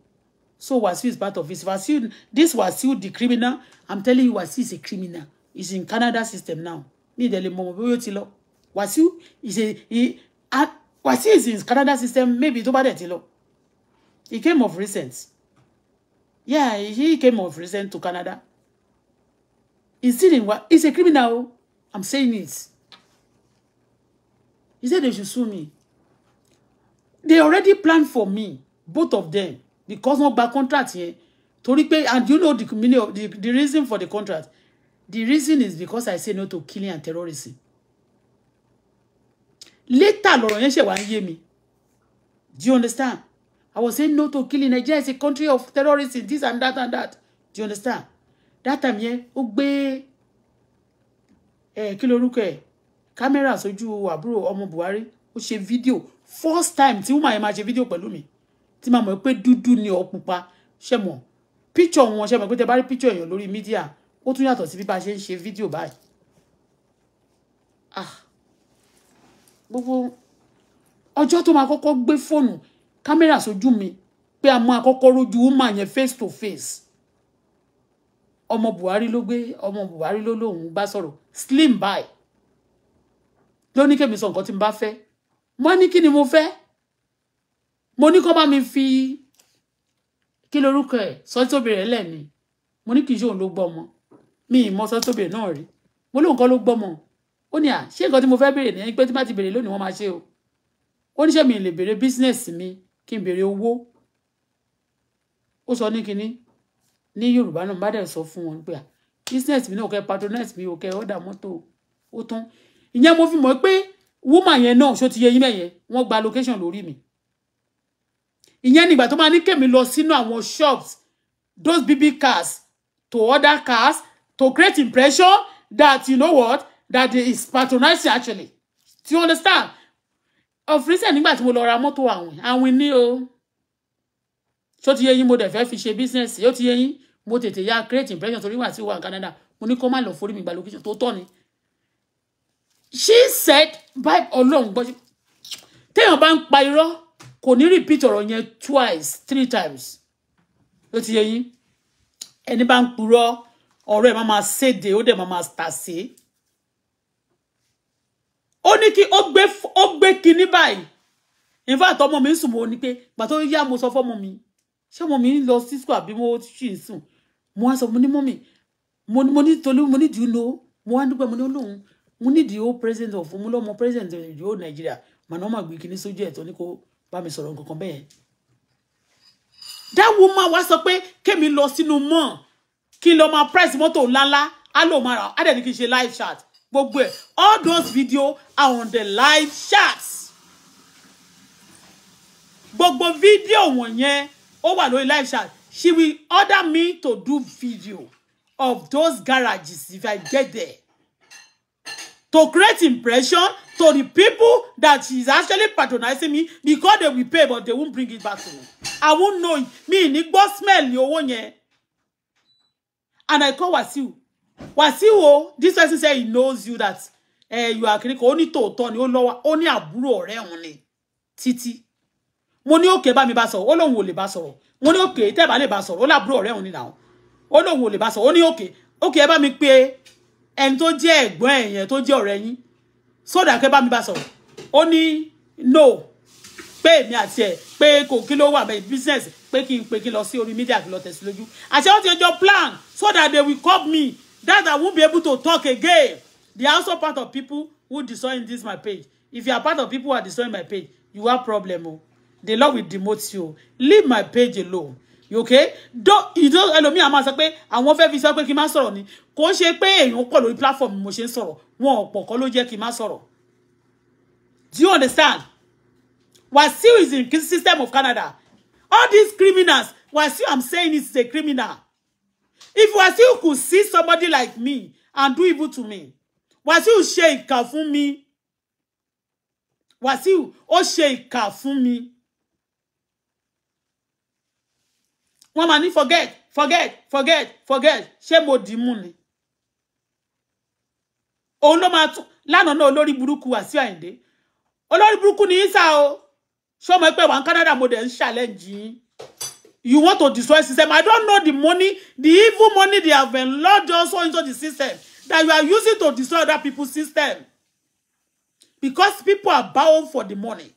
so Wasiu is part of this. Wasiu this Wasiu the criminal I'm telling you Wasiu is a criminal he's in Canada system now mi ìdẹ̀lẹ̀ mọ̀ bí ó ti lọ Wasiu is a he uh, Wasiu is in Canada system maybe tó bá dẹ̀ ti lọ he came of recent yeah he came of recent to Canada. He's still what? He's a criminal. I'm saying it. He said they should sue me. They already planned for me, both of them, because wọ́n gba contract yẹn. Torí pé, and you know the, the, the reason for the contract. The reason is because I say no to killing and terrorism. Later, lọ̀rọ̀ you ṣe wá ń Do you understand? I was saying no to killing. Nigeria is a country of terrorism. this and that and that. Do you understand? dátà mi yẹn ó gbé ẹ eh, kí lorúkọ ẹ kámẹ́rà sójú àbúrò ọmọ Buhari ó ṣe fídíò first time tí woman yẹn máa ṣe fídíò pẹ̀lú mi tí màá mọ̀ pé dúdú ni ọ̀ pupa ṣe mọ̀ píchọ̀ wọn ṣe mọ̀ pé tẹ bá rí píchọ̀ èèyàn lórí mídíà ó tún yàtọ̀ sí bí bá ṣe ń ṣe fídíò báyìí ah gbogbo ọjọ́ tó máa kọ́kọ́ gbé fóònù kámẹ́rà sójú mi pé a máa kọ́kọ́ rójú woman yẹn face to face ọmọ Buhari ló gbé ọmọ Buhari ló lóun bá sọ̀rọ̀ slim by ló ní kèmí sọ nǹkan tí n bá fẹ́ mo ní kí ni mo fẹ́ mo ní kó bá mi fi kí lorúkọ ẹ̀ sọ́tòbìrẹ̀ lẹ́ni mo ní kì í ṣe òun ló gbọ́ ọmọ mi ì mọ sọ́tòbìrẹ̀ náà rí mo lóun kọ́ ló gbọ́ ọmọ ó ní à ṣé nǹkan tí mo fẹ́ béèrè ní pé tí bá ti béèrè lónìí wọ́n máa ṣe o ó ní ṣé mi lè béèrè bísínẹ́sì mi kí n béèrè owó ó sọ ní kinní ní yorùbá náà bá dẹ̀ sọ fún wọn pé business mi náà kẹ́ patronize mi ò kẹ́ ọ̀dà mọ́tò ó tán ìyẹn mo fi mọ̀ pé woman yẹn náà ṣó ti yẹ yín mẹ́yẹn wọ́n gba location lórí mi ìyẹn nígbà tó máa ní kèmí lọ sínú àwọn shops those bb cars to order cars to create impression that you know what that they is patronizing actually do you understand of recent nígbà tí mo lọ ra mọ́tò àwìn àwìn ni o. Oh ṣó ti yé yín mo dẹ̀ fẹ́ fi ṣe bísínẹ́sì ó ti yé mo tètè ya create impression torí wà tí ó Canada mo ní kó má lọ forí mi gba location tó tọ́ ni she said báyìí ọlọ́run gbọ́ téèyàn bá ń pa irọ́ kò ní repeat ọ̀rọ̀ yẹn twice three times ló ti yé ẹni bá ń purọ́ ọ̀rọ̀ ẹ̀ máa máa ṣèdè ó dẹ̀ máa máa tàsé ó ní kí ó gbé ó gbé kinní báyìí in fact ọmọ mi ń sùn mo ní pé gbà tó mo sọ fọ́mọ mi ṣé ọmọ mi ń lọ sí school àbí mo ṣì ń sùn mo wá sọ mo ní mọ́mì mo ní mo ní tolú mo ní dìú mo wá dúpẹ́ mo ní olóhùn mo ní dìú president of mo president of ìdíwó nàìjíríà màná mà gbé kíní sójú ẹ̀ tó ní kó bá mi sọ̀rọ̀ nǹkan kan bẹ́ẹ̀. that woman wá sọ pé kémi lọ sínú mọ́ kí n lọ máa price mọ́tò ńláńlá á lò máa rà á dẹ̀ ní kí n ṣe live chat gbogbo ẹ̀ all those videos are on the live chats gbogbo fídíò wọ̀nyẹn ó wà lórí live chat she will order me to do video of those garages if I get there to create impression to the people that she is actually patronizing me because they will pay but they won't bring it back to me I won't know it mi ní gbọ́ smell ní owó yẹn and I call Wasiu Wasiu o this person say he knows you that eh, you are kiriko ó ní tòótọ́ ni ó lọ́wọ́ ó ní àbúrò ọ̀rẹ́ òun ni títí mo ní òkè bá mi bá sọ̀rọ̀ ó lóun ò lè bá sọ̀rọ̀ mo ní òkè tẹ́ bá lè bá sọ̀rọ̀ ó lábúrò ọ̀rẹ́ òun ni làwọn ó lóun ò lè bá sọ̀rọ̀ ó ní òkè òkè ẹ bá mi pé ẹni tó jẹ́ ẹ̀gbọ́n ẹ̀yẹn tó jẹ́ ọ̀rẹ́ yín sódà kẹ́ bá mi bá sọ̀rọ̀ ó ní no pé èmi àti ẹ̀ pé kò kí ló wà bẹ́ẹ̀ business pé kí n pé kí lọ sí orí media kí lọ tẹ̀sí lójú àṣẹ ó plan so that they will call me that I won't be able to talk again they are also part of people who destroy this my page if you are part of people who are destroying my page you have problem o. Oh the Lord will demote you leave my page alone You okay don't you don't ẹlòmíì a máa sọ pé àwọn fẹ́ fi sọ pé kí n má sọ̀rọ̀ ni kò ṣe pé èèyàn pọ̀ lórí platform mo ṣe ń sọ̀rọ̀ wọn ọ̀pọ̀ kọ́ ló jẹ́ kí n má do you understand Wasiu is in the system of Canada all these criminals Wasiu I'm saying it's a criminal if Wasiu could see somebody like me and do evil to me Wasiu ṣe ìkà fún mi Wasiu ó ṣe ìkà fún mi. wọ́n máa ní forget forget forget forget ṣé mo dì í mú ni òun ló máa tún lánàá náà olórí burúkú Wàsíù Àyìndé olórí burúkú ni isa o ṣọmọ ẹgbẹ́ wa ní Canada mo ń challenge yín you want to destroy system I don't know the money the evil money they have enlarged also into the system that you are using to destroy other people's system because people are bowing for the money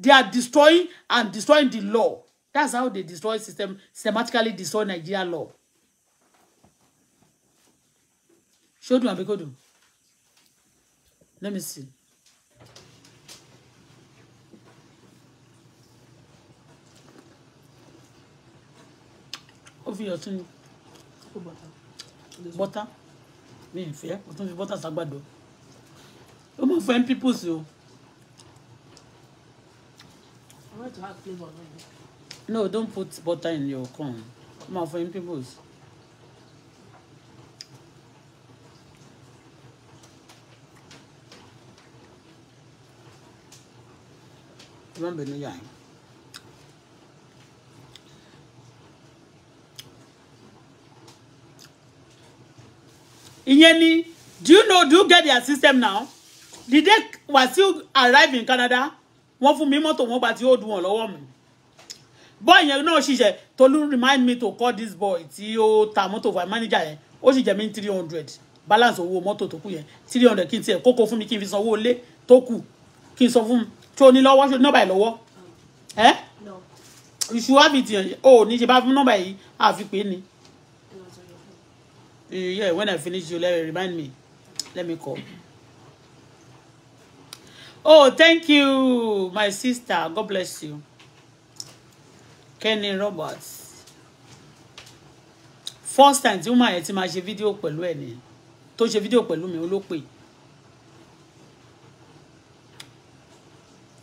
they are destroying and destroying the law That's how they destroy system, systematically destroy Nigeria law. Shodu Abikodu. Let me see. Ó fi ọ̀tún butter. Me ń fẹ́, butter tún fi butter ṣàgbàdo. Ó mọ̀ fẹ́ peoples o. I want to have flavor. Right? No, don't put butter in your corn. Come on, for him pimples. Remember, no, yeah. Iyeni, do you know, do you get their system now? The day was still arrive in Canada. Wọ́n fún mi mọ́tò wọn gbà tí ó dùn wọ́n lọ́wọ́ mi boy yẹn she ṣiṣẹ́ Tolu remind me to call this boy tí ó ta mọ́tò fún manager yẹn ó sì jẹ mí three hundred balance owó mọ́tò tó kù yẹn three hundred kí n tiẹ̀ kókó fún mi kí n fi san owó ilé tó kù kí n sọ fún mi tí o ní lọ́wọ́ ṣe nọ́mbà yìí lọ́wọ́ ẹ́ ìṣù ábìtì yẹn o ní ṣe bá fún nọ́mbà ni. yeah when I finish you let me remind me let me call. Oh, thank you, my sister. God bless you. Kenny Roberts first time tí woman yẹn ti máa ṣe fídíò pẹ̀lú ẹ̀ nìyẹn tó ṣe fídíò pẹ̀lú mi olópè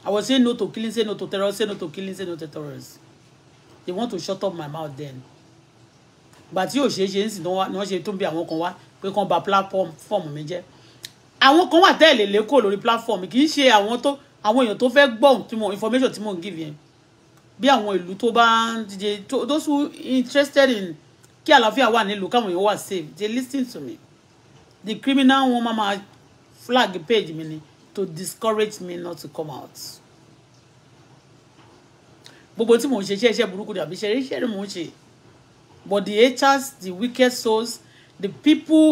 I was saying no to killing say no to terror say no to killing say no to terrorists they want to shut up my mouth then But you òṣèré ṣe ń sìn ní wọ́n ṣe tún bí àwọn kan wá pé kán bà platform mi jẹ́ àwọn kan wà tẹ́lẹ̀ lẹ́kọ̀ọ́ lórí platform kì í ṣe àwọn tó àwọn èèyàn tó fẹ́ gbọ́ information tí mò give yẹn bí àwọn ìlú tó bá ń dìde those who interested in kí àlàáfíà wà nílùú káwọn èèyàn wà safe they listen to me the criminal wọn máa máa flag page mi ni to discourage me not to come out gbogbo tí mò ń ṣe iṣẹ́ iṣẹ́ burúkú dàbí iṣẹ́ iṣẹ́ rẹ̀ mò ń ṣe but the haters the wicked souls the people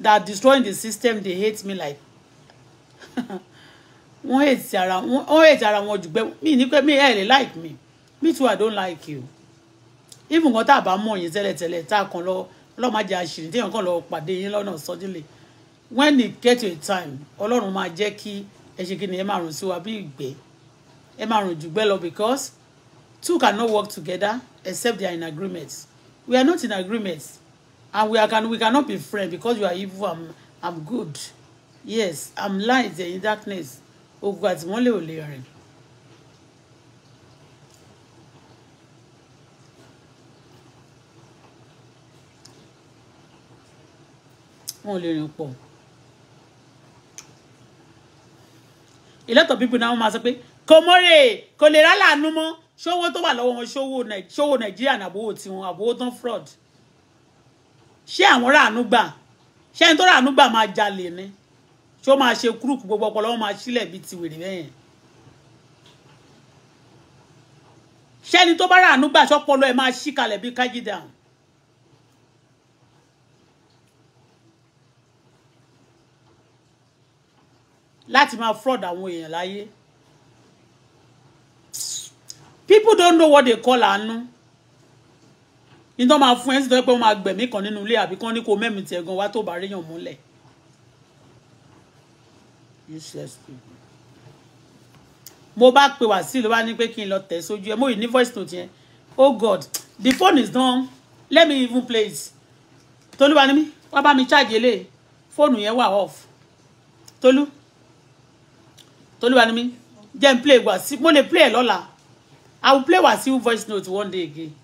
that are destroying the system they hate me like wọ́n hate ara wọn wọ́n èsì ara wọn jù gbẹ mí pé mi ẹ̀ lè like me me too i don't like you even kan tá a bá mọ̀ yín tẹ́lẹ̀tẹ́lẹ̀ tá a kàn lọ ọlọ́run má jẹ́ àṣírí téèyàn kàn lọ pàdé yín lọ́nà suddenly when it get your time ọlọ́run máa jẹ́ kí ẹ ṣe kí ni ẹ máa rùn sí wa bí ìgbẹ́ ẹ máa rùn jù lọ because two cannot work together except they are in agreement we are not in agreement and we are can we cannot be friends because you are evil and I'm, I'm good yes I'm light in darkness ogun àtìmọ́lé ò lè rìn. wọn ò lè rìn pọ̀. a lot of people náà wọ́n máa sọ pé kò mọ́rẹ̀ kò lè rà láàánú mọ́ ṣówó tó wà lọ́wọ́ wọn ṣówó nàìjíríà nàbówó tiwọn àbówó tán fraud. ṣé àwọn ràánú gbà ṣé ẹni tó ràánú gbà máa jalè ni tí ó máa ṣe kúrúkù gbogbo ọpọlọ wọn máa sílẹ̀ bíi ti wèrè bẹ́yẹn. ṣẹ́ni tó bá rà àánú gbà sọ́pọlọ ẹ̀ máa ṣí kalẹ̀ bíi kájídà. láti máa fraud àwọn èèyàn láyé. people don't know what they call àánú nítorí wọn máa fún ẹ sí tó yẹ pé wọn máa gbẹ̀mí kan nínú ilé àbí kán ní kó mẹ́mìí tiẹ̀ wá tó bá ríyàn múlẹ̀ useless people. mo bá pe Wàsíù ló bá ní pé kí n lọ tẹ̀ sójú ẹ mo yìí voice note yẹn oh god the phone is done let me even play it tolú wa ni mí wá bá mi charge eléyìí fóònù yẹn wà off Tolu. Tolu, wa ni mí jẹ́ n play Wàsíù mo lè play lola. i will play Wàsíù voice note one day again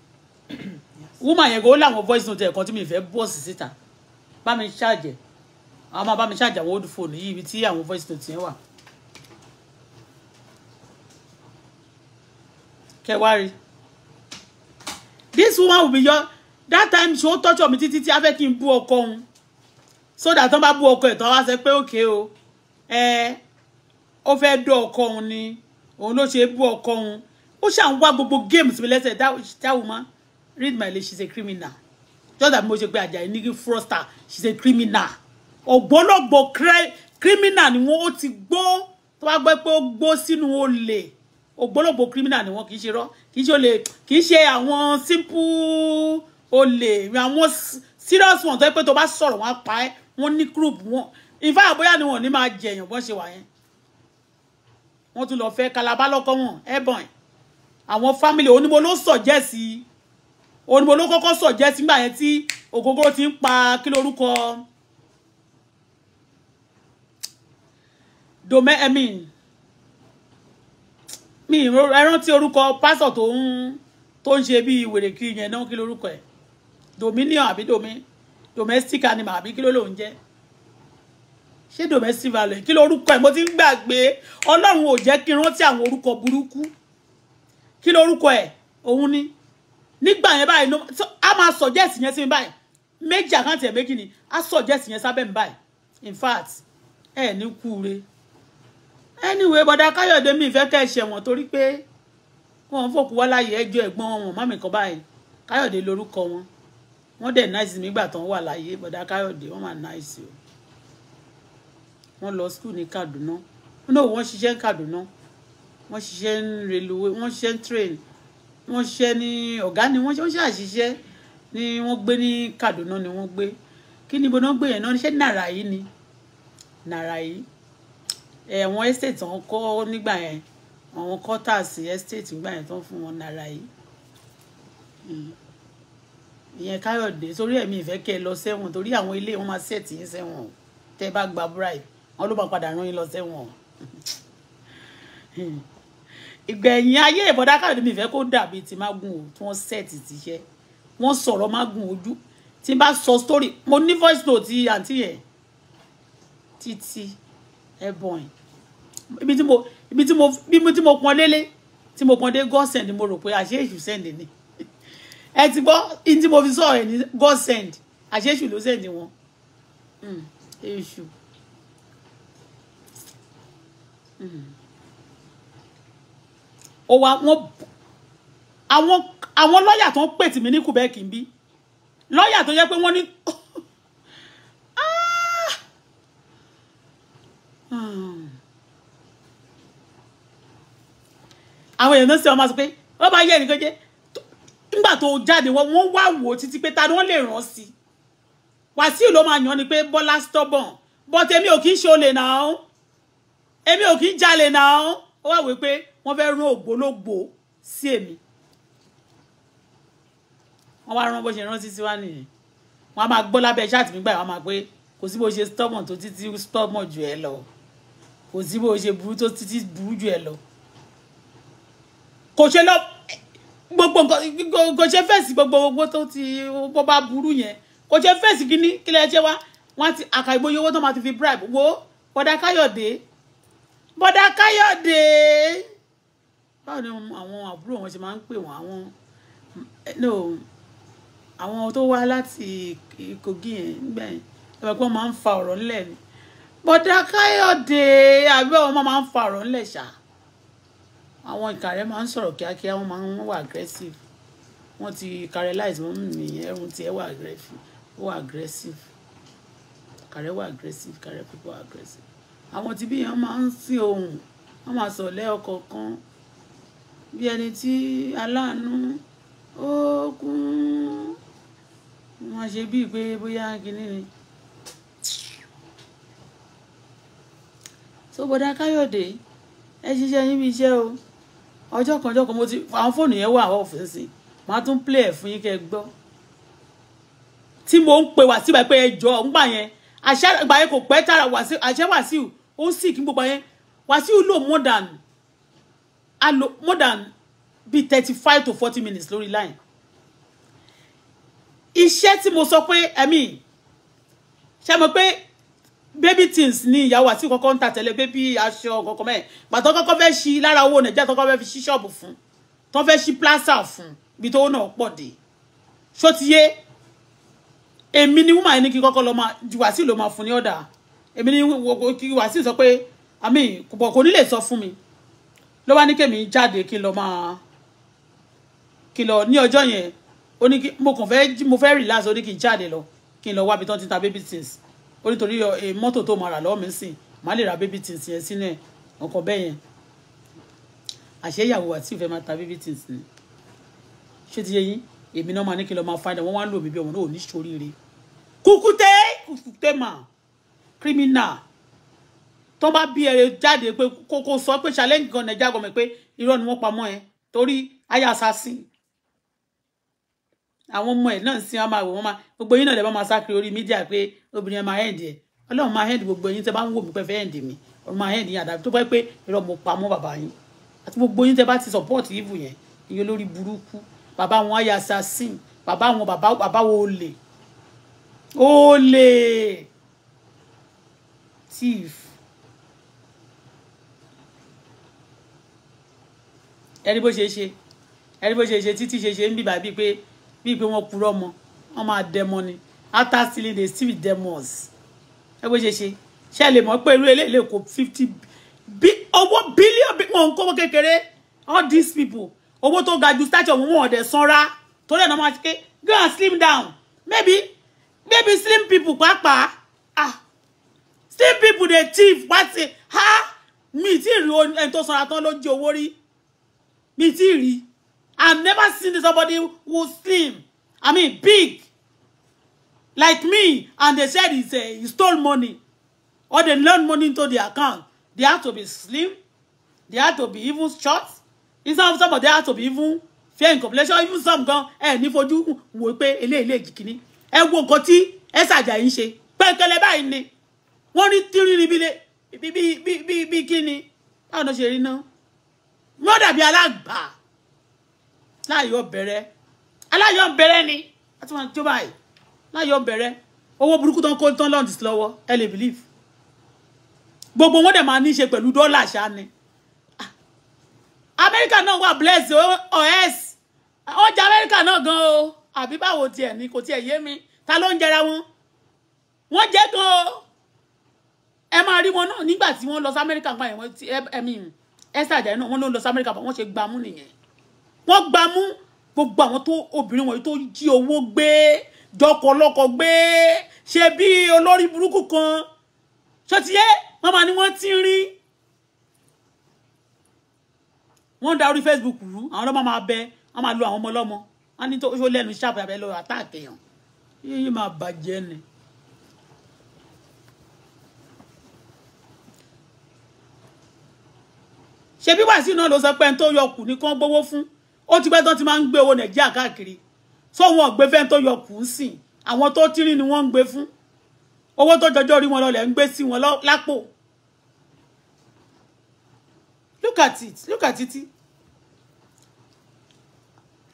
woman yẹn go. ó láwọn voice note ẹ̀ kan tí mi fẹ́ bọ́ọ̀sì síta bá mi charge ẹ̀ àwọn máa bá mi ṣàjàwó old phone yìí ibi tí àwọn voice note yẹn wà. kẹwàárí this woman will be your that time she ó tọ́jọ́ mi títí tí a fẹ́ kí n bú ọkọ òun so that tán bá bú ọkọ ẹ̀ tán wá sẹ pé òkè o ẹ ó fẹ́ dọ́ ọkọ òun ni òun ló ṣe bú ọkọ òun ó ṣàn wá gbogbo games mi lẹ́sẹ̀ that woman read my lips she's a criminal just that mo ṣe pé àjà ẹ̀ ní kí fraudster she's a criminal ògbólógbò kírímínà ni wọ́n ó ti gbó tó bá gbọ́ pé ó gbó sínú olè ògbólógbò kírímínà ni wọ́n kì í ṣe rọ́ kì í ṣe olè kì í ṣe àwọn simple olè àwọn serious one tó yẹ pé tó bá sọ̀rọ̀ wọn pa ẹ́ wọ́n ní group wọn ìfá àbóyá ni wọn ò ní máa jẹ̀yàn bọ́n ṣe wà yẹn wọ́n tún lọ fẹ́ kalaba lọ́kọ́ wọn ẹ̀bọ̀n àwọn family oníbo ló sọ̀jẹ́sì oníbo ló kọ́kọ́ sọ̀jẹ́sì nígbà yẹn tí ògógóró ti ń pa kí lórúkọ domain i mean mi ẹran tí orúkọ pásọ tó ń tó ń ṣe bíi wèrè kiri yẹn náà kí lórúkọ ẹ dominion àbí domain domestic animal àbí kí ló lòún jẹ ṣé domestic value kí lórúkọ ẹ mo ti ń gbàgbé Ọlọ́run ò jẹ́ kí n rántí àwọn orúkọ burúkú kí lórúkọ ẹ òun ni nígbà yẹn báyìí a máa suggest yẹn sí mi báyìí méjì àkáǹtì ẹ̀ méjì ni a suggest yẹn sábẹ́ mi báyìí in fact ẹ̀ ní kúure anyway bọ́dà káyọ̀dé mi ìfẹ́ kẹ́ ẹ ṣẹ̀wọ̀n torí pé wọ́n fòkú wá láàyè ẹjọ́ ẹ̀gbọ́n wọn mọ́mì kan báyìí káyọ̀dé lórúkọ wọn wọ́n dẹ̀ náìsì nígbà tó ń wà láàyè bọ́dà káyọ̀dé wọ́n máa náìsì o wọ́n lọ skul ní Kaduna no wọ́n ṣiṣẹ́ ní Kaduna wọ́n ṣiṣẹ́ ní reluwé wọ́n ṣiṣẹ́ ní train wọ́n ṣiṣẹ́ ní ọ̀gá ni wọ́n ṣiṣẹ́ àṣiṣẹ́ ni wọ́n gbé ní Kaduna ni wọ́n gbé kí ni ibo náà gbé yẹn náà ṣé nàrà yìí ni nàrà yìí Eh, àwọn estate tó ń kọ́ nígbà yẹn àwọn quarters estate nígbà yẹn tó ń fún wọn náírà yìí hmm. ìyẹn káyọ̀dé torí ẹ̀mí ìfẹ́ kẹ́ ẹ lọ sẹ́wọ̀n torí àwọn ilé wọn máa ṣẹ̀tì yín sẹ́wọ̀n o tẹ́ ẹ bá gba bribe wọn ló máa padà rán yín lọ sẹ́wọ̀n o ìgbẹ̀yìn ayé ìbọ̀dá káyọ̀dé mi ìfẹ́ kó dàbí ti mágùn o tí wọ́n ṣẹ̀tì ti ṣẹ́ wọ́n sọ̀rọ̀ mágùn ojú tí n bá sọ story mo ní voice note ti àǹtí yẹn títí ẹ̀bọ̀n ibi tí mo ibi tí mo ibi tí mo pọn délé tí mo pọn dé God send mo rò pé àṣé èṣù send ni ẹ ti gbọ́ in tí mo fi sọ̀rọ̀ ẹ̀ ní God send àṣé èṣù ló send wọn èṣù. Hmm, hmm. ó wá wọn àwọn àwọn lọ́ọ̀yà tó ń pè tì mí ní kùbẹ́ẹ̀kì ń bí lọ́ọ̀yà tó yẹ pé wọ́n ní àwọn èèyàn náà ṣe ọmọ sọ pé wọ́n bá yẹ ẹnìkan jẹ́ nígbà tó jáde wọ́n wọ́n wá wò ó títí pé ta ni wọ́n lè rán sí i Wàsíù ló máa yàn ni pé Bọ́lá stubborn but èmi ò kì í ṣe olè náà èmi ò kì í jalè náà ó wà wí pé wọ́n fẹ́ rán ògbólógbòó sí èmi wọ́n wá rán bó ṣe rán sí síwá nìyẹn wọ́n á máa gbọ́ lábẹ́ ṣáàtì nígbà wọ́n á máa pé kò sí bó ṣe stubborn tó títí stubborn jù ẹ lọ kò sí bó ṣe burú tó títí burú jù ẹ lọ kò ṣe lọ gbogbo kò ṣe fèsì gbogbo gbogbo tó ti bó bá burú yẹn kò ṣe fèsì kíní kí lè ṣe wá wọn ti àkàìgbó yowó tó máa ti fi bribe wo bọ́dà káyọ̀dé bọ́dà káyọ̀dé báwo ni àwọn àbúrò wọn ṣe máa ń pè wọ́n àwọn no àwọn tó wá láti Kogi yẹn nígbà yẹn ẹ̀rọ pé wọ́n máa ń fa ọ̀rọ̀ ńlẹ̀ ni bọ̀dá káyọ̀dé àbẹ́ ọmọ máa ń farọ̀ ńlẹ̀ ṣá àwọn ìkàrẹ́ máa ń sọ̀rọ̀ kíákíá wọ́n máa ń wà aggressive wọ́n ti karelize mọ́ mi ẹ̀rùn tiẹ̀ wà aggressive kàrẹ́ wà aggressive kàrẹ́ púpọ̀ aggressive àwọn tí bí yẹn máa ń sin ohun wọ́n máa sọ̀ lẹ́ọ̀kọ̀ọ̀kan bí ẹni tí aláàánú ó kún wọ́n ṣe bíi pé bóyá kínní ni. so bọ́dá káyọ̀dé ẹ ṣiṣẹ́ yín bí iṣẹ́ o ọjọ́ kan ọjọ́ kan mo ti àwọn fóònù yẹn wà ọ̀fẹ́ sí màá tún play ẹ̀ fún yín kẹ́ ẹ gbọ́ tí mo ń pe wàsíù báyìí pé ẹ jọ ń gbà yẹn àṣẹ ìgbà yẹn kò pẹ́ tára wàsíù àṣẹ wàsíù ó ń sì kí gbogbo yẹn wàsíù lò more than a lò more than bíi thirty five to forty minutes lórí line iṣẹ́ tí mo sọ pé ẹ̀mí ṣe mọ̀ pé baby things ni ìyàwó àti kọ́kọ́ ń ta tẹ̀lé baby aṣọ kọ̀ọ̀kan mẹ́rin pàtó kọ́kọ́ fẹ́ ṣí lára owó nàìjíríà tó kọ́kọ́ fẹ́ fi ṣí ṣọ́ọ̀bù fún tó fẹ́ ṣí plaza fún ibi tó náà pọ̀ dé ṣó ti yé èmi ni woman ní kí kọ́kọ́ lọ máa ju wàsíù ló máa fún ní ọ̀dà èmi ni kí wàsíù sọ pé àmì kò kò ní lè sọ fún mi ló wá ní kèmí jáde kí lọ máa kí lọ ní ọjọ́ yẹn mo kàn fẹ́ mo fẹ́ relax ó ní kí n jáde lọ kí n lọ wá ibi ti ta baby things ó nítorí eh, mọ́tò tó máa rà lọ́wọ́ mi sìn má lè ra baby things yẹn sínú ẹ̀ ọkọ̀ bẹ́ẹ̀ yẹn àṣẹ ìyàwó àti ìfẹ́ máa ta baby things ni ṣé ti yé yín èmi náà máa ní kí n lọ máa find wọ́n wá ń lò mí bí ọmọ náà ò ní ṣoríire kúkúté kúkúté mà criminal tó bá bí ẹrẹ jáde pé kókó sọ pé challenge gan nàìjíríà gọmọ pé irọ́ ni wọ́n pamọ́ ẹ torí ayé assassin àwọn ọmọ ẹ̀ náà sin ọmọ àwòrán máa gbogbo yín náà lè bá máa sá kiri orí mídíà pé obìnrin ẹ̀ máa hẹ́ǹdì ẹ̀ ọlọ́run máa hẹ́ǹdì gbogbo yín tẹ́ bá ń wò mí pé fẹ́ hẹ́ǹdì mi ọ̀run máa hẹ́ǹdì yín àdàbí tó pẹ́ pé irọ́ mo pa mọ́ bàbá yín àti gbogbo yín tẹ́ bá ti support ìvù yẹn iye lórí burúkú bàbá wọn ayé assassin bàbá wọn bàbá bàbá wọn olè olè thief ẹni bó ṣe ṣe ẹni bó ṣe ṣe títí ṣe ṣe ń bíbà bíi pé bíi pé wọ́n purọ́ mọ́ wọ́n máa dẹmọ ni after stealing they still demo us ẹ bó ṣe ṣe ṣe lè mọ̀ pé irú eléyìí lè kó fifty bí owó bílíọ̀n bí wọn kó kékeré all these people owó tó ga ju statue wọn wọn ọ̀dẹ̀ sanra torí ẹ̀ náà máa ṣe pé go and slim down maybe maybe slim people pàápàá ah slim people dey thief wá sí ha mi ti rí ẹni tó sanra tán ló jí owó rí mi ti rí. I've never seen somebody who slim. I mean, big. Like me. And they said he's, uh, he stole money. Or they loaned money into their account. They have to be slim. They have to be even short. Instead of somebody, they have to be even fair in complexion. Even some gan, eh, ni fojú wò pé eléyìí jìkìní. Ẹ wo nǹkan tí ẹ sàjà yín ṣe. Pẹ́ńkẹ́lẹ́ báyìí ni. Wọ́n rí tírín níbi bi Bí bí bí bí kí ni. Báwo ló ṣe rí náà? Wọ́n dàbí alágbàá láàyò bẹ̀rẹ̀ aláyò bẹ̀rẹ̀ ni láti máa jó báyìí láàyò bẹ̀rẹ̀ owó burúkú tó ń kó tán lọ́ọ̀dì lọ́wọ́ ẹ lè believe gbogbo wọn dẹ̀ máa ní í ṣe pẹ̀lú dọ́là ṣáá ni ah. amẹ́ríkà náà wà bless ọ̀ẹ́s ọjà amẹ́ríkà náà gan o àbí báwo tiẹ̀ ni kò tiẹ̀ yé mi ta ló ń jẹra wọn wọ́n jẹ́ gan o ẹ máa rí wọn náà nígbà tí wọ́n lọ sí amẹ́ríkà pa ẹ̀mí ẹ̀sà àjàyí náà wọ́n ló ń lọ sí amẹ́ríkà pa wọ́n ṣe gbámú nìyẹn wọ́n gbá mú gbogbo àwọn tó obìnrin wọ̀nyí tó jí owó gbé jọkọ̀ lọ́kọ̀ gbé ṣe bí olórí burúkú kan ṣọ́tiyé wọ́n máa ní wọ́n ti rí wọ́n da orí Facebook rú àwọn ọlọ́mọ máa bẹ wọ́n máa lu àwọn ọmọ ọlọ́mọ wọ́n ní tó ṣó lẹ́nu ṣáàpù àbẹ́ lọ́wọ́ àtàkì yàn yíyí máa bàjẹ́ ni. ṣebí wàásù náà ló sọ pé ẹni tó yọkù ní kán gbowó fún ó ti pẹ́ tó ti máa ń gbé owó nàìjíríà káàkiri tó wọn gbé fẹ́ tó yọ kù ú sìn àwọn tó tírì ni wọ́n ń gbé fún owó tó jọjọ́ rí wọn lọ lẹ̀ ń gbé sí wọn lápò look at it look at it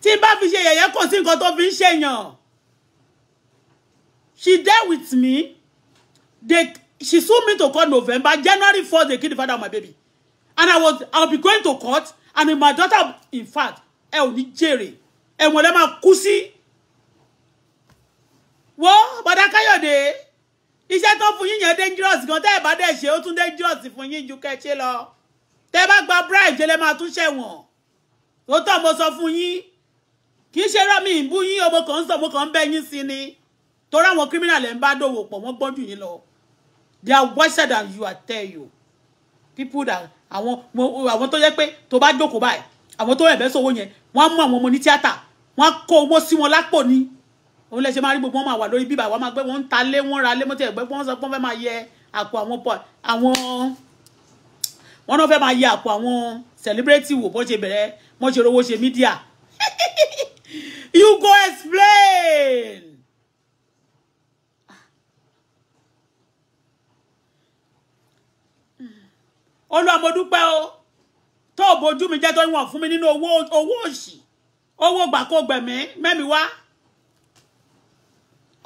tí bá fi ṣe yẹ̀yẹ́ kò sí nǹkan tó fi ń ṣèyàn she there with me they she sue me to call november january 4th they kill the father of my baby and i was i be going to court and my daughter in fact ẹ ò ní jèrè ẹ̀wọ̀n lẹ́ máa kú sí. wo bọ̀dá káyọ̀dé iṣẹ́ tó fún yín yẹn dangerous gan tẹ́ ẹ̀ bá dẹ̀ ṣe ó tún dangerous fún yín ju kẹ́ ẹ ṣe lọ tẹ́ ẹ bá gba bribe jẹ́ lẹ́ máa tún ṣẹ̀wọ̀n tó tọ̀ mo sọ fún yín kì í ṣe rọ́mì ìbú yín ọmọ kan ń sọ ọmọ kan ń bẹ́ yín sí ni torí àwọn criminal ẹ̀ ń bá dòwò pọ̀ wọ́n gbọ́n jù yín lọ they are worse than you I tell you people that àwọn àwọn tó yẹ pé tó bá jókòó báyìí àwọn tó ẹ̀bẹ̀ sówó yẹn wọ́n á mú àwọn ọmọ ní tíátà wọ́n á kó owó sí wọn lápò ni òun lẹ́sẹ̀ máa rí gbogbo wọn máa wà lórí bíbà wọn máa gbé wọn ń ta lé wọn ra lé mọ́tẹ́ ẹ̀gbẹ́ wọn sọ pé wọ́n fẹ́ máa yẹ àpò àwọn pọ̀ àwọn wọn náà fẹ́ máa yẹ àpò àwọn celebrity wò bó ṣe bẹ̀rẹ̀ mọ́ ṣe rówó ṣe mídíà you go explain. Olúwa mo dúpẹ́ o tó o bojú mi jẹ́ tó wọ́n fún mi nínú owó owó òṣì owó gbàkógbẹ̀mí mẹ́mi wá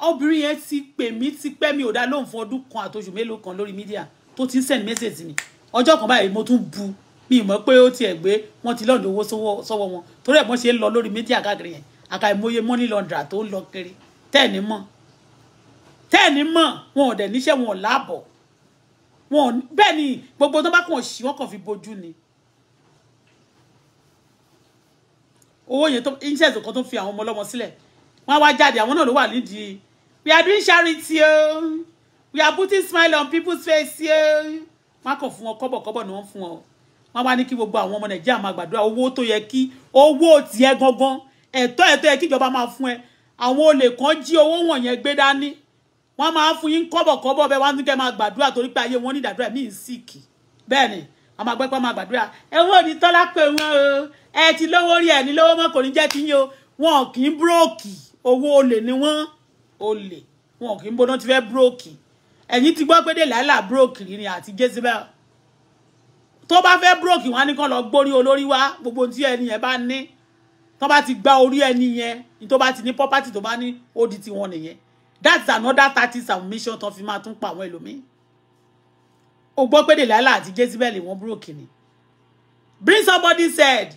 obìnrin yẹn ti pè mí ti pẹ́ mi ò dá lóhùn fún ọdún kan àtòṣù mélòó kan lórí mídíà tó ti ń send message mi ọjọ́ kan báyìí mo tún bu mi mọ̀ pé ó tiẹ̀ gbé wọ́n ti lọ́ọ̀dún owó sọ́wọ́ wọn torí ẹ̀ mọ́ ṣe ń lọ lórí mídíà káàkiri yẹn àkàìmọye money laundra tó ń lọ kiri tẹ́ẹ̀ni mọ̀ tẹ́ẹ̀ni mọ̀ wọn ò dẹ̀ níṣẹ́ wọn ò láàbọ̀ wọn bẹ́ẹ̀ ni gbogbo tó bá kàn sí wọn kàn fi bojú ni owó yẹn tó interest kan tó fi àwọn ọmọ ọlọ́mọ sílẹ̀ wọ́n á wá jáde àwọn náà ló wà nídìí we are doing charity o we are putting smile on people's face o wọ́n á kàn fún wọn kọ́bọ̀kọ́bọ̀ ni wọ́n fún wọn wọ́n wá ní kí gbogbo àwọn ọmọ nàìjíríà máa gbàdúrà owó tó yẹ kí owó tiẹ̀ gangan ẹ̀tọ́ ẹ̀tọ́ yẹ kí ìjọba máa fún ẹ àwọn olè kan jí owó wọ̀nyẹn gbé dání wọ́n máa fún yín kọ́bọ̀kọ́bọ̀ bẹ́ẹ̀ wọ́n á ní kẹ́ máa gbàdúrà torí pé ayé wọn ní ìdàdúrà míì síìkì bẹ́ẹ̀ ni àwọn àgbẹ̀pọ̀ máa gbàdúrà ẹ wọ́n ní tọ́lá pé wọ́n o ẹ ti lówó rí ẹ ní lówó mọ́ kò ní jẹ́ kí yín o wọn kì í búróòkì owó olè ni wọ́n olè wọn kì í bóná ti fẹ́ búróòkì ẹ̀yin ti gbọ́ pé dè lálà búróòkì rí ni àti jezebel tó bá fẹ́ búróòkì wọn á ní kàn lọ gbórí olórí wá gbogbo tí ẹni yẹn bá ní tó bá ti gba orí ẹni yẹn ní tó bá ti ní property tó bá ní ó di tiwọn nìyẹn that's another tactics and mission tó fi máa tún pa àwọn ẹlòmíín o gbọ́ pé dè lálà àti jezebel wọn búróòkì ni bring somebody said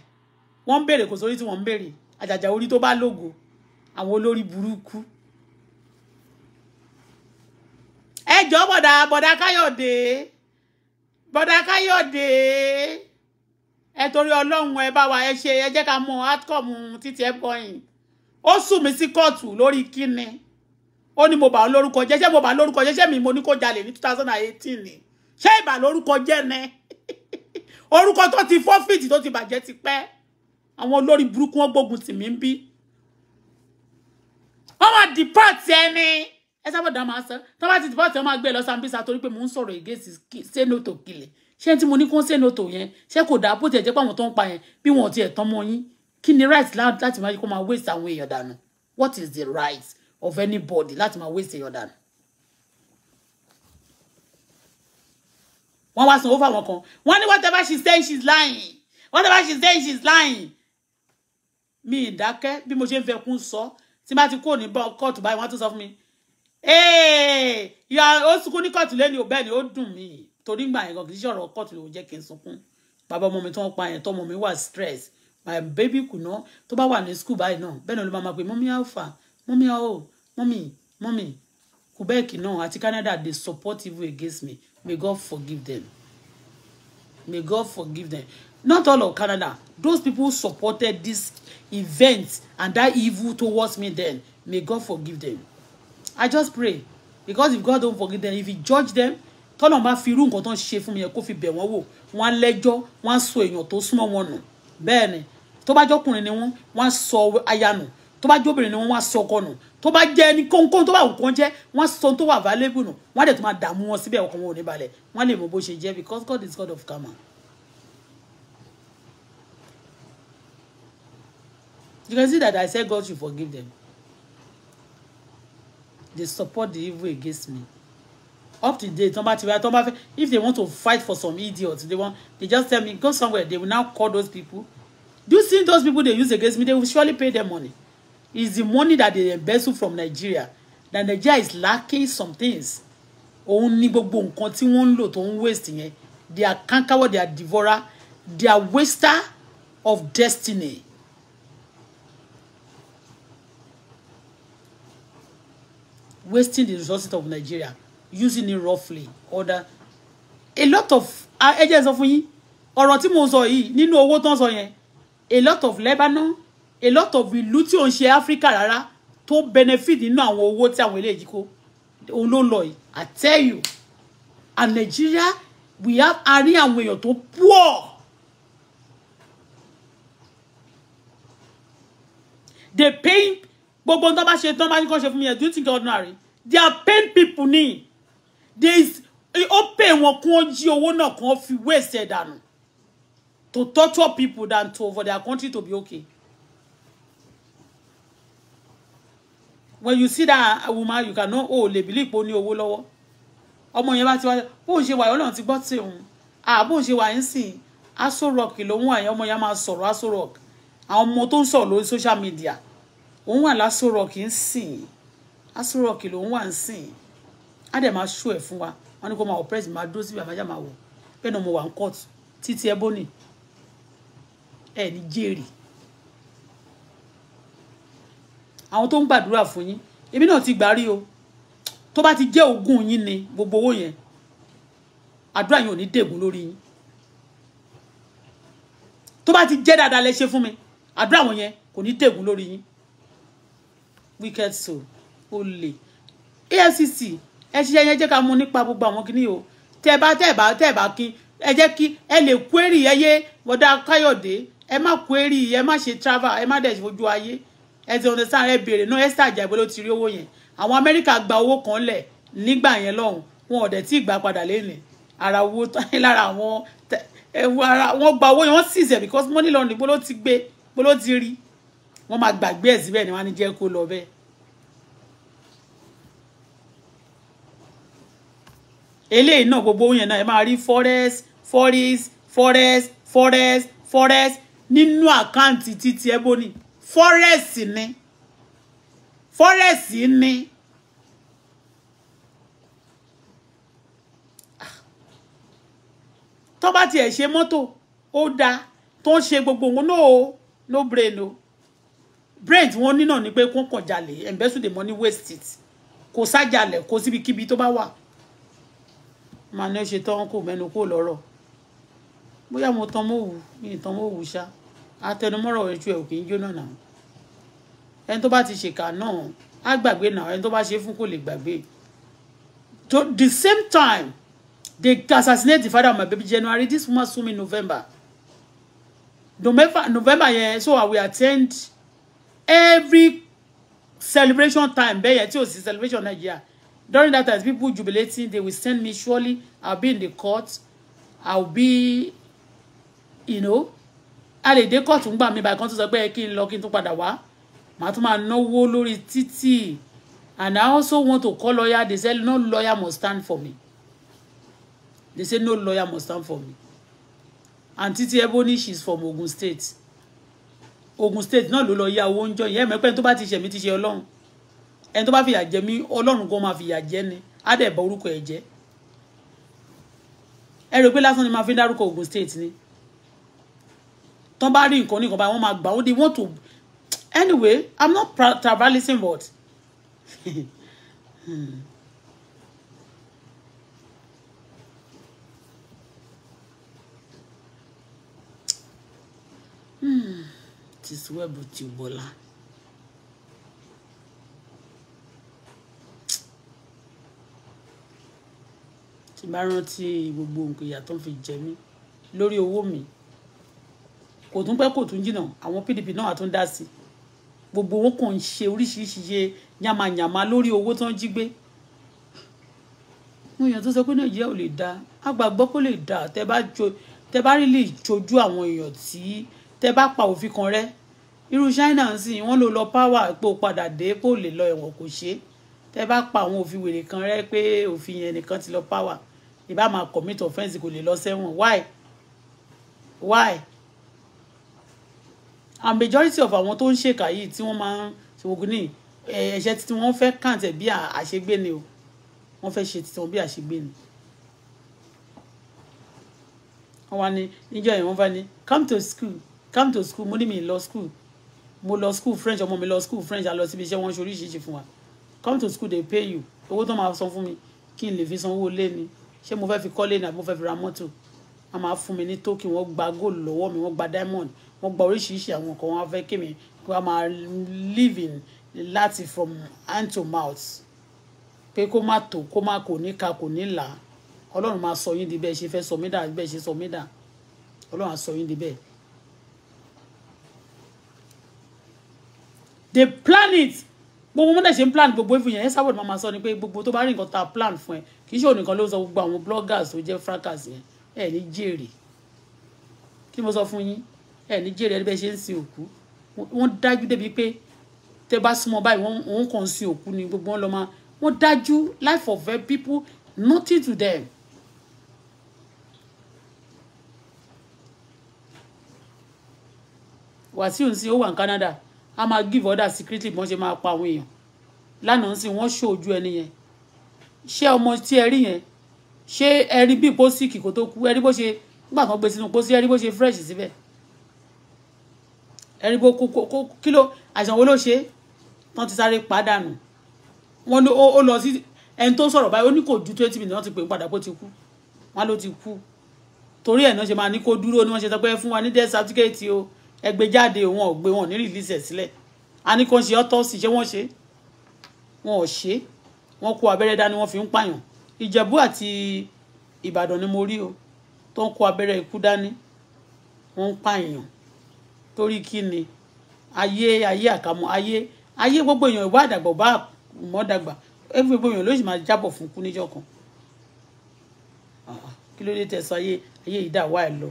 wọ́n ń béèrè kò sórí tí wọ́n ń béèrè àjàjà orí tó bá lógo àwọn olórí burúkú. ẹ jọ bọ̀dà bọ̀dà káyọ̀dé bọ̀dà káyọ̀dé ẹ torí ọlọ́run ẹ bá wa ẹ ṣe ẹ jẹ́ ká mọ outcome títí ẹ bọ́yìn ó sùn mí sí kóòtù lórí kíni ó ní mo bà ó lórúkọ jẹ́ ṣé mo bà lórúkọ jẹ́ ṣé mi mo ní kó jalè ní two thousand and eighteen ni ṣé ìbà lórúkọ jẹ́ ni orúkọ tó ti forfeit tó ti bàjẹ́ ti pẹ́ àwọn olórí burúkú wọn gbógun tì mí ń bí wọn máa deport ẹni ẹ sábà dá máa sọ tí wọn bá ti deport ẹ wọn máa gbé e lọ Sambisa torí pé mò ń sọ̀rọ̀ against say no to Kile ṣé tí mo ní kó ń no to yẹn ṣé kò dáa bó tiẹ̀ jẹ́ pé àwọn tó ń pa yẹn bí wọn ò tiẹ̀ tán mọ́ yín kí ni right láti máa kó máa waste àwọn èèyàn dànù what is the right of anybody láti máa waste èèyàn dànù. wọ́n wá sanwó fáwọn kan wọ́n ní whatever she say she's lying whatever she say she's lying mi ìdákẹ́ bí mo ṣe ń fẹkún sọ tí bá ti kúrò ní kóòtù báyìí wọ́n tún sọ fún mi ìyá ó sunkún ní kóòtù lẹ́ni òbẹ́ ni ó dùn mí torí gbà yẹn kì í ṣọ̀rọ̀ kóòtù ló jẹ́ kí n sunkún bàbá ọmọ mi tó ń pa yẹn tọmọ mi wà stress my baby kùnà tó bá wà ní school báyìí náà bẹ́ẹ̀ ni olùmọ̀ máa pè mọ́mí alpha mọ́mí aho mọ́mí mọ́mí Quebec náà àti Canada dey support evil against me may God forgive them may God forgive them not all of Canada those people supported this Events and that evil towards me then may God forgive them I just pray because if God don't forgive them if he judge them tọ́nà bá fi irú nǹkan tó ń ṣe fún mi yẹn kó fi bẹ̀ wọ́n wò wọ́n á lẹ́jọ́ wọ́n á sọ èèyàn tó súnmọ́ wọn nù bẹ́ẹ̀ ni tó bá jọkùnrin ni wọ́n wọ́n á sọ aya nù tó bá jóbìnrin ni wọ́n wọ́n á sọ ọkọ nù tó bá jẹ́ ẹni kóńkóń tó bá wù kán jẹ́ wọ́n á sọ tó wà available nù wọ́n á dẹ̀ tó máa dààmú wọn síbẹ̀ ọkàn wọn ò ní balẹ̀ wọ́n lè mọ bó ṣe jẹ́ because God is God of karma. You can see that I said God should forgive them. They support the evil against me. Up to date, tọ́n bá ti if they want to fight for some idiots, they want, they just tell me, go somewhere. They will now call those people. Do you see those people they use against me? They will surely pay their money. It's the money that they embezzle from Nigeria. That Nigeria is lacking some things. Òun ni gbogbo nǹkan tí wọ́n ń lò tó ń They are cankerworm, they are devourer, they are waster of destiny. wasting the resources of Nigeria using it roughly order a lot of ẹ of sọ fún yín ọ̀rọ̀ tí mo sọ a lot of Lebanon a lot of ìlú on ò Africa rara to benefit in àwọn owó tí àwọn eléyìí kó òun no lọ I tell you and Nigeria we have a where àwọn èèyàn poor they paying gbogbo tó bá ṣe tó bá ní kó ṣe fún mi yẹn do you think ordinary they are pain people ni they is ó pè wọn kí wọ́n jí owó náà kí wọ́n fi waste ẹ̀ dànù to torture people than to for their country to be okay. when you see that woman you can know oh lè bí lípo ní owó lọ́wọ́ ọmọ yẹn bá ti wá bóun ṣe wà yọ náà ti gbọ́ tí òun à bóun ṣe wà yín sìn aso rock ló ń wà yẹn ọmọ yẹn máa sọ̀rọ̀ aso rock àwọn ọmọ tó ń sọ̀rọ̀ lórí social media òun wà lásò rọ̀kì ń sìn lásò rọ̀kì lòun wà ń sìn á dẹ̀ máa ṣó ẹ̀ fún wa wọn ní kó máa ọ̀pẹ́rẹ́ sì máa dúró síbi àbájá máa wọ̀ bẹ́ẹ̀ náà mo wà ń kọ́ọ̀tù títí ẹ bóni ẹ ní jèrè àwọn tó ń gbàdúrà fún yín èmi náà ti gbà o tó bá ti jẹ́ ogún yín ni gbogbo owó yẹn àdúrà yín ò ní dègún lórí yín tó bá ti jẹ́ dáadáa lẹ fún mi àdúrà wọn yẹn kò ní dègún lórí yín wicked soul olè efcc ẹ ṣiṣẹ́ yẹn jẹ́ ká mú nípa gbogbo àwọn kìíní o tẹ́ bá tẹ́ bá tẹ́ bá kí ẹ jẹ́ kí ẹ lè query ẹ yé wọ́dà káyọ̀dé ẹ má query ẹ má ṣe travel ẹ má dẹ̀ fojú ayé ẹ ti understand ẹ béèrè náà Esther Àjàgbé ló ti rí owó yẹn àwọn Amẹ́ríkà gba owó kan lẹ̀ nígbà yẹn lọ́hùn wọn ò dẹ̀ tí ì gbà padà lẹ́nu ara owó lára àwọn ẹwọ ara wọn gba owó yẹn wọn sì ṣe e because money laundry bó ló ti gbé bó ló ti rí wọ́n máa gbàgbé ẹ̀ síbẹ̀ ni wọ́n á ní jẹ́ kó lọ bẹ́ẹ̀. eléyìí náà gbogbo yẹn náà ẹ máa rí forest forest forest forest forest nínú àkáǹtì títí ẹ bó ni forest ni forest ni. tó bá tiẹ̀ ṣe mọ́tò ó dáa tó ń ṣe gbogbo òun náà ó no brain o Brent wọ́n ní náà ni pé kó kàn jalè embezzle the money waste it kò sájalè kò síbikíbi tó bá wà manuel ṣe tán kò mẹ́nu kò lọ́rọ̀ bóyá mo tán mọ́ wù mí tán mọ́ wù ṣá àtẹnumọ́rọ̀ ẹ̀jú ẹ̀ ò kì í jóná náà ẹni tó bá ti ṣèkà náà á gbàgbé náà ẹni tó bá ṣe fún kò lè gbàgbé to the same time they assassinate the father of my baby January this woman sue me November November November yẹn so I will attend every celebration time bẹ́ẹ̀ yẹn tí ò sí celebration Nigeria during that time people jubilating they will send me surely I'll be in the court I'll be you know a lè dé court ń gbà mí báyìí kan tó sọ pé kí n lọ kí n tún padà wá màá tún máa náwó lórí títì and I also want to call lawyer they say no lawyer must stand for me they say no lawyer must stand for me and Titi Ebony she's from Ogun State Ogun State náà ló lọ yá owó ń jọ yẹn mẹ́pẹ́ tó bá ti ṣẹ̀mí ti ṣe Ọlọ́run ẹni tó bá fìyà jẹ mí Ọlọ́run kò máa fìyà jẹ ni á dẹ̀ bọ orúkọ ẹ̀ jẹ́ ẹ rò pé lásán ni máa fi dárúkọ Ogun State ni tán bá rí nǹkan nìkan báyìí wọ́n máa gbà ó di wọ́n tó anyway I'm not traveling but hmm. hmm. Tisiwebu Tìbọ́lá. tí bá rántí gbogbo nǹkan ìyà tó ń fi jẹ mí lórí owó mi kò tún pẹ́ kò tún jìnnà àwọn PDP náà àtún dá sí gbogbo wọn kàn ń ṣe oríṣiríṣi ṣe yamayama lórí owó tó ń jí gbé mo èèyàn tó sọ pé nàìjíríà ò lè dáa agbàgbọ́ kó lè dáa tẹ bá rí lè jojú àwọn èèyàn tí tẹ bá pa òfin kan rẹ́ irú China ń sìn wọ́n lò lọ power pé ó padà dé pé ó lè lọ ẹ̀wọ̀n kò ṣe tẹ́ bá pa àwọn òfin wèrè kan rẹ́ pé òfin yẹn nìkan ti lọ power ìbá máa commit offence kò lè lọ sẹ́wọ̀n why why and majority of àwọn tó ń ṣèkà yìí tí wọ́n máa ń ṣògùn ní ẹ̀ṣẹ̀ tí wọ́n fẹ́ kàǹtẹ̀ bí àṣegbé ni o wọ́n fẹ́ ṣe tiwọn bí àṣegbé ni wọ́n wá ní níjọ́ yẹn wọ́n fẹ́ ní come to school come to school mo ní mi lọ school mo lọ school french ọmọ mi lọ school french a lọ síbi iṣẹ́ wọn ṣe oríṣiríṣi fún wa come to school they pay you owó tó máa san fún mi kí n lè fi sanwó lé ni ṣé mo fẹ́ fi kọ́lé ni àbí mo fẹ́ fi ra mọ́tò a máa fún mi ní tókì wọ́n gba gold lọ́wọ́ mi wọ́n gba diamond wọ́n gba oríṣiríṣi àwọn nǹkan wọn fẹ́ kémi kí wọ́n máa living láti from hand to mouth pé kó má tó kó má kò ní ka kò ní là ọlọ́run máa sọ yín di bẹ́ẹ̀ ṣe fẹ́ sọ mí dà bẹ́ẹ̀ ṣe sọ mí dà ọlọ́run á sọ yín di bẹ́ẹ̀ The planet. it gbogbo mọ́tẹ̀ ṣe ń plan gbogbo ìfún yẹn Esabod máa sọ ni pé gbogbo tó bá rí nǹkan tá a plan fún ẹ kì í ṣe ònìkan ló sọ gbogbo àwọn bloggers tó jẹ́ fracas yẹn ẹ ní jèrè kí mo sọ fún yín ẹ ní jèrè ẹni bẹ́ẹ̀ ṣe ń sin òkú wọ́n dájú débi pé tẹ́ bá súnmọ́ báyìí wọ́n kàn sin òkú ni gbogbo wọn lọ máa wọ́n dájú life of people nothing to them. Wàsíù ń sin ó wà ní Canada a máa give order secretly bọ́n ṣe máa pa àwọn èèyàn lánàá sí wọ́n ṣó ojú ẹni yẹn ṣé ọmọ tí ẹ rí yẹn ṣé ẹ rí bí pósíkì kó tó kú ẹ rí bó ṣe nígbà kan gbé sínú pósí ẹ rí bó ṣe fresh síbẹ̀ ẹ rí bó kó kí ló àìsàn wo ló ṣe tán ti sáré pàdánù wọn ló ó lọ sí ẹni tó sọ̀rọ̀ báyìí ó ní kò ju twenty minutes wọ́n ti pè padà bó ti kú wọn ló ti kú torí ẹ̀ náà ṣe máa ní kó dúró ni wọ́n ṣe sọ pé fún wa ní death certificate o ẹ gbé jáde wọn ò gbé wọn ní release ẹ̀ sílẹ̀ a ní kó ń ṣe autopsy ṣé wọ́n ṣe wọn ò ṣe wọ́n kó abẹ́rẹ́ dání wọ́n fi ń pààyàn ìjẹ̀bú àti ìbàdàn ni mo rí o tó ń kó abẹ́rẹ́ ikú dání wọ́n ń pààyàn torí kí ni ayé ayé àkàmọ́ ayé ayé gbogbo èèyàn ìwà àdàgbọ̀ bá mọ́dàgbà gbogbo èèyàn ló sì máa jábọ̀ fún kú níjọ́ kan ah, kí ló dé tẹ̀sán ayé ayé ìdáwà ẹ̀ lọ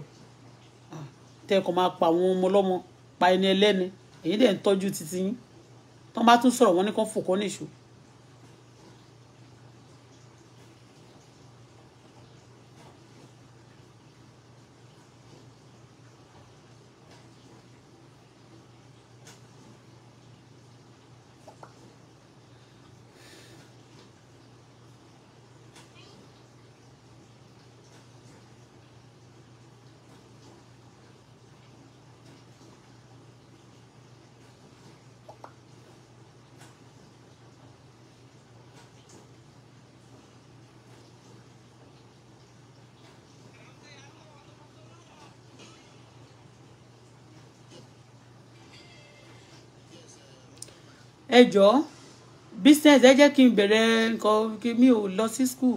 tẹ́kọ̀ máa pa àwọn ọmọ ọlọ́mọ pa ẹni ẹlẹ́ni èyí dẹ̀ ń tọ́jú títí yín tán bá tún sọ̀rọ̀ wọn ní kán fò kán nìṣó ẹ jọ̀ọ́ business ẹ jẹ́ kí n bẹ̀rẹ̀ nǹkan kí mi ò lọ sí school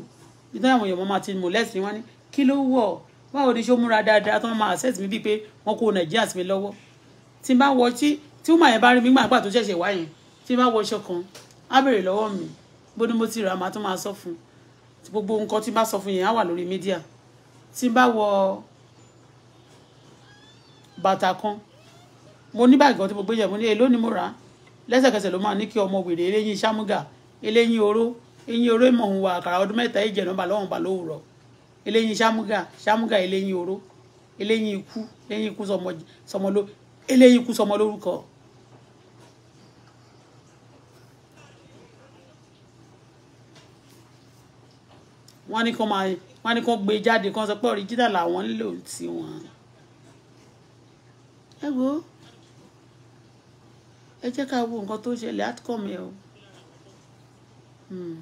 nítorí àwọn èèyàn máa ti mọ̀ lẹ́sìn wọn ni kí ló wọ̀ báwo ni ṣó múra dáadáa tó máa access mi bíi pé wọn kó nàìjíríà sí mi lọ́wọ́ tí n bá wọ tí tí wọ́n máa yẹn bá rí mi gbàgbà tó ṣẹ̀ṣẹ̀ wá yẹn tí n bá wọ kan á béèrè lọ́wọ́ mi bó ni mo ti rà máa tún máa sọ fún gbogbo nǹkan tí n bá sọ fún yẹn á wà lórí mídíà tí n bá wọ bàtà kan mo ní báyìí tí mo gbé yẹn mo ní èló ni mo rà á lẹ́sẹ̀kẹsẹ̀ ló máa ní kí ọmọ wèrè eléyìn sámúgà eléyìn oró eyín oró ìmọ̀ òun wà àkàrà ọdún mẹ́ta ìjẹ̀ nọ́mbà lọ́wọ́n bá lówùrọ̀ eléyìn sámúgà sámúgà eléyìn oró eléyìn ikú eléyìn ikú sọmọ ló eléyìn ikú sọmọ lórúkọ. wọ́n ní kó máa wọ́n ní kó gbé e jáde kó sọ pé ọ̀ríjínà làwọn ń lò tiwọn. ẹ wo ẹ jẹ́ ká wo nǹkan tó ṣẹlẹ̀ outcome ẹ o hmm.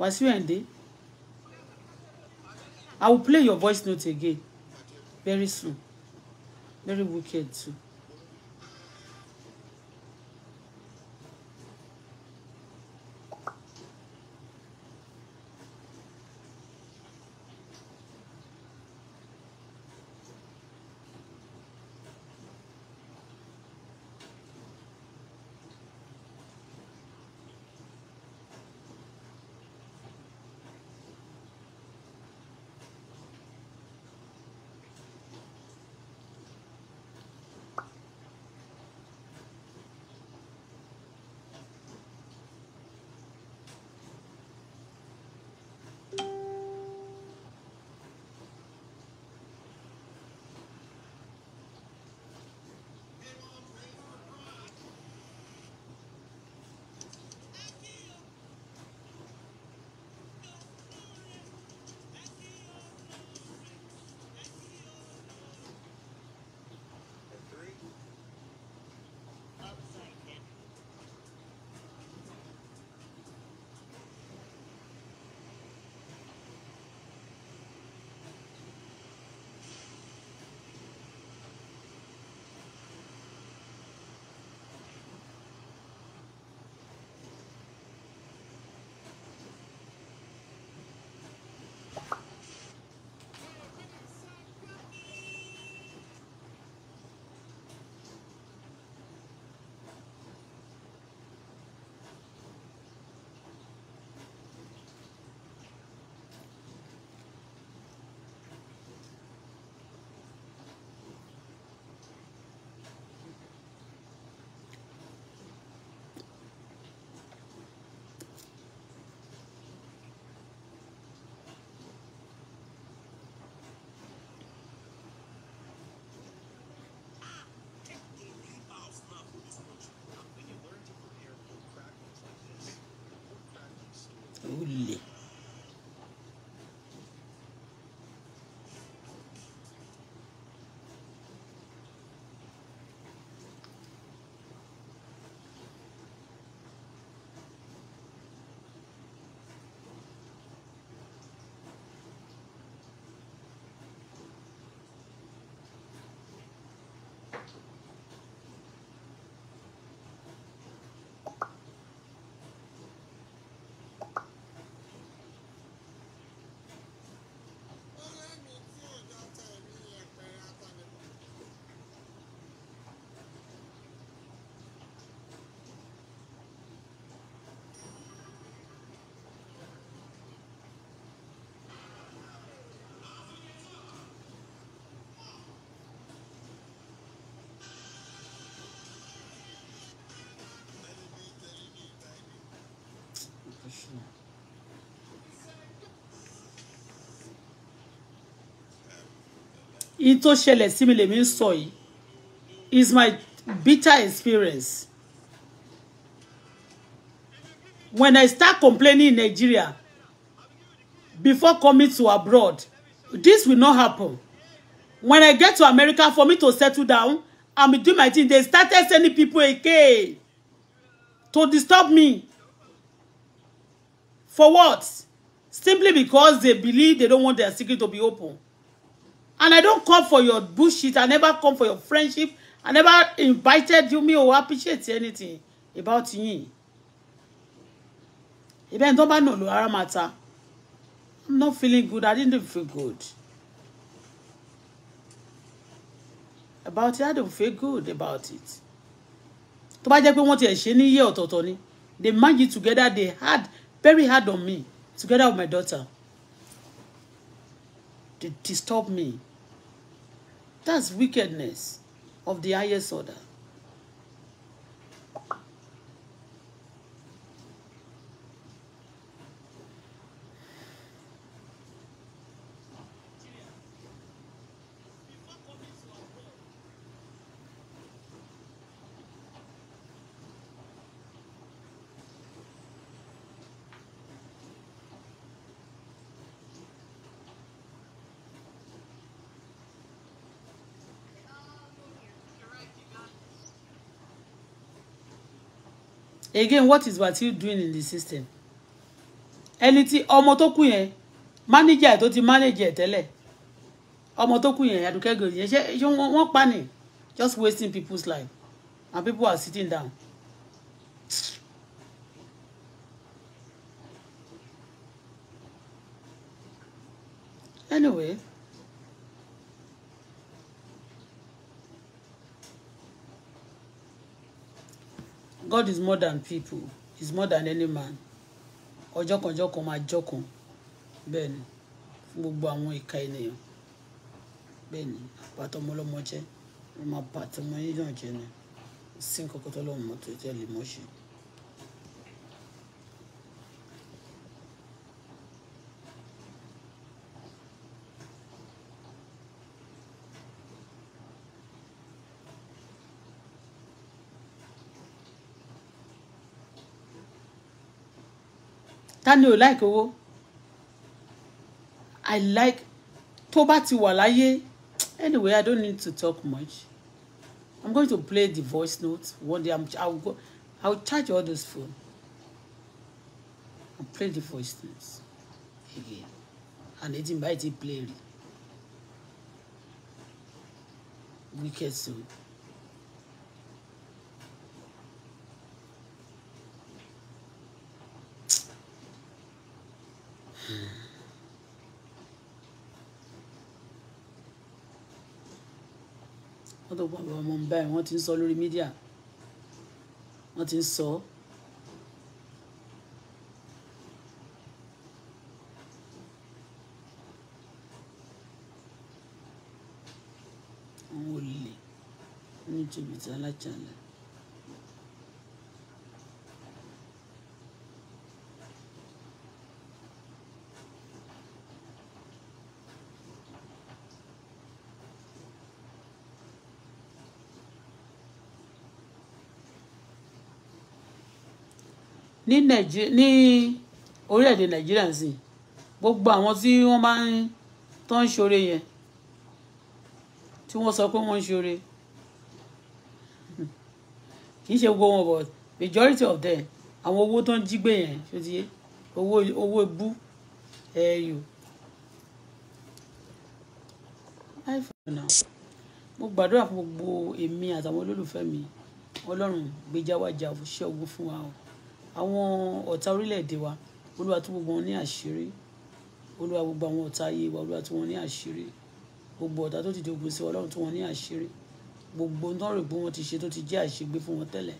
Wasiu Ayinde I will play your voice note again very soon very wicked too. Ule. in tó ṣẹlẹ̀ sí mi lèmi ń sọ yìí is my bitter experience when I start complaining in Nigeria before coming to abroad this will not happen when I get to America for me to settle down I'm doing my thing they started sending people again to disturb me for what simply because they believe they don't want their secret to be open And I don't come for your bullshit. I never come for your friendship. I never invited you Me, or appreciate anything about you. Even though I know Luara matter, I'm not feeling good. I didn't even feel good. About it, I don't feel good about it. Tó bá jẹ́ pé wọ́n ti ẹ̀ ṣe They managed together. They had very hard on me together with my daughter disturb me. That's wickedness of the highest order. again what is what you doing in the system ẹni tí ọmọ tó kù yẹn manager tó ti manager tẹ́lẹ̀ ọmọ tó kù yẹn Aduke Gold yẹn ṣe wọ́n pa ni just wasting people's life and people are sitting down. anyway. God is more than people is more than any man ọjọ́ kan ọjọ́ kan máa jọ́kan bẹ́ẹ̀ ni fún gbogbo àwọn ìka ènìyàn bẹ́ẹ̀ ni àbátọmọ ọlọ́mọ jẹ́ wọ́n máa bàtọmọ yíyàn jẹ́ ni sí nǹkan kan tó lọ́wọ́ mọ́tò tẹ́lẹ̀ mọ́ ṣe. tani ò like owó i like tó bá ti wà láyé anyway i don't need to talk much i'm going to play the voice note one day i'm i will go i will charge all those phone and play the voice notes again and it invite play wicked soon. wọ́n tó pa àwọn ọmọ mi báyìí wọ́n ti ń sọ lórí mídíà wọ́n ti ń sọ ọ́. àwọn olè ní ní ní orílẹ̀-èdè nàìjíríà sí gbogbo àwọn tí wọ́n máa ń tó ń ṣoore yẹn tí wọ́n sọ pé wọ́n ń ṣoore kì í ṣe gbogbo wọn but majority of them àwọn owó tó ń jí gbé yẹn ṣó ti yé owó owó ebú ẹ̀yù. mo gbàdúrà fún gbogbo èmi àtàwọn olólùfẹ́ mi ọlọ́run gbèjà wájà ṣẹ́gun fún wa o àwọn ọ̀tá orílẹ̀-èdè wa olúwa tú gbogbo wọn ní àṣírí olúwa gbogbo àwọn ọ̀tá ayé wa olúwa tú wọn ní àṣírí gbogbo ọ̀tá tó ti di ogun sí wa ọlọ́run tú wọn ní àṣírí gbogbo náà rè pé wọ́n ti ṣe tó ti jẹ́ àṣegbé fún wọn tẹ́lẹ̀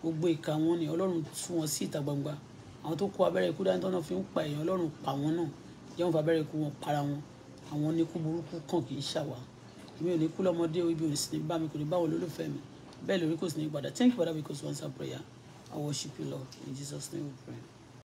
gbogbo ìka wọn ni ọlọ́run tú wọn sí ìta gbangba àwọn tó kó abẹ́rẹ́ ikú dání tọ́nà fi ń pa èèyàn ọlọ́run pa wọn náà jẹ́ wọn fa abẹ́rẹ́ ikú wọn para wọn àwọn oníkú burúkú kàn kì í ṣàwà èmi ò ní kú lọ́mọdé ibi ò sì ní bá mi kò ní bá wọn lólùfẹ́ mi bẹ́ẹ̀ lórí kò sì ní padà thank you father because you answer prayer I worship you, Lord. In Jesus' name we pray.